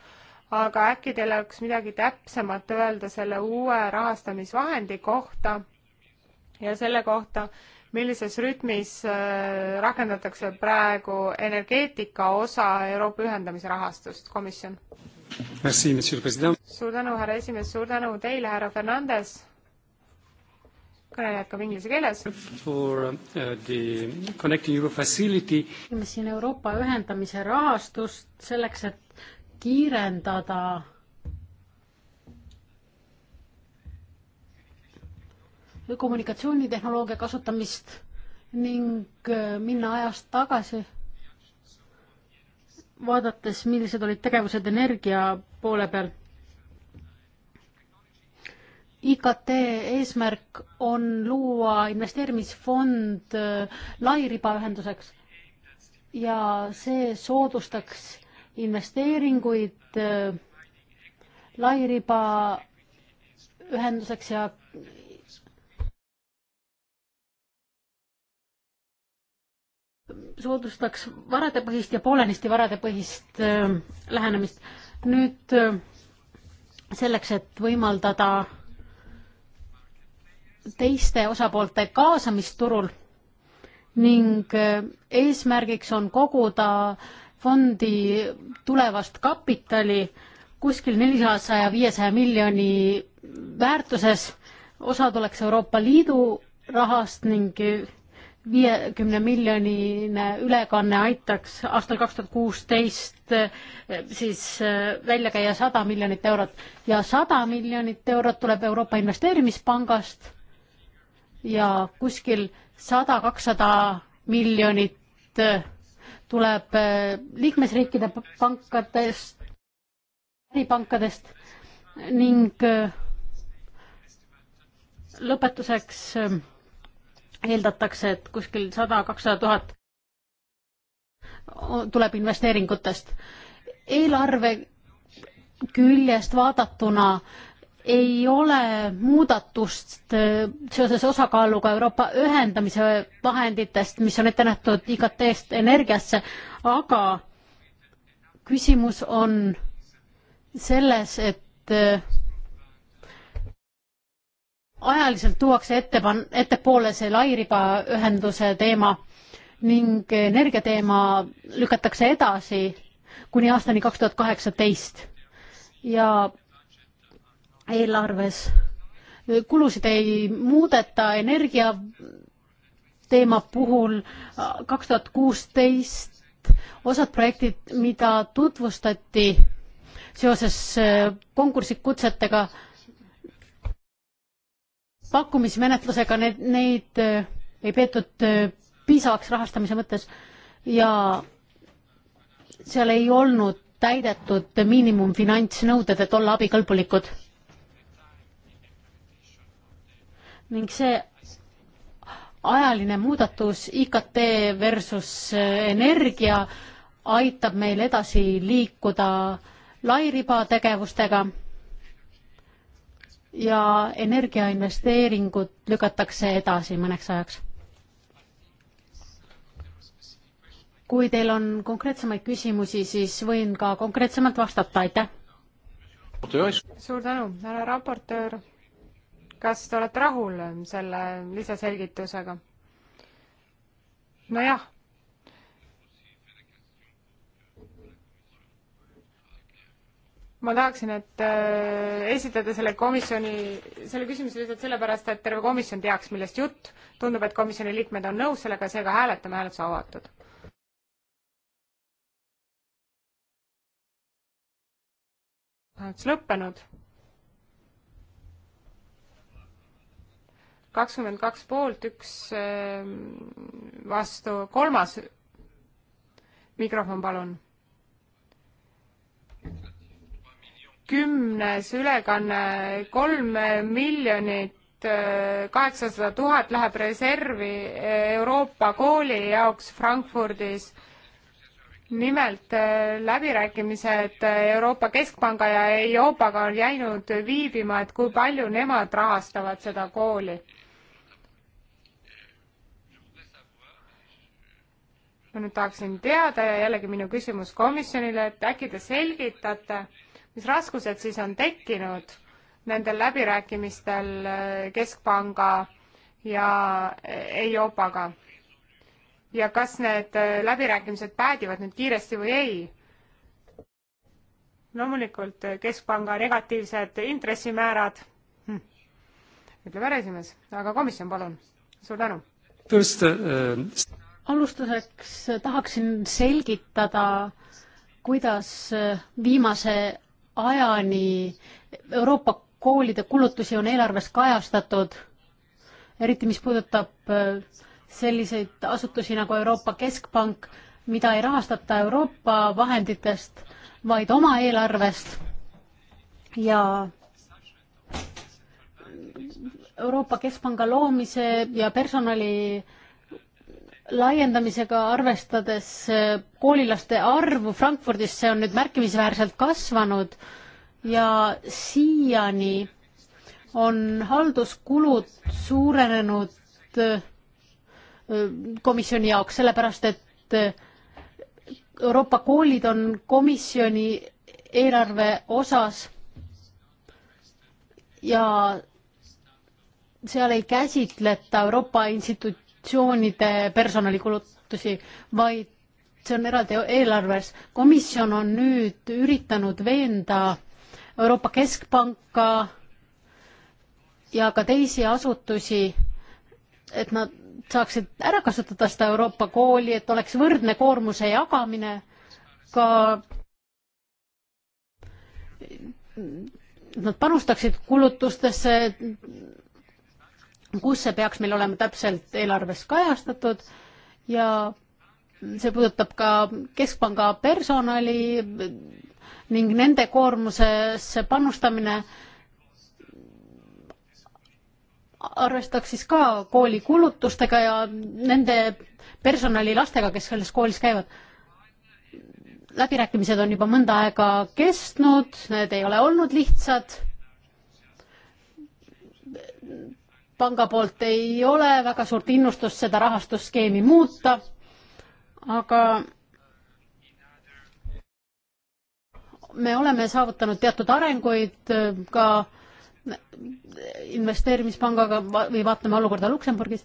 aga äkki teil oleks midagi täpsemat öelda selle uue rahastamisvahendi kohta ja selle kohta, millises rütmis äh, rakendatakse praegu energeetika osa Euroopa ühendamise rahastust, komisjon? suur tänu, härra esimees, suur tänu teile, härra Fernandes. kõne jätkab inglise keeles. For uh, the Connecting Europe Facility. siin Euroopa ühendamise rahastust selleks, et kiirendada kommunikatsioonitehnoloogia kasutamist ning äh, minna ajas tagasi, vaadates, millised olid tegevused energia poole peal. IKT eesmärk on luua investeerimisfond äh, lairibaühenduseks ja see soodustaks investeeringuid äh, lairiba ühenduseks ja soodustaks varadepõhist ja poolenisti varadepõhist äh, lähenemist. nüüd äh, selleks, et võimaldada teiste osapoolte kaasamist turul ning äh, eesmärgiks on koguda fondi tulevast kapitali kuskil nelisaja, viiesaja miljoni väärtuses, osa tuleks Euroopa Liidu rahast ning viiekümne miljonine ülekanne aitaks aastal kaks tuhat kuusteist eh, siis eh, välja käia sada miljonit eurot ja sada miljonit eurot tuleb Euroopa Investeerimispangast ja kuskil sada, kakssada miljonit eh, tuleb liikmesriikide pankadest, äripankadest ning lõpetuseks eeldatakse, et kuskil sada, kakssada tuhat tuleb investeeringutest. eelarve küljest vaadatuna ei ole muudatust äh, seoses osakaaluga Euroopa ühendamise vahenditest, mis on ette nähtud IKT-st energiasse, aga küsimus on selles, et äh, ajaliselt tuuakse ette, ettepoole see lairibaühenduse teema ning energiateema lükatakse edasi kuni aastani kaks tuhat kaheksateist ja eelarves kulusid ei muudeta energia teema puhul kaks tuhat kuusteist osad projektid, mida tutvustati seoses konkursikutsetega pakkumismenetlusega need, neid eh, ei peetud eh, piisavaks rahastamise mõttes ja seal ei olnud täidetud miinimumfinantsnõuded, et olla abikõlbulikud. ning see ajaline muudatus IKT versus eh, energia aitab meil edasi liikuda lairiba tegevustega ja energiainvesteeringud lükatakse edasi mõneks ajaks. kui teil on konkreetsemaid küsimusi, siis võin ka konkreetsemalt vastata, aitäh. suur tänu, härra raportöör. kas te olete rahul selle lisaselgitusega? nojah ma tahaksin, et äh, esitada selle komisjoni, selle küsimuse lihtsalt sellepärast, et terve komisjon teaks, millest jutt. tundub, et komisjoni liikmed on nõus sellega, seega hääletame, hääletus avatud. hääletus lõppenud. kakskümmend kaks poolt, üks ähm, vastu, kolmas mikrofon, palun kümnes ülekanne, kolm miljonit äh, kaheksasada tuhat läheb reservi äh, Euroopa kooli jaoks Frankfurdis. nimelt äh, läbirääkimised Euroopa Keskpanga ja EIOPAga on jäinud viibima, et kui palju nemad rahastavad seda kooli. ma nüüd tahaksin teada ja jällegi minu küsimus komisjonile, et äkki te selgitate mis raskused siis on tekkinud nendel läbirääkimistel eh, Keskpanga ja EIOPaga? Eh, ja kas need eh, läbirääkimised päädivad nüüd kiiresti või ei? loomulikult Keskpanga negatiivsed intressimäärad hm., ütleb äraesimees, aga komisjon, palun, suur tänu. alustuseks tahaksin selgitada, kuidas viimase ajani Euroopa koolide kulutusi on eelarves kajastatud, eriti mis puudutab äh, selliseid asutusi nagu Euroopa Keskpank, mida ei rahastata Euroopa vahenditest, vaid oma eelarvest ja Euroopa Keskpanga loomise ja personali äh, laiendamisega arvestades eh, koolilaste arvu Frankfurdis, see on nüüd märkimisväärselt kasvanud ja siiani on halduskulud suurenenud eh, komisjoni jaoks, sellepärast et eh, Euroopa koolid on komisjoni eelarve osas ja seal ei käsitleta Euroopa instituut, fraktsioonide personalikulutusi, vaid see on eraldi eelarves. komisjon on nüüd üritanud veenda Euroopa Keskpanka ja ka teisi asutusi, et nad saaksid ära kasutada seda Euroopa kooli, et oleks võrdne koormuse jagamine ka nad panustaksid kulutustesse, kus see peaks meil olema täpselt eelarves kajastatud ja see puudutab ka Keskpanga personali ning nende koormusesse panustamine arvestaks siis ka kooli kulutustega ja nende personali lastega, kes selles koolis käivad. läbirääkimised on juba mõnda aega kestnud, need ei ole olnud lihtsad panga poolt ei ole väga suurt innustust seda rahastusskeemi muuta, aga me oleme saavutanud teatud arenguid äh, ka investeerimispangaga või vaatame olukorda Luksemburgis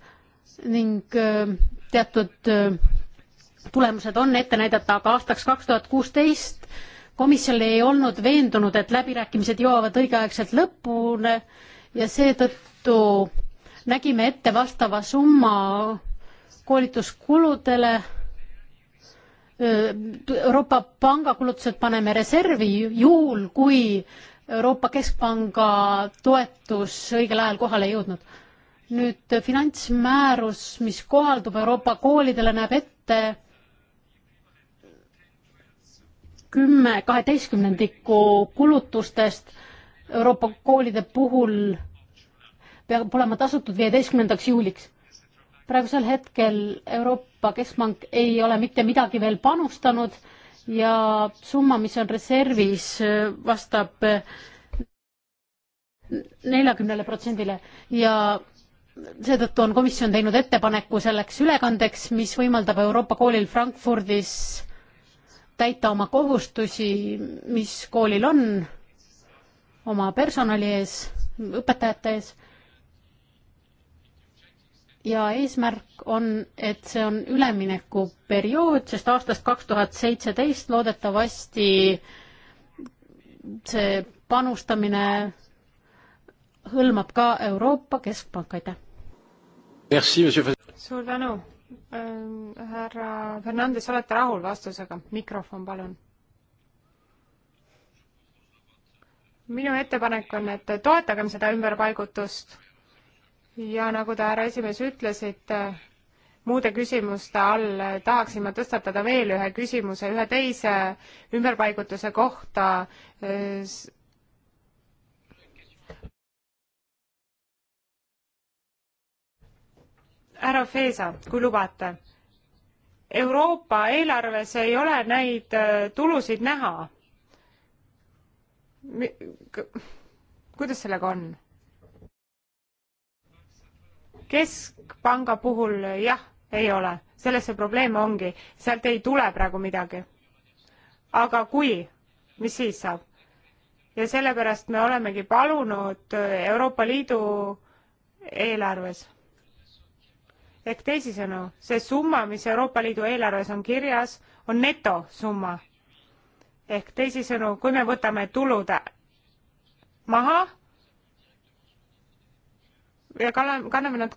ning äh, teatud äh, tulemused on ette näidata, aga aastaks kaks tuhat kuusteist komisjon ei olnud veendunud, et läbirääkimised jõuavad õigeaegselt lõpule ja seetõttu nägime ette vastava summa koolituskuludele. Euroopa Panga kulutused paneme reservi juhul, kui Euroopa Keskpanga toetus õigel ajal kohale ei jõudnud. nüüd finantsmäärus, mis kohaldub Euroopa koolidele, näeb ette kümme kaheteistkümnendikku kulutustest Euroopa koolide puhul peab olema tasutud viieteistkümnendaks juuliks. praegusel hetkel Euroopa Keskpank ei ole mitte midagi veel panustanud ja summa, mis on reservis, vastab neljakümnele protsendile ja seetõttu on komisjon teinud ettepaneku selleks ülekandeks, mis võimaldab Euroopa koolil Frankfurdis täita oma kohustusi, mis koolil on oma personali ees, õpetajate ees ja eesmärk on, et see on üleminekuperiood, sest aastast kaks tuhat seitseteist loodetavasti see panustamine hõlmab ka Euroopa Keskpank, aitäh! suur tänu! Ähm, härra Fernandes, olete rahul vastusega? mikrofon, palun minu ettepanek on, et toetagem seda ümberpaigutust ja nagu te, härra esimees, ütlesite, muude küsimuste all tahaksin ma tõstatada veel ühe küsimuse ühe teise ümberpaigutuse kohta. härra Feesa, kui lubate. Euroopa eelarves ei ole neid äh, tulusid näha. kuidas sellega on? keskpanga puhul jah, ei ole, selles see probleem ongi, sealt ei tule praegu midagi. aga kui, mis siis saab? ja sellepärast me olemegi palunud Euroopa Liidu eelarves. ehk teisisõnu, see summa, mis Euroopa Liidu eelarves on kirjas, on netosumma. ehk teisisõnu, kui me võtame tulud maha ja kanname, kanname nad,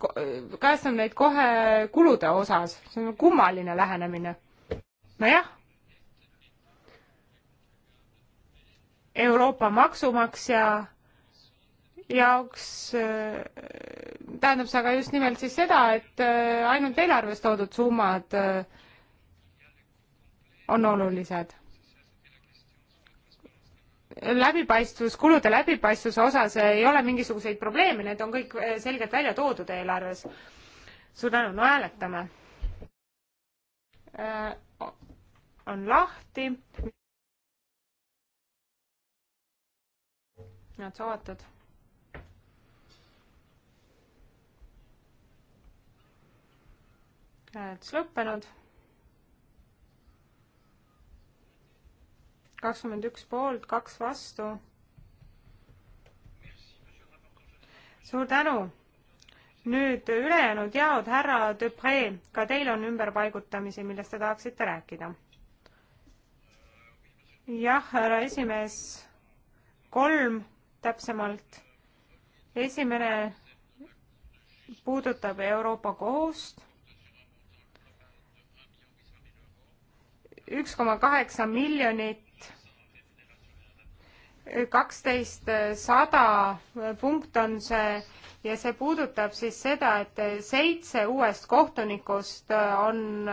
kajastame neid kohe kulude osas, see on kummaline lähenemine. nojah. Euroopa maksumaksja jaoks äh, tähendab see aga just nimelt siis seda, et äh, ainult eelarves toodud summad äh, on olulised läbipaistvus, kulude läbipaistvuse osas ei ole mingisuguseid probleeme, need on kõik eh, selgelt välja toodud eelarves. suur tänu, no hääletame. Äh, on lahti. Nad soovatud. hääletus lõppenud kakskümmend üks poolt, kaks vastu. suur tänu. nüüd ülejäänud jaod, härra Dupre, ka teil on ümberpaigutamisi, millest te tahaksite rääkida? jah, härra esimees, kolm täpsemalt. esimene puudutab Euroopa Kohust üks koma kaheksa miljonit kaksteist sada punkt on see ja see puudutab siis seda, et seitse uuest kohtunikust on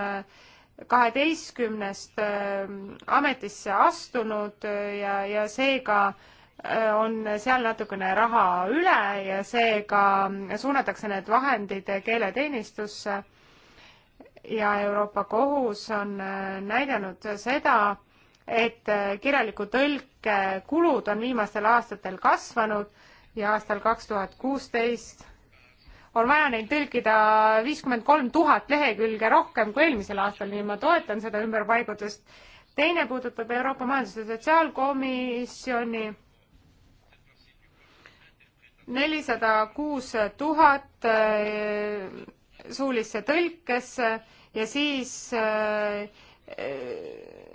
kaheteistkümnest ähm, ametisse astunud äh, ja, ja seega äh, on seal natukene raha üle ja seega äh, suunatakse need vahendid keeleteenistusse. ja Euroopa Kohus on näidanud seda, et äh, kirjaliku tõlke kulud on viimastel aastatel kasvanud ja aastal kaks tuhat kuusteist on vaja neid tõlkida viiskümmend kolm tuhat lehekülge rohkem kui eelmisel aastal, nii ma toetan seda ümberpaigutust. teine puudutab Euroopa Majandus- ja Sotsiaalkomisjoni nelisada kuus tuhat äh, suulisse tõlkesse ja siis äh, äh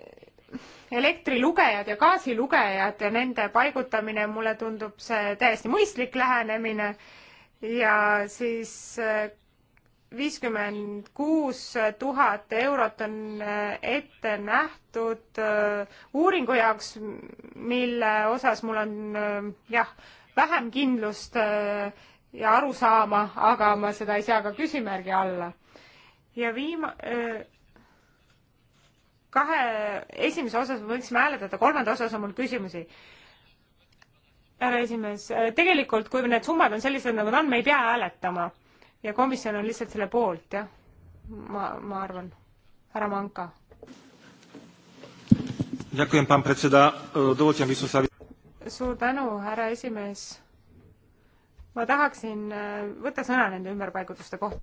elektrilugejad ja gaasilugejad ja nende paigutamine, mulle tundub see täiesti mõistlik lähenemine ja siis äh, viiskümmend kuus tuhat eurot on äh, ette nähtud äh, uuringu jaoks, mille osas mul on jah, vähem kindlust ja arusaama, aga ma seda ei sea ka küsimärgi alla. ja viima-, kahe esimese osas me võiksime hääletada, kolmanda osas on mul küsimusi. härra esimees, äh, tegelikult kui need summad on sellised, nagu nad on, me ei pea hääletama ja komisjon on lihtsalt selle poolt, jah. ma, ma arvan. härra Manka. suur tänu, härra esimees. ma tahaksin äh, võtta sõna nende ümberpaigutuste kohta.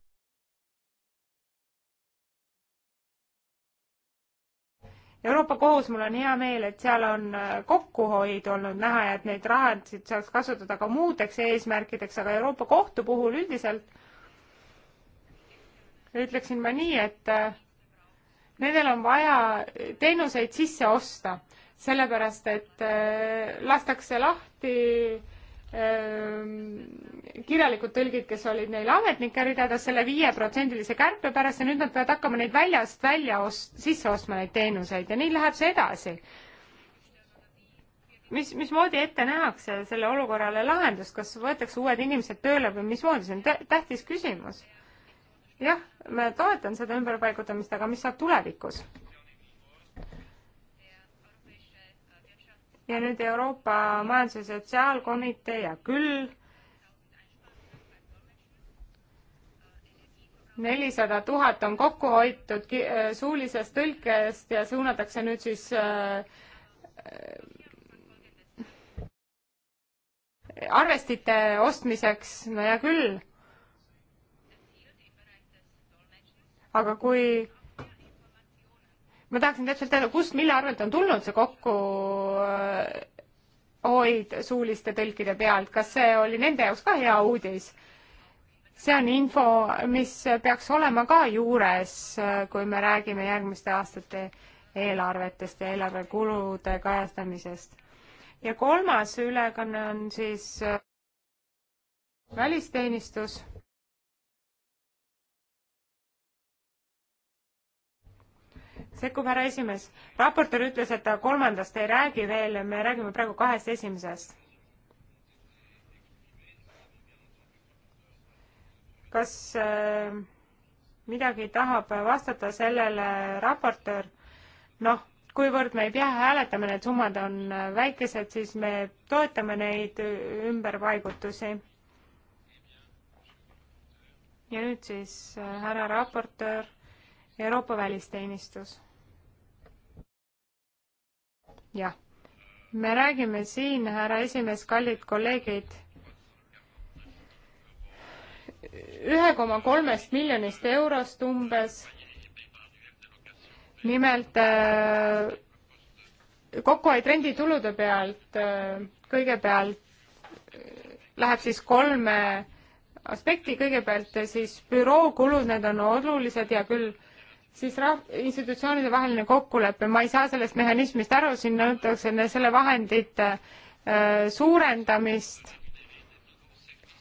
Euroopa Kohus, mul on hea meel, et seal on äh, kokkuhoid olnud näha ja et neid rahasid saaks kasutada ka muudeks eesmärkideks, aga Euroopa Kohtu puhul üldiselt ütleksin ma nii, et äh, nendel on vaja teenuseid sisse osta, sellepärast et äh, lastakse lahti Ehm, kirjalikud tõlgid, kes olid neil ametnike ridades selle viieprotsendilise kärpe pärast ja nüüd nad peavad hakkama neid väljast välja ost-, sisse ostma neid teenuseid ja nii läheb see edasi. mis, mismoodi ette nähakse selle olukorrale lahendust, kas võetakse uued inimesed tööle või mismoodi, see on tähtis küsimus. jah, ma toetan seda ümberpaigutamist, aga mis saab tulevikus? ja nüüd Euroopa Majandus- ja Sotsiaalkomitee ja küll nelisada tuhat on kokku hoitud äh, suulisest tõlkest ja suunatakse nüüd siis äh, arvestite ostmiseks, no hea küll. aga kui ma tahaksin täpselt teada, kust, mille arvelt on tulnud see kokkuhoid suuliste tõlkide pealt, kas see oli nende jaoks ka hea uudis? see on info, mis peaks olema ka juures, kui me räägime järgmiste aastate eelarvetest ja eelarvekulude kajastamisest. ja kolmas ülekanne on siis välisteenistus sekkub härra esimees. raportöör ütles, et ta kolmandast ei räägi veel, me räägime praegu kahest esimesest. kas äh, midagi tahab vastata sellele raportöör? noh, kuivõrd me ei pea hääletama, need summad on äh, väikesed, siis me toetame neid ümberpaigutusi. ja nüüd siis äh, härra raportöör Euroopa välisteenistus jah, me räägime siin, härra esimees, kallid kolleegid, ühe koma kolmest miljonist eurost umbes. nimelt äh, kokkuhoid renditulude pealt äh, kõigepealt äh, läheb siis kolme aspekti, kõigepealt siis bürookulud, need on olulised, hea küll siis rah-, institutsioonide vaheline kokkulepe, ma ei saa sellest mehhanismist aru, siin nõutakse selle vahendite äh, suurendamist.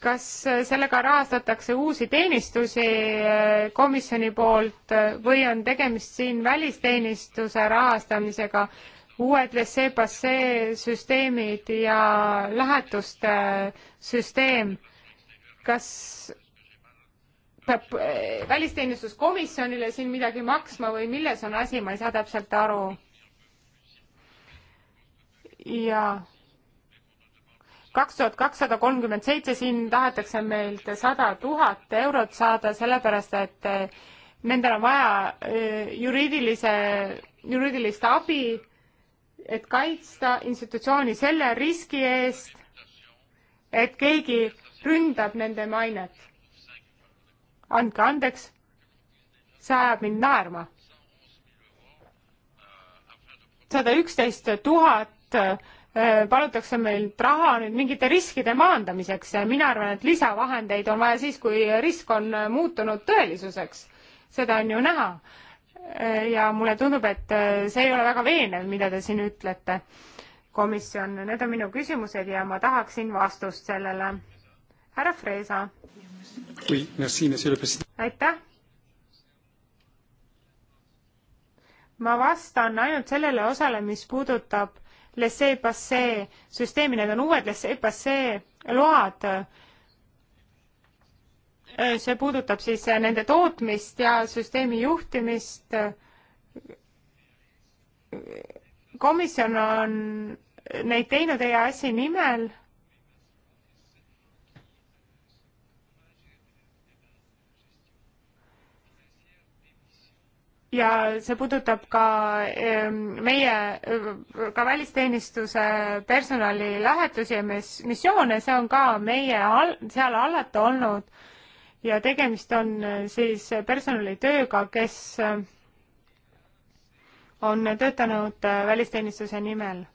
kas äh, sellega rahastatakse uusi teenistusi äh, komisjoni poolt või on tegemist siin välisteenistuse rahastamisega, uued laissez-passer süsteemid ja lähetuste süsteem, kas peab eh, välisteenistuskomisjonile siin midagi maksma või milles on asi, ma ei saa täpselt aru. ja kaks tuhat kakssada kolmkümmend seitse, siin tahetakse meilt sada tuhat eurot saada, sellepärast et eh, nendel on vaja eh, juriidilise, juriidilist abi, et kaitsta institutsiooni selle riski eest, et keegi ründab nende mainet andke andeks, see ajab mind naerma. sada üksteist tuhat eh, palutakse meilt raha nüüd mingite riskide maandamiseks ja mina arvan, et lisavahendeid on vaja siis, kui risk on eh, muutunud tõelisuseks. seda on ju näha. Eh, ja mulle tundub, et see ei ole väga veenev, mida te siin ütlete, komisjon. Need on minu küsimused ja ma tahaksin vastust sellele. härra Freesa aitäh! ma vastan ainult sellele osale, mis puudutab laissez-passer süsteemi, need on uued laissez-passer load. see puudutab siis nende tootmist ja süsteemi juhtimist. komisjon on neid teinud EAS-i nimel ja see puudutab ka ehm, meie, ehm, ka välisteenistuse personali lähetusi ja mis-, missioone, see on ka meie al-, seal alati olnud ja tegemist on eh, siis personalitööga, kes ehm, on töötanud eh, välisteenistuse nimel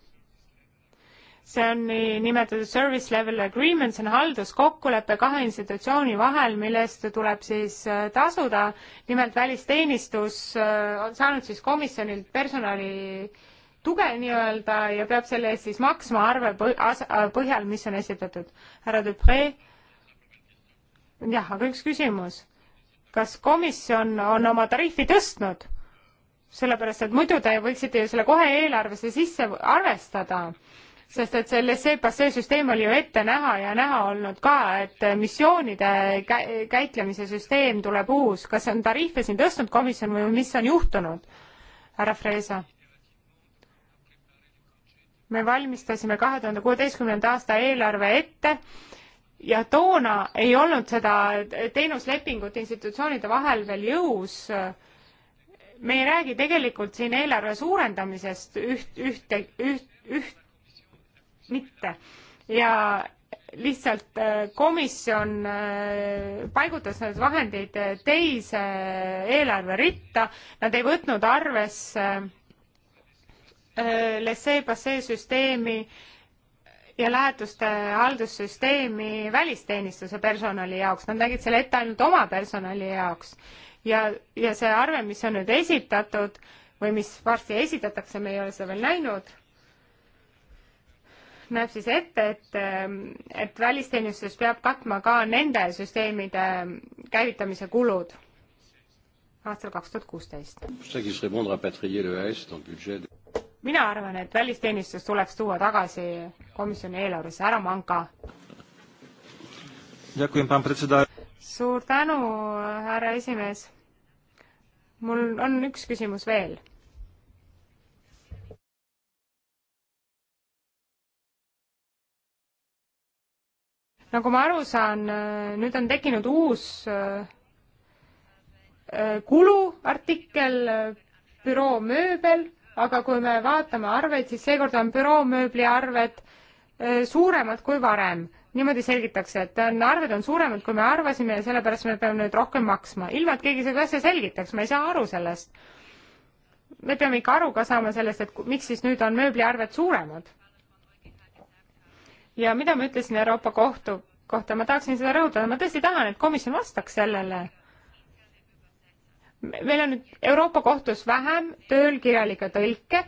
see on niinimetatud service level agreement, see on halduskokkulepe kahe institutsiooni vahel, millest tuleb siis äh, tasuda. nimelt välisteenistus äh, on saanud siis komisjonilt personali tuge nii-öelda ja peab selle eest siis maksma arve äh, põhjal, mis on esitatud. härra Dupre? jah, aga üks küsimus. kas komisjon on oma tariifi tõstnud? sellepärast, et muidu te võiksite ju selle kohe eelarvesse sisse arvestada sest et selle CPAC süsteem oli ju ette näha ja näha olnud ka, et missioonide kä-, käitlemise süsteem tuleb uus. kas on tariife siin tõstnud komisjon või mis on juhtunud, härra Freesa? me valmistasime kahe tuhande kuueteistkümnenda aasta eelarve ette ja toona ei olnud seda teenuslepingut institutsioonide vahel veel jõus me ei räägi tegelikult siin eelarve suurendamisest üht, ühte, üht, üht, mitte. ja lihtsalt äh, komisjon äh, paigutas need vahendid äh, teise eelarveritta, nad ei võtnud arvesse Lessee-Passee süsteemi ja lähetuste haldussüsteemi välisteenistuse personali jaoks, nad nägid selle ette ainult oma personali jaoks. ja, ja see arve, mis on nüüd esitatud või mis varsti esitatakse, me ei ole seda veel näinud näeb siis ette, et, ähm, et välisteenistus peab katma ka nende süsteemide käivitamise kulud aastal kaks tuhat kuusteist. mina arvan, et välisteenistus tuleks tuua tagasi komisjoni eelarvesse, ära manka. suur tänu, härra esimees. mul on üks küsimus veel nagu ma aru saan, äh, nüüd on tekkinud uus äh, äh, kuluartikkel, büroo mööbel, aga kui me vaatame arveid, siis seekord on büroo mööbli arved suuremad kui varem. niimoodi selgitakse, et on, arved on suuremad, kui me arvasime ja sellepärast me peame nüüd rohkem maksma. ilma, et keegi seda asja selgitaks, ma ei saa aru sellest. me peame ikka aru ka saama sellest, et miks siis nüüd on mööbliarved suuremad ja mida ma ütlesin Euroopa Kohtu kohta, ma tahaksin seda rõhutada, ma tõesti tahan, et komisjon vastaks sellele. meil on nüüd Euroopa Kohtus vähem tööl kirjalikke tõlke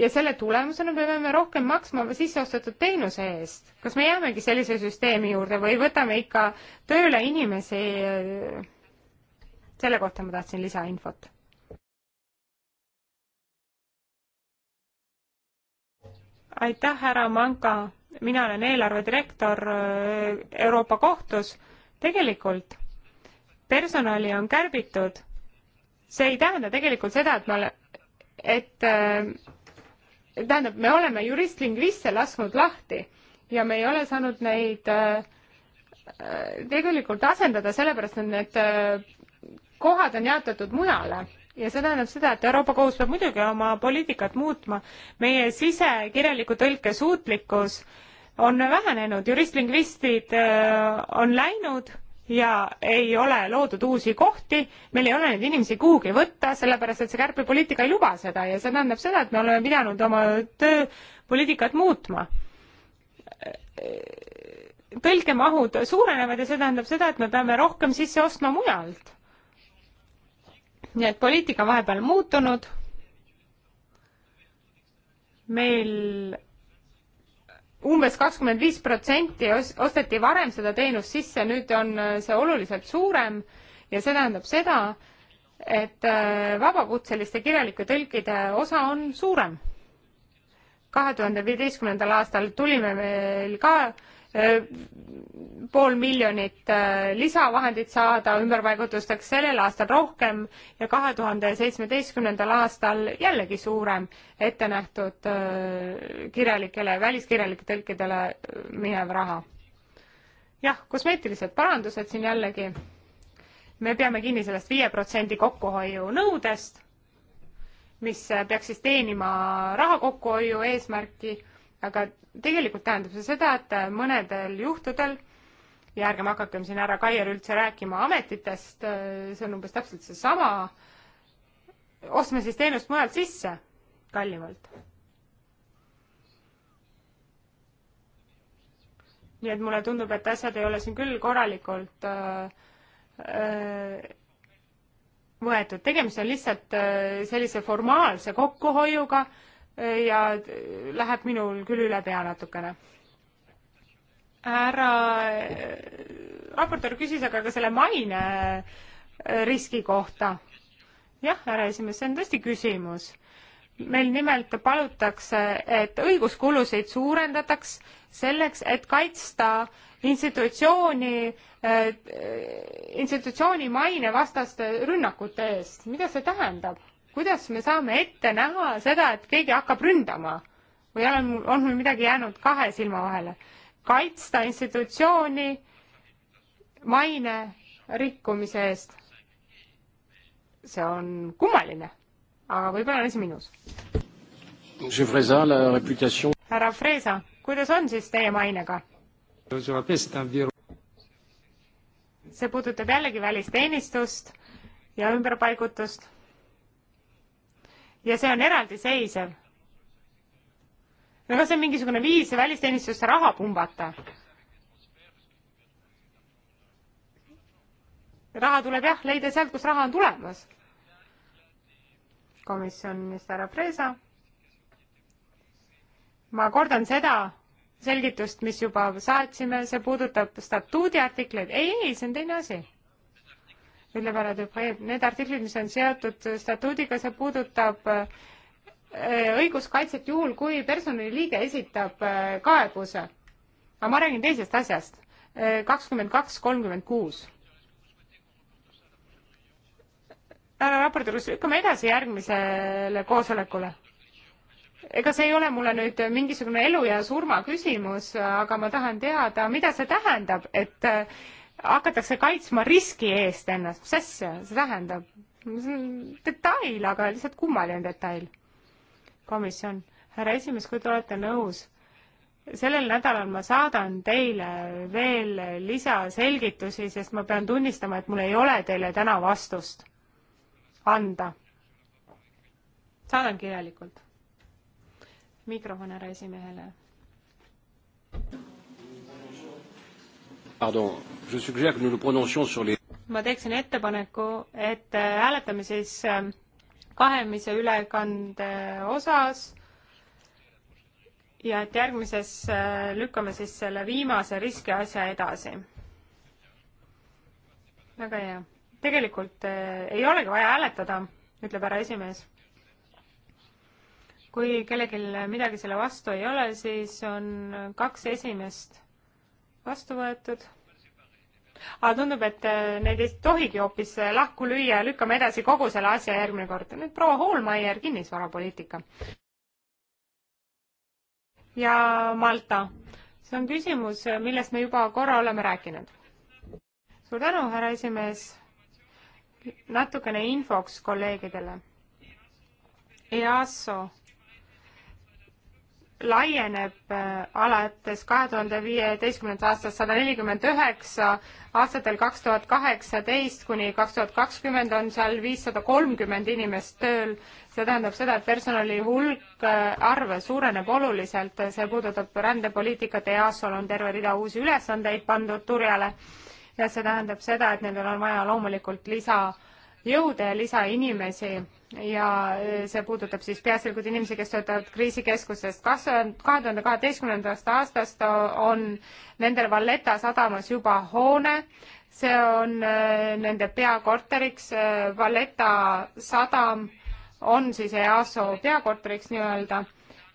ja selle tulemusena me peame rohkem maksma sisseostetud teenuse eest. kas me jäämegi sellise süsteemi juurde või võtame ikka tööle inimesi? selle kohta ma tahtsin lisainfot. aitäh, härra Manka mina olen eelarvedirektor äh, Euroopa Kohtus, tegelikult personali on kärbitud, see ei tähenda tegelikult seda, et me ole-, et äh, tähendab, me oleme juristlingvisse lasknud lahti ja me ei ole saanud neid äh, tegelikult asendada, sellepärast et need kohad on jaotatud mujale ja see tähendab seda, et Euroopa Kohus peab muidugi oma poliitikat muutma. meie sisekirjaliku tõlke suutlikkus on vähenenud, juristlingvistid äh, on läinud ja ei ole loodud uusi kohti, meil ei ole neid inimesi kuhugi võtta, sellepärast et see kärpepoliitika ei luba seda ja see tähendab seda, et me oleme pidanud oma tööpoliitikat muutma tõlkemahud suurenevad ja see tähendab seda, et me peame rohkem sisse ostma mujalt nii et poliitika on vahepeal muutunud. meil umbes kakskümmend viis protsenti osteti varem seda teenust sisse, nüüd on äh, see oluliselt suurem ja see tähendab seda, et äh, vabakutseliste kirjalike tõlkide osa on suurem. kahe tuhande viieteistkümnendal aastal tulime meil ka pool miljonit äh, lisavahendit saada ümberpaigutusteks sellel aastal rohkem ja kahe tuhande seitsmeteistkümnendal aastal jällegi suurem ette nähtud äh, kirjalikele, väliskirjalike tõlkidele äh, minev raha. jah, kosmeetilised parandused siin jällegi. me peame kinni sellest viie protsendi kokkuhoiu nõudest, mis peaks siis teenima raha kokkuhoiu eesmärki, aga tegelikult tähendab see seda, et mõnedel juhtudel ja ärgem hakakem siin härra Kaier üldse rääkima ametitest, see on umbes täpselt seesama, ostme siis teenust mujalt sisse kallimalt. nii et mulle tundub, et asjad ei ole siin küll korralikult äh, äh, võetud, tegemist on lihtsalt äh, sellise formaalse kokkuhoiuga ja läheb minul küll üle pea natukene. härra äh, raportöör küsis aga ka selle maine äh, riski kohta. jah, härra esimees, see on tõesti küsimus. meil nimelt palutakse, et õiguskulusid suurendataks selleks, et kaitsta institutsiooni, äh, institutsiooni maine vastaste rünnakute eest. mida see tähendab? kuidas me saame ette näha seda, et keegi hakkab ründama või on, on mul midagi jäänud kahe silma vahele? kaitsta institutsiooni maine rikkumise eest. see on kummaline, aga võib-olla on asi minus. härra Freesa, kuidas on siis teie mainega? see puudutab jällegi välisteenistust ja ümberpaigutust ja see on eraldiseisev. no kas see on mingisugune viis välisteenistusse raha pumbata? raha tuleb jah leida sealt, kus raha on tulemas. komisjonist härra Preesa. ma kordan seda selgitust, mis juba saatsime, see puudutab statuudi artikleid. ei, ei, see on teine asi ütleb härra Dupree, need artiklid, mis on seotud statuudiga, see puudutab äh, õiguskaitset juhul, kui personaliliige esitab äh, kaebuse. aga ma räägin teisest asjast, äh, kakskümmend kaks, kolmkümmend kuus. härra raportöör, kas lükkame edasi järgmisele koosolekule? ega see ei ole mulle nüüd mingisugune elu ja surma küsimus, aga ma tahan teada, mida see tähendab, et hakatakse kaitsma riski eest ennast, mis asja see tähendab? see on detail, aga lihtsalt kummaline detail. komisjon, härra esimees, kui te olete nõus, sellel nädalal ma saadan teile veel lisaselgitusi, sest ma pean tunnistama, et mul ei ole teile täna vastust anda. saadan kirjalikult. mikrofon härra esimehele Pardon, je suggère que nous nous prononcions sur les... ma teeksin ettepaneku, et äh, hääletame siis ähm, kahemise ülekande äh, osas ja et järgmises äh, lükkame siis selle viimase riskiasja edasi. väga hea. tegelikult ei olegi vaja hääletada, ütleb härra esimees. kui kellelgi midagi selle vastu ei ole, siis on kaks esimest vastu võetud. aga tundub, et äh, neid ei tohigi hoopis äh, lahku lüüa ja lükkame edasi kogu selle asja järgmine kord. nüüd proua Hoolmeier, kinnisvarapoliitika. ja Malta. see on küsimus, äh, millest me juba korra oleme rääkinud. suur tänu, härra esimees. natukene infoks kolleegidele. EASO laieneb äh, alates kahe tuhande viieteistkümnendast aastast sada nelikümmend üheksa, aastatel kaks tuhat kaheksateist kuni kaks tuhat kakskümmend on seal viissada kolmkümmend inimest tööl. see tähendab seda, et personali hulk, äh, arv suureneb oluliselt, see puudutab rändepoliitikat, EASO-l on terve rida uusi ülesandeid pandud turjale ja see tähendab seda, et nendel on vaja loomulikult lisa jõude ja lisa inimesi ja äh, see puudutab siis peaasjalikult inimesi, kes töötavad kriisikeskuses. kas kahe tuhande kaheteistkümnendast aastast on nendel Valletta sadamas juba hoone, see on äh, nende peakorteriks, äh, Valletta sadam on siis EASO peakorteriks nii-öelda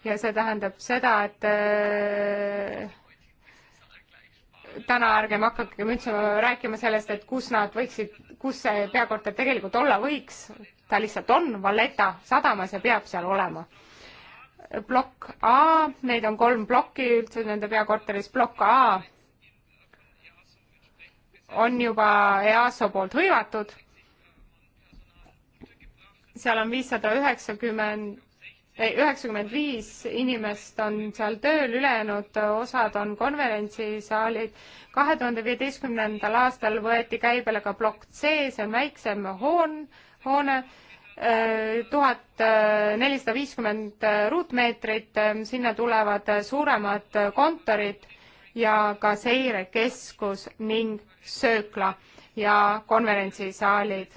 ja see tähendab seda, et täna ärgem hakakem üldse rääkima sellest, et kus nad võiksid, kus see peakorter tegelikult olla võiks. ta lihtsalt on Valletta sadamas ja peab seal olema. plokk A, neid on kolm plokki üldse nende peakorteris, plokk A on juba EASO poolt hõivatud. seal on viissada üheksakümmend üheksakümmend viis inimest on seal tööl, ülejäänud osad on konverentsisaalid. kahe tuhande viieteistkümnendal aastal võeti käibele ka plokk C, see on väiksem hoon, hoone, äh, tuhat nelisada viiskümmend äh, ruutmeetrit, äh, sinna tulevad suuremad kontorid ja ka seirekeskus ning söökla ja konverentsisaalid.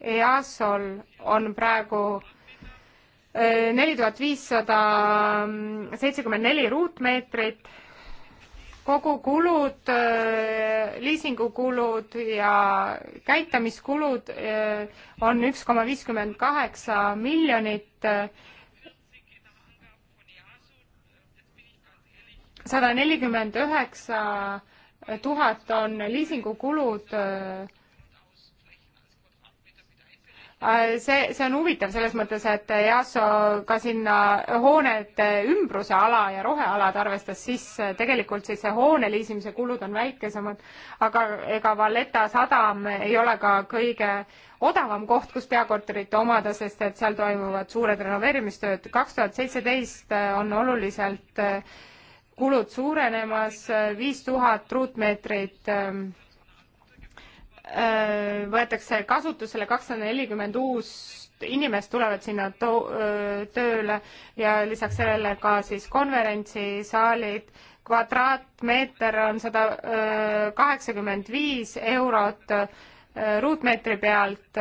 EASO-l on praegu neli tuhat viissada seitsekümmend neli ruutmeetrit, kogukulud, äh, liisingukulud ja käitamiskulud äh, on üks koma viiskümmend kaheksa miljonit, äh, sada nelikümmend üheksa tuhat on liisingukulud Äh, see, see on huvitav selles mõttes, et EASO ka sinna hoonete ümbruse ala ja rohealad arvestas sisse, tegelikult siis see hoone liisimise kulud on väikesemad, aga ega Valletta sadam ei ole ka kõige odavam koht, kus peakorterit omada, sest et seal toimuvad suured renoveerimistööd. kaks tuhat seitseteist on oluliselt kulud suurenemas, viis tuhat ruutmeetrit ähm, Äh, võetakse kasutusele kakssada nelikümmend uust inimest tulevad sinna tööle ja lisaks sellele ka siis konverentsisaalid, kvadraatmeeter on sada kaheksakümmend viis eurot ruutmeetri pealt.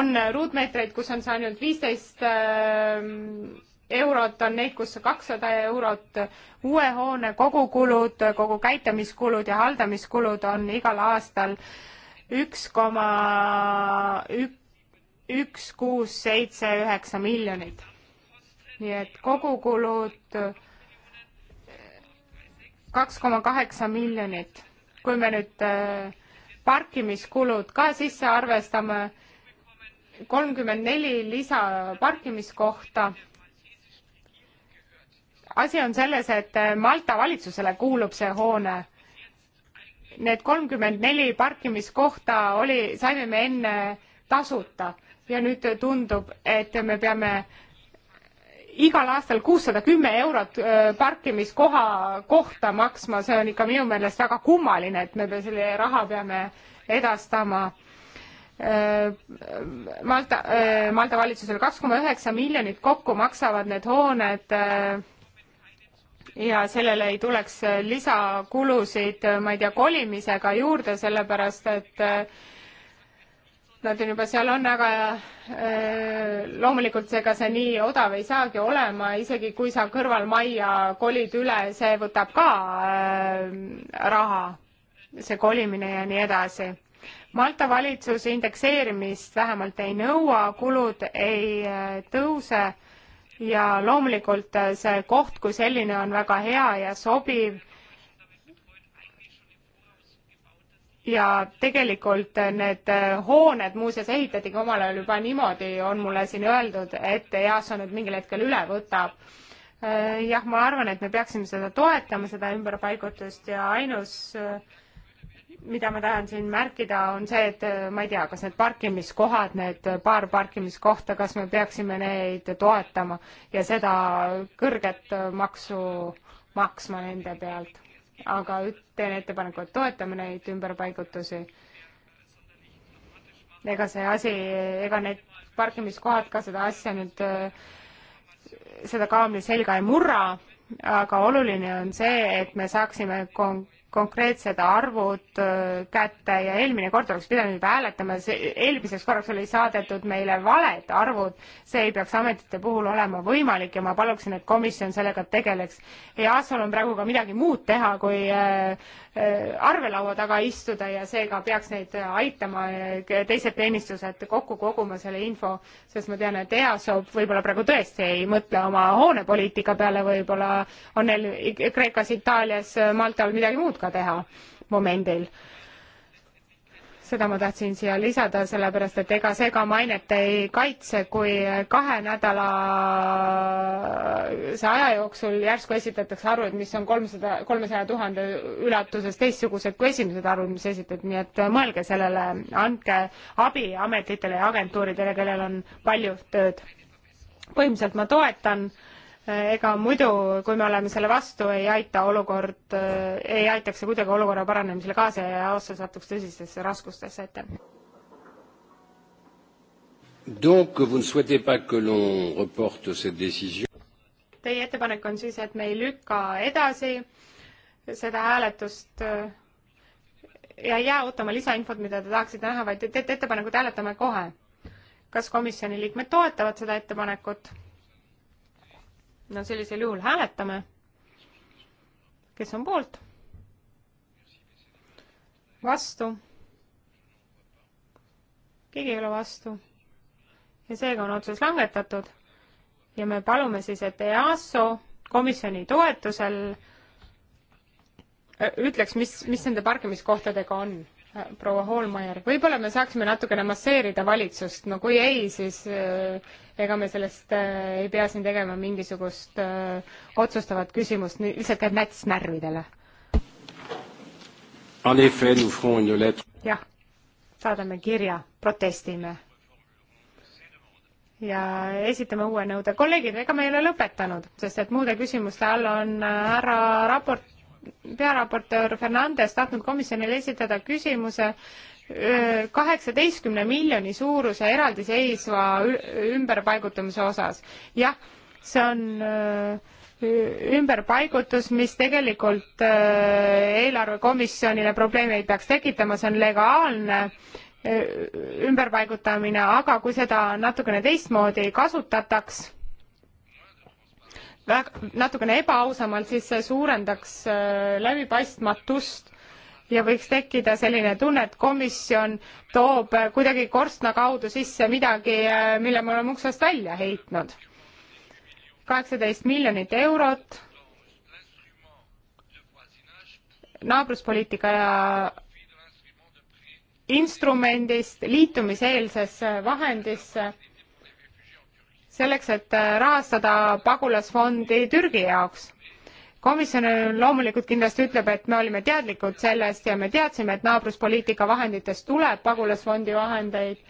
on ruutmeetreid, kus on see ainult viisteist 15 eurot, on neid, kus kakssada eurot. uue hoone kogukulud, kogu käitamiskulud ja haldamiskulud on igal aastal üks koma üks, kuus, seitse, üheksa miljonit. nii et kogukulud kaks koma kaheksa miljonit. kui me nüüd äh, parkimiskulud ka sisse arvestame, kolmkümmend neli lisa parkimiskohta asi on selles, et äh, Malta valitsusele kuulub see hoone. Need kolmkümmend neli parkimiskohta oli, saime me enne tasuta ja nüüd tundub, et me peame igal aastal kuussada kümme eurot äh, parkimiskoha kohta maksma, see on ikka minu meelest väga kummaline, et me selle raha peame edastama äh, Malta, Malta valitsusele. kaks koma üheksa miljonit kokku maksavad need hooned ja sellele ei tuleks lisakulusid, ma ei tea, kolimisega juurde, sellepärast et äh, nad on juba seal on, aga äh, loomulikult ega see nii odav ei saagi olema, isegi kui sa kõrvalmajja kolid üle, see võtab ka äh, raha, see kolimine ja nii edasi Malta valitsus indekseerimist vähemalt ei nõua, kulud ei tõuse ja loomulikult äh, see koht kui selline on väga hea ja sobiv. ja tegelikult äh, need äh, hooned muuseas ehitatigi omal ajal juba niimoodi, on mulle siin öeldud, et EASO nüüd mingil hetkel üle võtab. jah, ma arvan, et me peaksime seda toetama, seda ümberpaigutust ja ainus äh, mida ma tahan siin märkida, on see, et äh, ma ei tea, kas need parkimiskohad, need äh, paar parkimiskohta, kas me peaksime neid toetama ja seda kõrget äh, maksu maksma nende pealt. aga teen ettepaneku, et toetame neid ümberpaigutusi. ega see asi, ega need parkimiskohad ka seda asja nüüd, seda kaamli selga ei murra, aga oluline on see, et me saaksime kon-, konkreetsed arvud äh, kätte ja eelmine kord oleks pidanud juba hääletama, eelmiseks korraks oli saadetud meile valed arvud, see ei peaks ametite puhul olema võimalik ja ma paluksin, et komisjon sellega tegeleks. EASO-l on praegu ka midagi muud teha, kui äh, äh, arvelaua taga istuda ja seega peaks neid aitama teised teenistused kokku koguma selle info, sest ma tean, et EASO võib-olla praegu tõesti ei mõtle oma hoonepoliitika peale, võib-olla on neil Kreekas, Itaalias, Maltal midagi muud ka ka teha momendil seda ma tahtsin siia lisada, sellepärast et ega see ka mainet ei kaitse, kui kahe nädala see aja jooksul järsku esitatakse arved, mis on kolmsada, kolmesaja tuhande ulatuses teistsugused kui esimesed arvud, mis esitati, nii et mõelge sellele, andke abi ametitele ja agentuuridele, kellel on palju tööd. põhimõtteliselt ma toetan äh, ega muidu, kui me oleme selle vastu, ei aita olukord, ei aitaks see kuidagi olukorra paranemisele kaasa ja aasta satuks tõsistesse raskustesse, aitäh. Donc vous ne souhaitez pas que l'on reporte cette décision Teie ettepanek on siis, et me ei lükka edasi seda hääletust äh, ja ei jää ootama lisainfot, mida te tahaksite näha, vaid teete ettepanekut hääletame kohe. kas komisjoni liikmed toetavad seda ettepanekut? no sellisel juhul hääletame. kes on poolt? vastu? keegi ei ole vastu. ja seega on otsus langetatud ja me palume siis, et EASO komisjoni toetusel äh, ütleks, mis, mis nende parkimiskohtadega on äh, proua Hoolmeier, võib-olla me saaksime natukene masseerida valitsust, no kui ei, siis äh, ega me sellest äh, ei pea siin tegema mingisugust äh, otsustavat küsimust, lihtsalt käib näts närvidele. jah, saadame kirja, protestime. ja esitame uue nõude. kolleegid, ega me ei ole lõpetanud, sest et muude küsimuste all on äh, härra raport, pearaportöör Fernandes tahtnud komisjonile esitada küsimuse, kaheksateistkümne miljoni suuruse eraldiseisva ümberpaigutamise osas. jah, see on ümberpaigutus, mis tegelikult eelarvekomisjonile probleeme ei peaks tekitama, see on legaalne ümberpaigutamine, aga kui seda natukene teistmoodi kasutataks, natukene ebaausamalt, siis see suurendaks läbipaistmatust ja võiks tekkida selline tunne, et komisjon toob kuidagi korstna kaudu sisse midagi, mille me oleme uksest välja heitnud. kaheksateist miljonit eurot naabruspoliitika instrumendist liitumiseelsesse vahendisse selleks, et rahastada pagulasfondi Türgi jaoks komisjon loomulikult kindlasti ütleb, et me olime teadlikud sellest ja me teadsime, et naabruspoliitika vahenditest tuleb pagulasfondi vahendeid,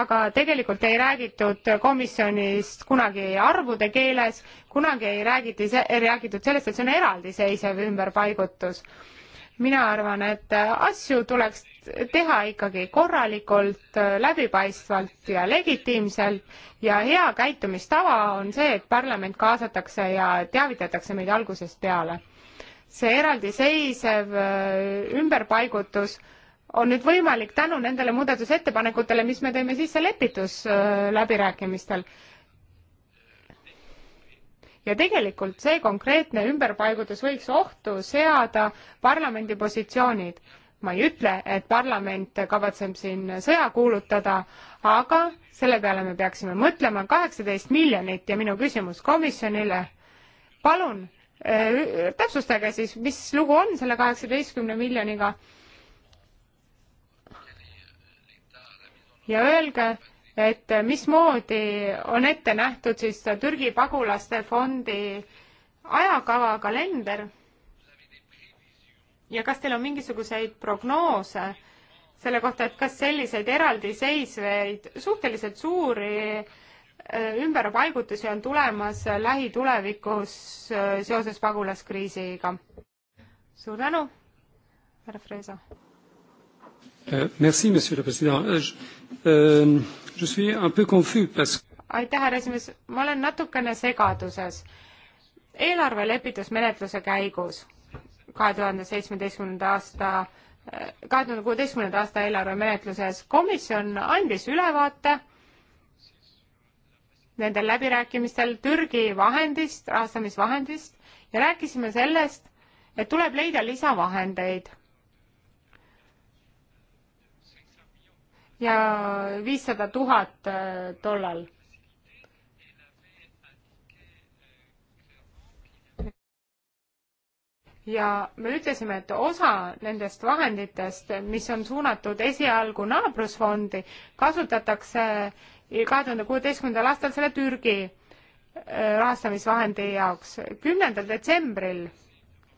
aga tegelikult ei räägitud komisjonist kunagi arvude keeles, kunagi ei räägiti, räägitud sellest, et see on eraldiseisev ümberpaigutus mina arvan, et asju tuleks teha ikkagi korralikult, läbipaistvalt ja legitiimselt ja hea käitumistava on see, et parlament kaasatakse ja teavitatakse meid algusest peale. see eraldiseisev äh, ümberpaigutus on nüüd võimalik tänu nendele muudatusettepanekutele, mis me tõime sisse lepitusläbirääkimistel äh, ja tegelikult see konkreetne ümberpaigutus võiks ohtu seada parlamendi positsioonid. ma ei ütle, et parlament kavatseb siin sõja kuulutada, aga selle peale me peaksime mõtlema, kaheksateist miljonit ja minu küsimus komisjonile, palun äh, täpsustage siis, mis lugu on selle kaheksateistkümne miljoniga ja öelge, et mismoodi on ette nähtud siis Türgi pagulaste fondi ajakava, kalender ja kas teil on mingisuguseid prognoose selle kohta, et kas selliseid eraldiseisvaid suhteliselt suuri äh, ümberpaigutusi on tulemas lähitulevikus äh, seoses pagulaskriisiga? suur tänu, härra Freesa. Euh, merci, monsieur le president. Euh, aitäh, härra esimees, ma olen natukene segaduses. eelarvelepitusmenetluse käigus kahe tuhande seitsmeteistkümnenda aasta eh, kahe tuhande kuueteistkümnenda aasta eelarvemenetluses komisjon andis ülevaate nendel läbirääkimistel Türgi vahendist, rahastamisvahendist ja rääkisime sellest, et tuleb leida lisavahendeid ja viissada tuhat tollal. Äh, ja me ütlesime, et osa nendest vahenditest, mis on suunatud esialgu naabrusfondi, kasutatakse kahe tuhande kuueteistkümnendal aastal selle Türgi äh, rahastamisvahendi jaoks. kümnendal detsembril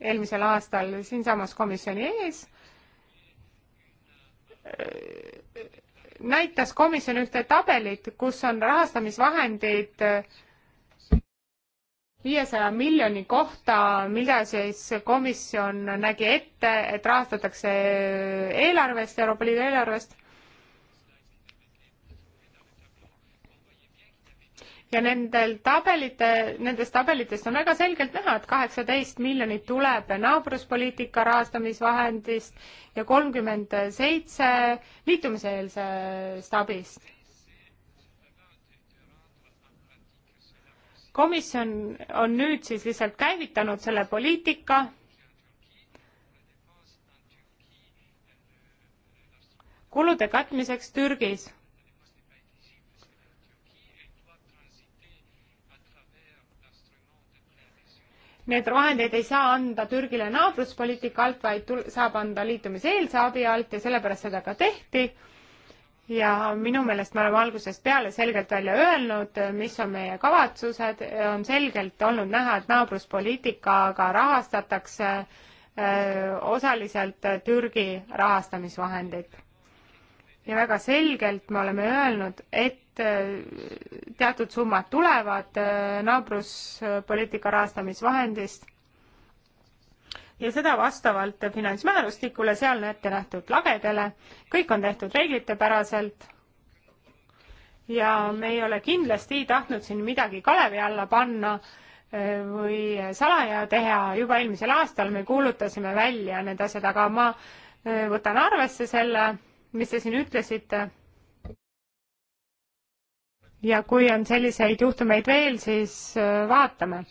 eelmisel aastal siinsamas komisjoni ees äh, näitas komisjon ühte tabelit, kus on rahastamisvahendid viiesaja miljoni kohta, mida siis komisjon nägi ette, et rahastatakse eelarvest, Euroopa Liidu eelarvest. ja nendel tabelite, nendest tabelitest on väga selgelt näha, et kaheksateist miljonit tuleb naabruspoliitika rahastamisvahendist ja kolmkümmend seitse liitumiseelsest abist. komisjon on nüüd siis lihtsalt käivitanud selle poliitika kulude katmiseks Türgis Need vahendeid ei saa anda Türgile naabruspoliitika alt, vaid tul-, saab anda liitumiseelse abi alt ja sellepärast seda ka tehti. ja minu meelest me oleme algusest peale selgelt välja öelnud, mis on meie kavatsused, on selgelt olnud näha, et naabruspoliitikaga rahastatakse öö, äh, osaliselt Türgi rahastamisvahendit ja väga selgelt me oleme öelnud, et äh, teatud summad tulevad äh, naabruspoliitika rahastamisvahendist ja seda vastavalt finantsmäärustikule, seal on ette nähtud lagedele, kõik on tehtud reeglitepäraselt ja me ei ole kindlasti tahtnud siin midagi kalevi alla panna äh, või salaja teha, juba eelmisel aastal me kuulutasime välja need asjad, aga ma võtan arvesse selle mis te siin ütlesite. ja kui on selliseid juhtumeid veel, siis äh, vaatame.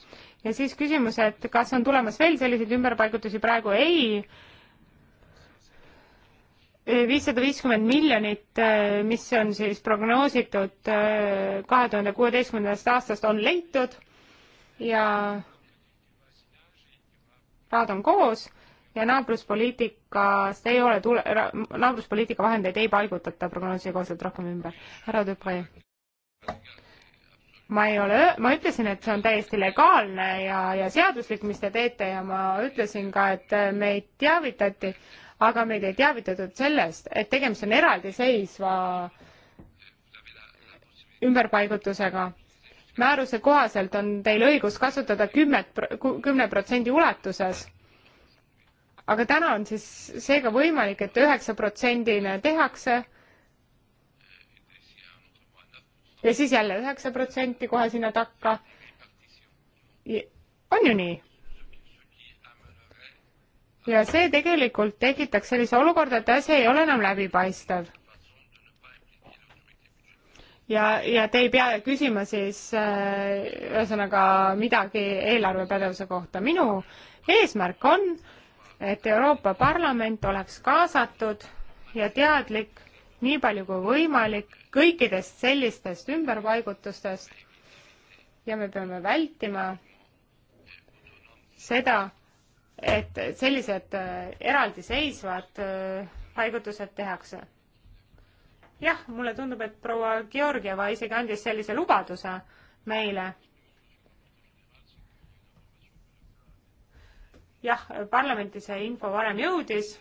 ja siis küsimus, et kas on tulemas veel selliseid ümberpaigutusi, praegu ei. Äh, viissada viiskümmend miljonit, äh, mis on siis prognoositud kahe tuhande kuueteistkümnendast aastast, on leitud ja rahad on koos ja naabruspoliitikast ei ole tule-, naabruspoliitika vahendeid ei paigutata prognoosi kohaselt rohkem ümber. härra Tüpre. ma ei ole, ma ütlesin, et see on täiesti legaalne ja, ja seaduslik, mis te teete ja ma ütlesin ka, et meid teavitati, aga meid ei teavitatud sellest, et tegemist on eraldiseisva ümberpaigutusega määruse kohaselt on teil õigus kasutada kümmet, kümne protsendi ulatuses aga täna on siis seega võimalik et, et üheksaprotsendine tehakse ja siis jälle üheksa protsenti kohe sinna takka. on ju nii? ja see tegelikult tekitaks sellise olukorda, et asi ei ole enam läbipaistev. ja, ja te ei pea küsima siis äh, ühesõnaga äh, midagi eelarvepädevuse kohta. minu eesmärk on äh, et Euroopa Parlament oleks kaasatud ja teadlik nii palju kui võimalik kõikidest sellistest ümberpaigutustest ja me peame vältima seda, et sellised äh, eraldiseisvad äh, paigutused tehakse. jah, mulle tundub, et proua Georgieva isegi andis sellise lubaduse meile jah, parlamenti see info varem jõudis,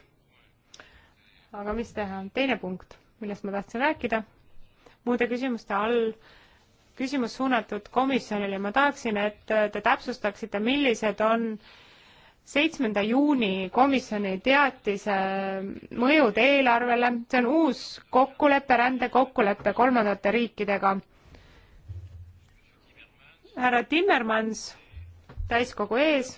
aga mis teha, teine punkt, millest ma tahtsin rääkida, muude küsimuste all küsimus suunatud komisjonile, ma tahaksin, et te täpsustaksite, millised on seitsmenda juuni komisjoni teatise mõjud eelarvele, see on uus kokkulepe, rändekokkulepe kolmandate riikidega. härra Timmermans täiskogu ees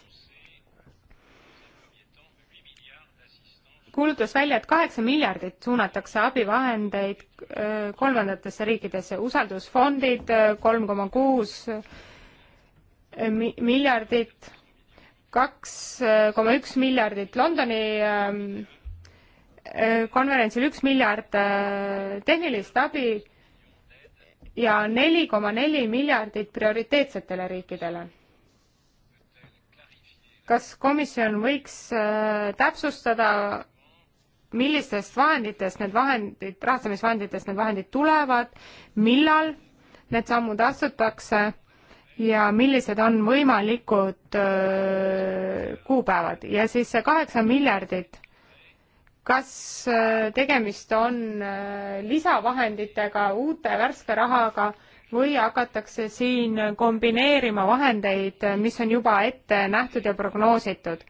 kuulutas välja, et kaheksa miljardit suunatakse abivahendeid äh, kolmandatesse riikidesse, usaldusfondid äh, kolm koma kuus äh, miljardit, kaks koma üks miljardit Londoni ähm, konverentsil, üks miljard tehnilist abi ja neli koma neli miljardit prioriteetsetele riikidele kas komisjon võiks täpsustada millistest vahenditest need vahendid, rahastamisvahenditest need vahendid tulevad, millal need sammud astutakse ja millised on võimalikud öö, kuupäevad ja siis see kaheksa miljardit, kas tegemist on lisavahenditega, uute värske rahaga või hakatakse siin kombineerima vahendeid, mis on juba ette nähtud ja prognoositud?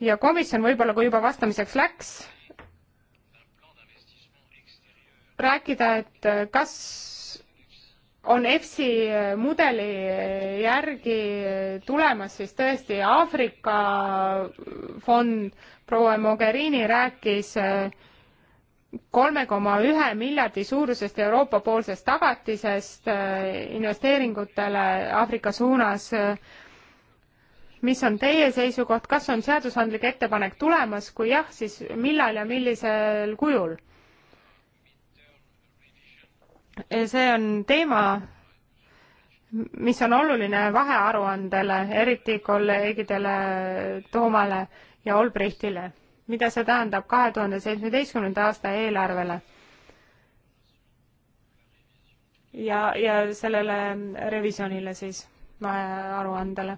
ja komisjon võib-olla, kui juba vastamiseks läks, rääkida, et äh, kas on EFSI äh, mudeli äh, järgi tulemas siis tõesti Aafrika fond, proua Mogherini rääkis kolme koma ühe miljardi suurusest Euroopa poolsest tagatisest investeeringutele Aafrika suunas mis on teie seisukoht, kas on seadusandlik ettepanek tulemas, kui jah, siis millal ja millisel kujul? see on teema, mis on oluline vahearuandele, eriti kolleegidele Toomale ja Olbrichtile, mida see tähendab kahe tuhande seitsmeteistkümnenda aasta eelarvele ja, ja sellele revisjonile siis, vahearuandele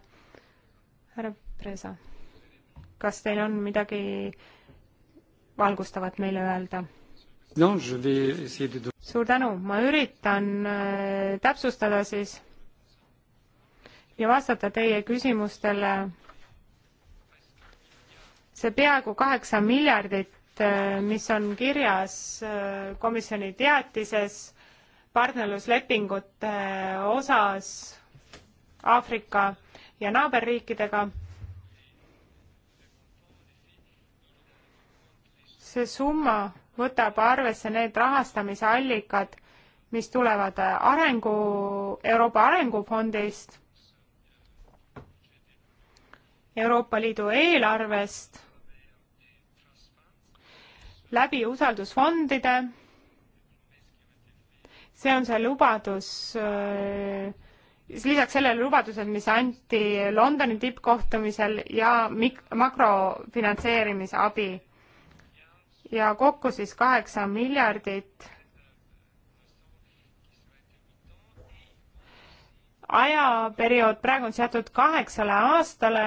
härra Presa, kas teil on midagi valgustavat meile öelda? suur tänu, ma üritan äh, täpsustada siis ja vastata teie küsimustele. see peaaegu kaheksa miljardit, äh, mis on kirjas äh, komisjoni teatises partnerluslepingute osas Aafrika ja naaberriikidega. see summa võtab arvesse need rahastamise allikad, mis tulevad arengu, Euroopa Arengufondist, Euroopa Liidu eelarvest, läbi usaldusfondide see on see lubadus äh, lisaks sellele lubadused, mis anti Londoni tippkohtumisel ja mik-, makrofinantseerimise abi ja kokku siis kaheksa miljardit ajaperiood praegu on seatud kaheksale aastale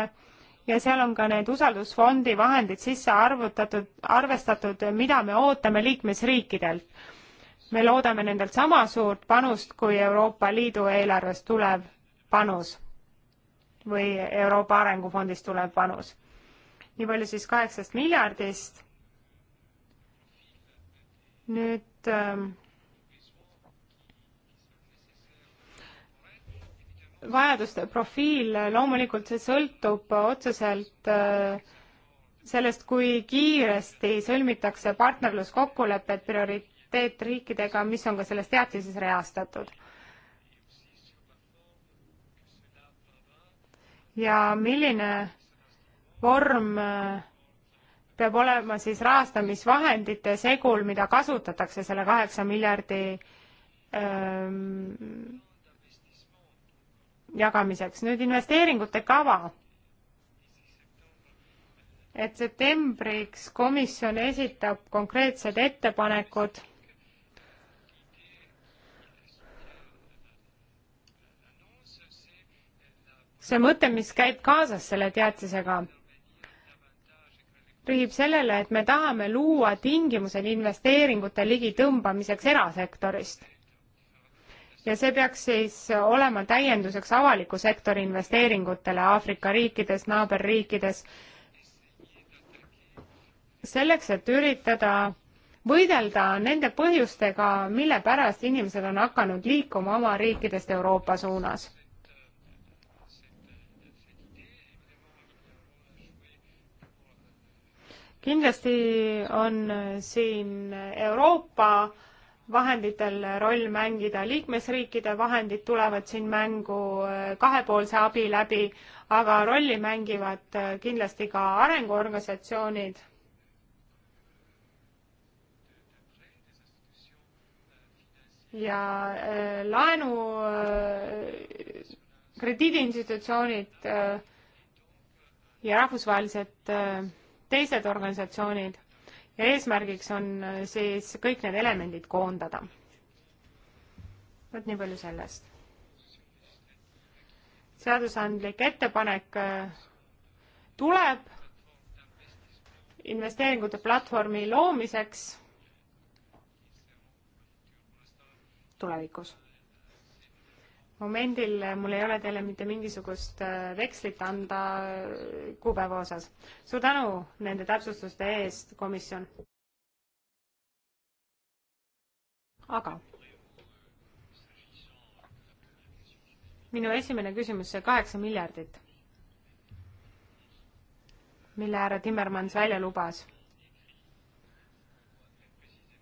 ja seal on ka need usaldusfondi vahendid sisse arvutatud, arvestatud, mida me ootame liikmesriikidelt me loodame nendelt sama suurt panust kui Euroopa Liidu eelarvest tulev panus või Euroopa Arengufondist tulev panus. nii palju siis kaheksast miljardist. nüüd ähm, vajaduste profiil, loomulikult see sõltub otseselt äh, sellest, kui kiiresti sõlmitakse partnerluskokkulepped priori-, prioriteet riikidega, mis on ka selles teatises reastatud. ja milline vorm äh, peab olema siis rahastamisvahendite segul, mida kasutatakse selle kaheksa miljardi ähm, jagamiseks. nüüd investeeringute kava. et septembriks komisjon esitab konkreetsed ettepanekud see mõte, mis käib kaasas selle teatisega, rühib sellele, et me tahame luua tingimused investeeringute ligitõmbamiseks erasektorist. ja see peaks siis olema täienduseks avaliku sektori investeeringutele Aafrika riikides, naaberriikides, selleks, et üritada võidelda nende põhjustega, mille pärast inimesed on hakanud liikuma oma riikidest Euroopa suunas kindlasti on siin Euroopa vahenditel roll mängida, liikmesriikide vahendid tulevad siin mängu eh, kahepoolse abi läbi, aga rolli mängivad eh, kindlasti ka arenguorganisatsioonid. ja eh, laenu krediidiinstitutsioonid ja rahvusvahelised teised organisatsioonid ja eesmärgiks on äh, siis kõik need elemendid koondada. vot nii palju sellest. seadusandlik ettepanek äh, tuleb investeeringute platvormi loomiseks tulevikus momendil mul ei ole teile mitte mingisugust äh, vekslit anda äh, kuupäeva osas. suur tänu nende täpsustuste eest, komisjon. aga minu esimene küsimus, see kaheksa miljardit, mille härra Timmermans välja lubas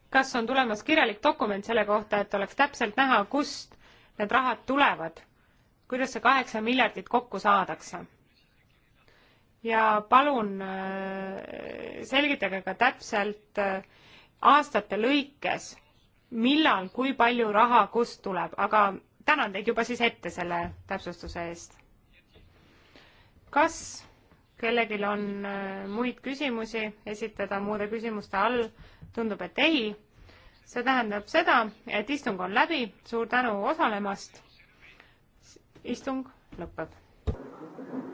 kas on tulemas kirjalik dokument selle kohta, et oleks täpselt näha, kust need rahad tulevad, kuidas see kaheksa miljardit kokku saadakse? ja palun äh, selgitage ka täpselt äh, aastate lõikes, millal, kui palju raha kust tuleb, aga tänan teid juba siis ette selle täpsustuse eest. kas kellelgi on äh, muid küsimusi esitada muude küsimuste all? tundub, et ei see tähendab seda, et istung on läbi, suur tänu osalemast. istung lõpeb.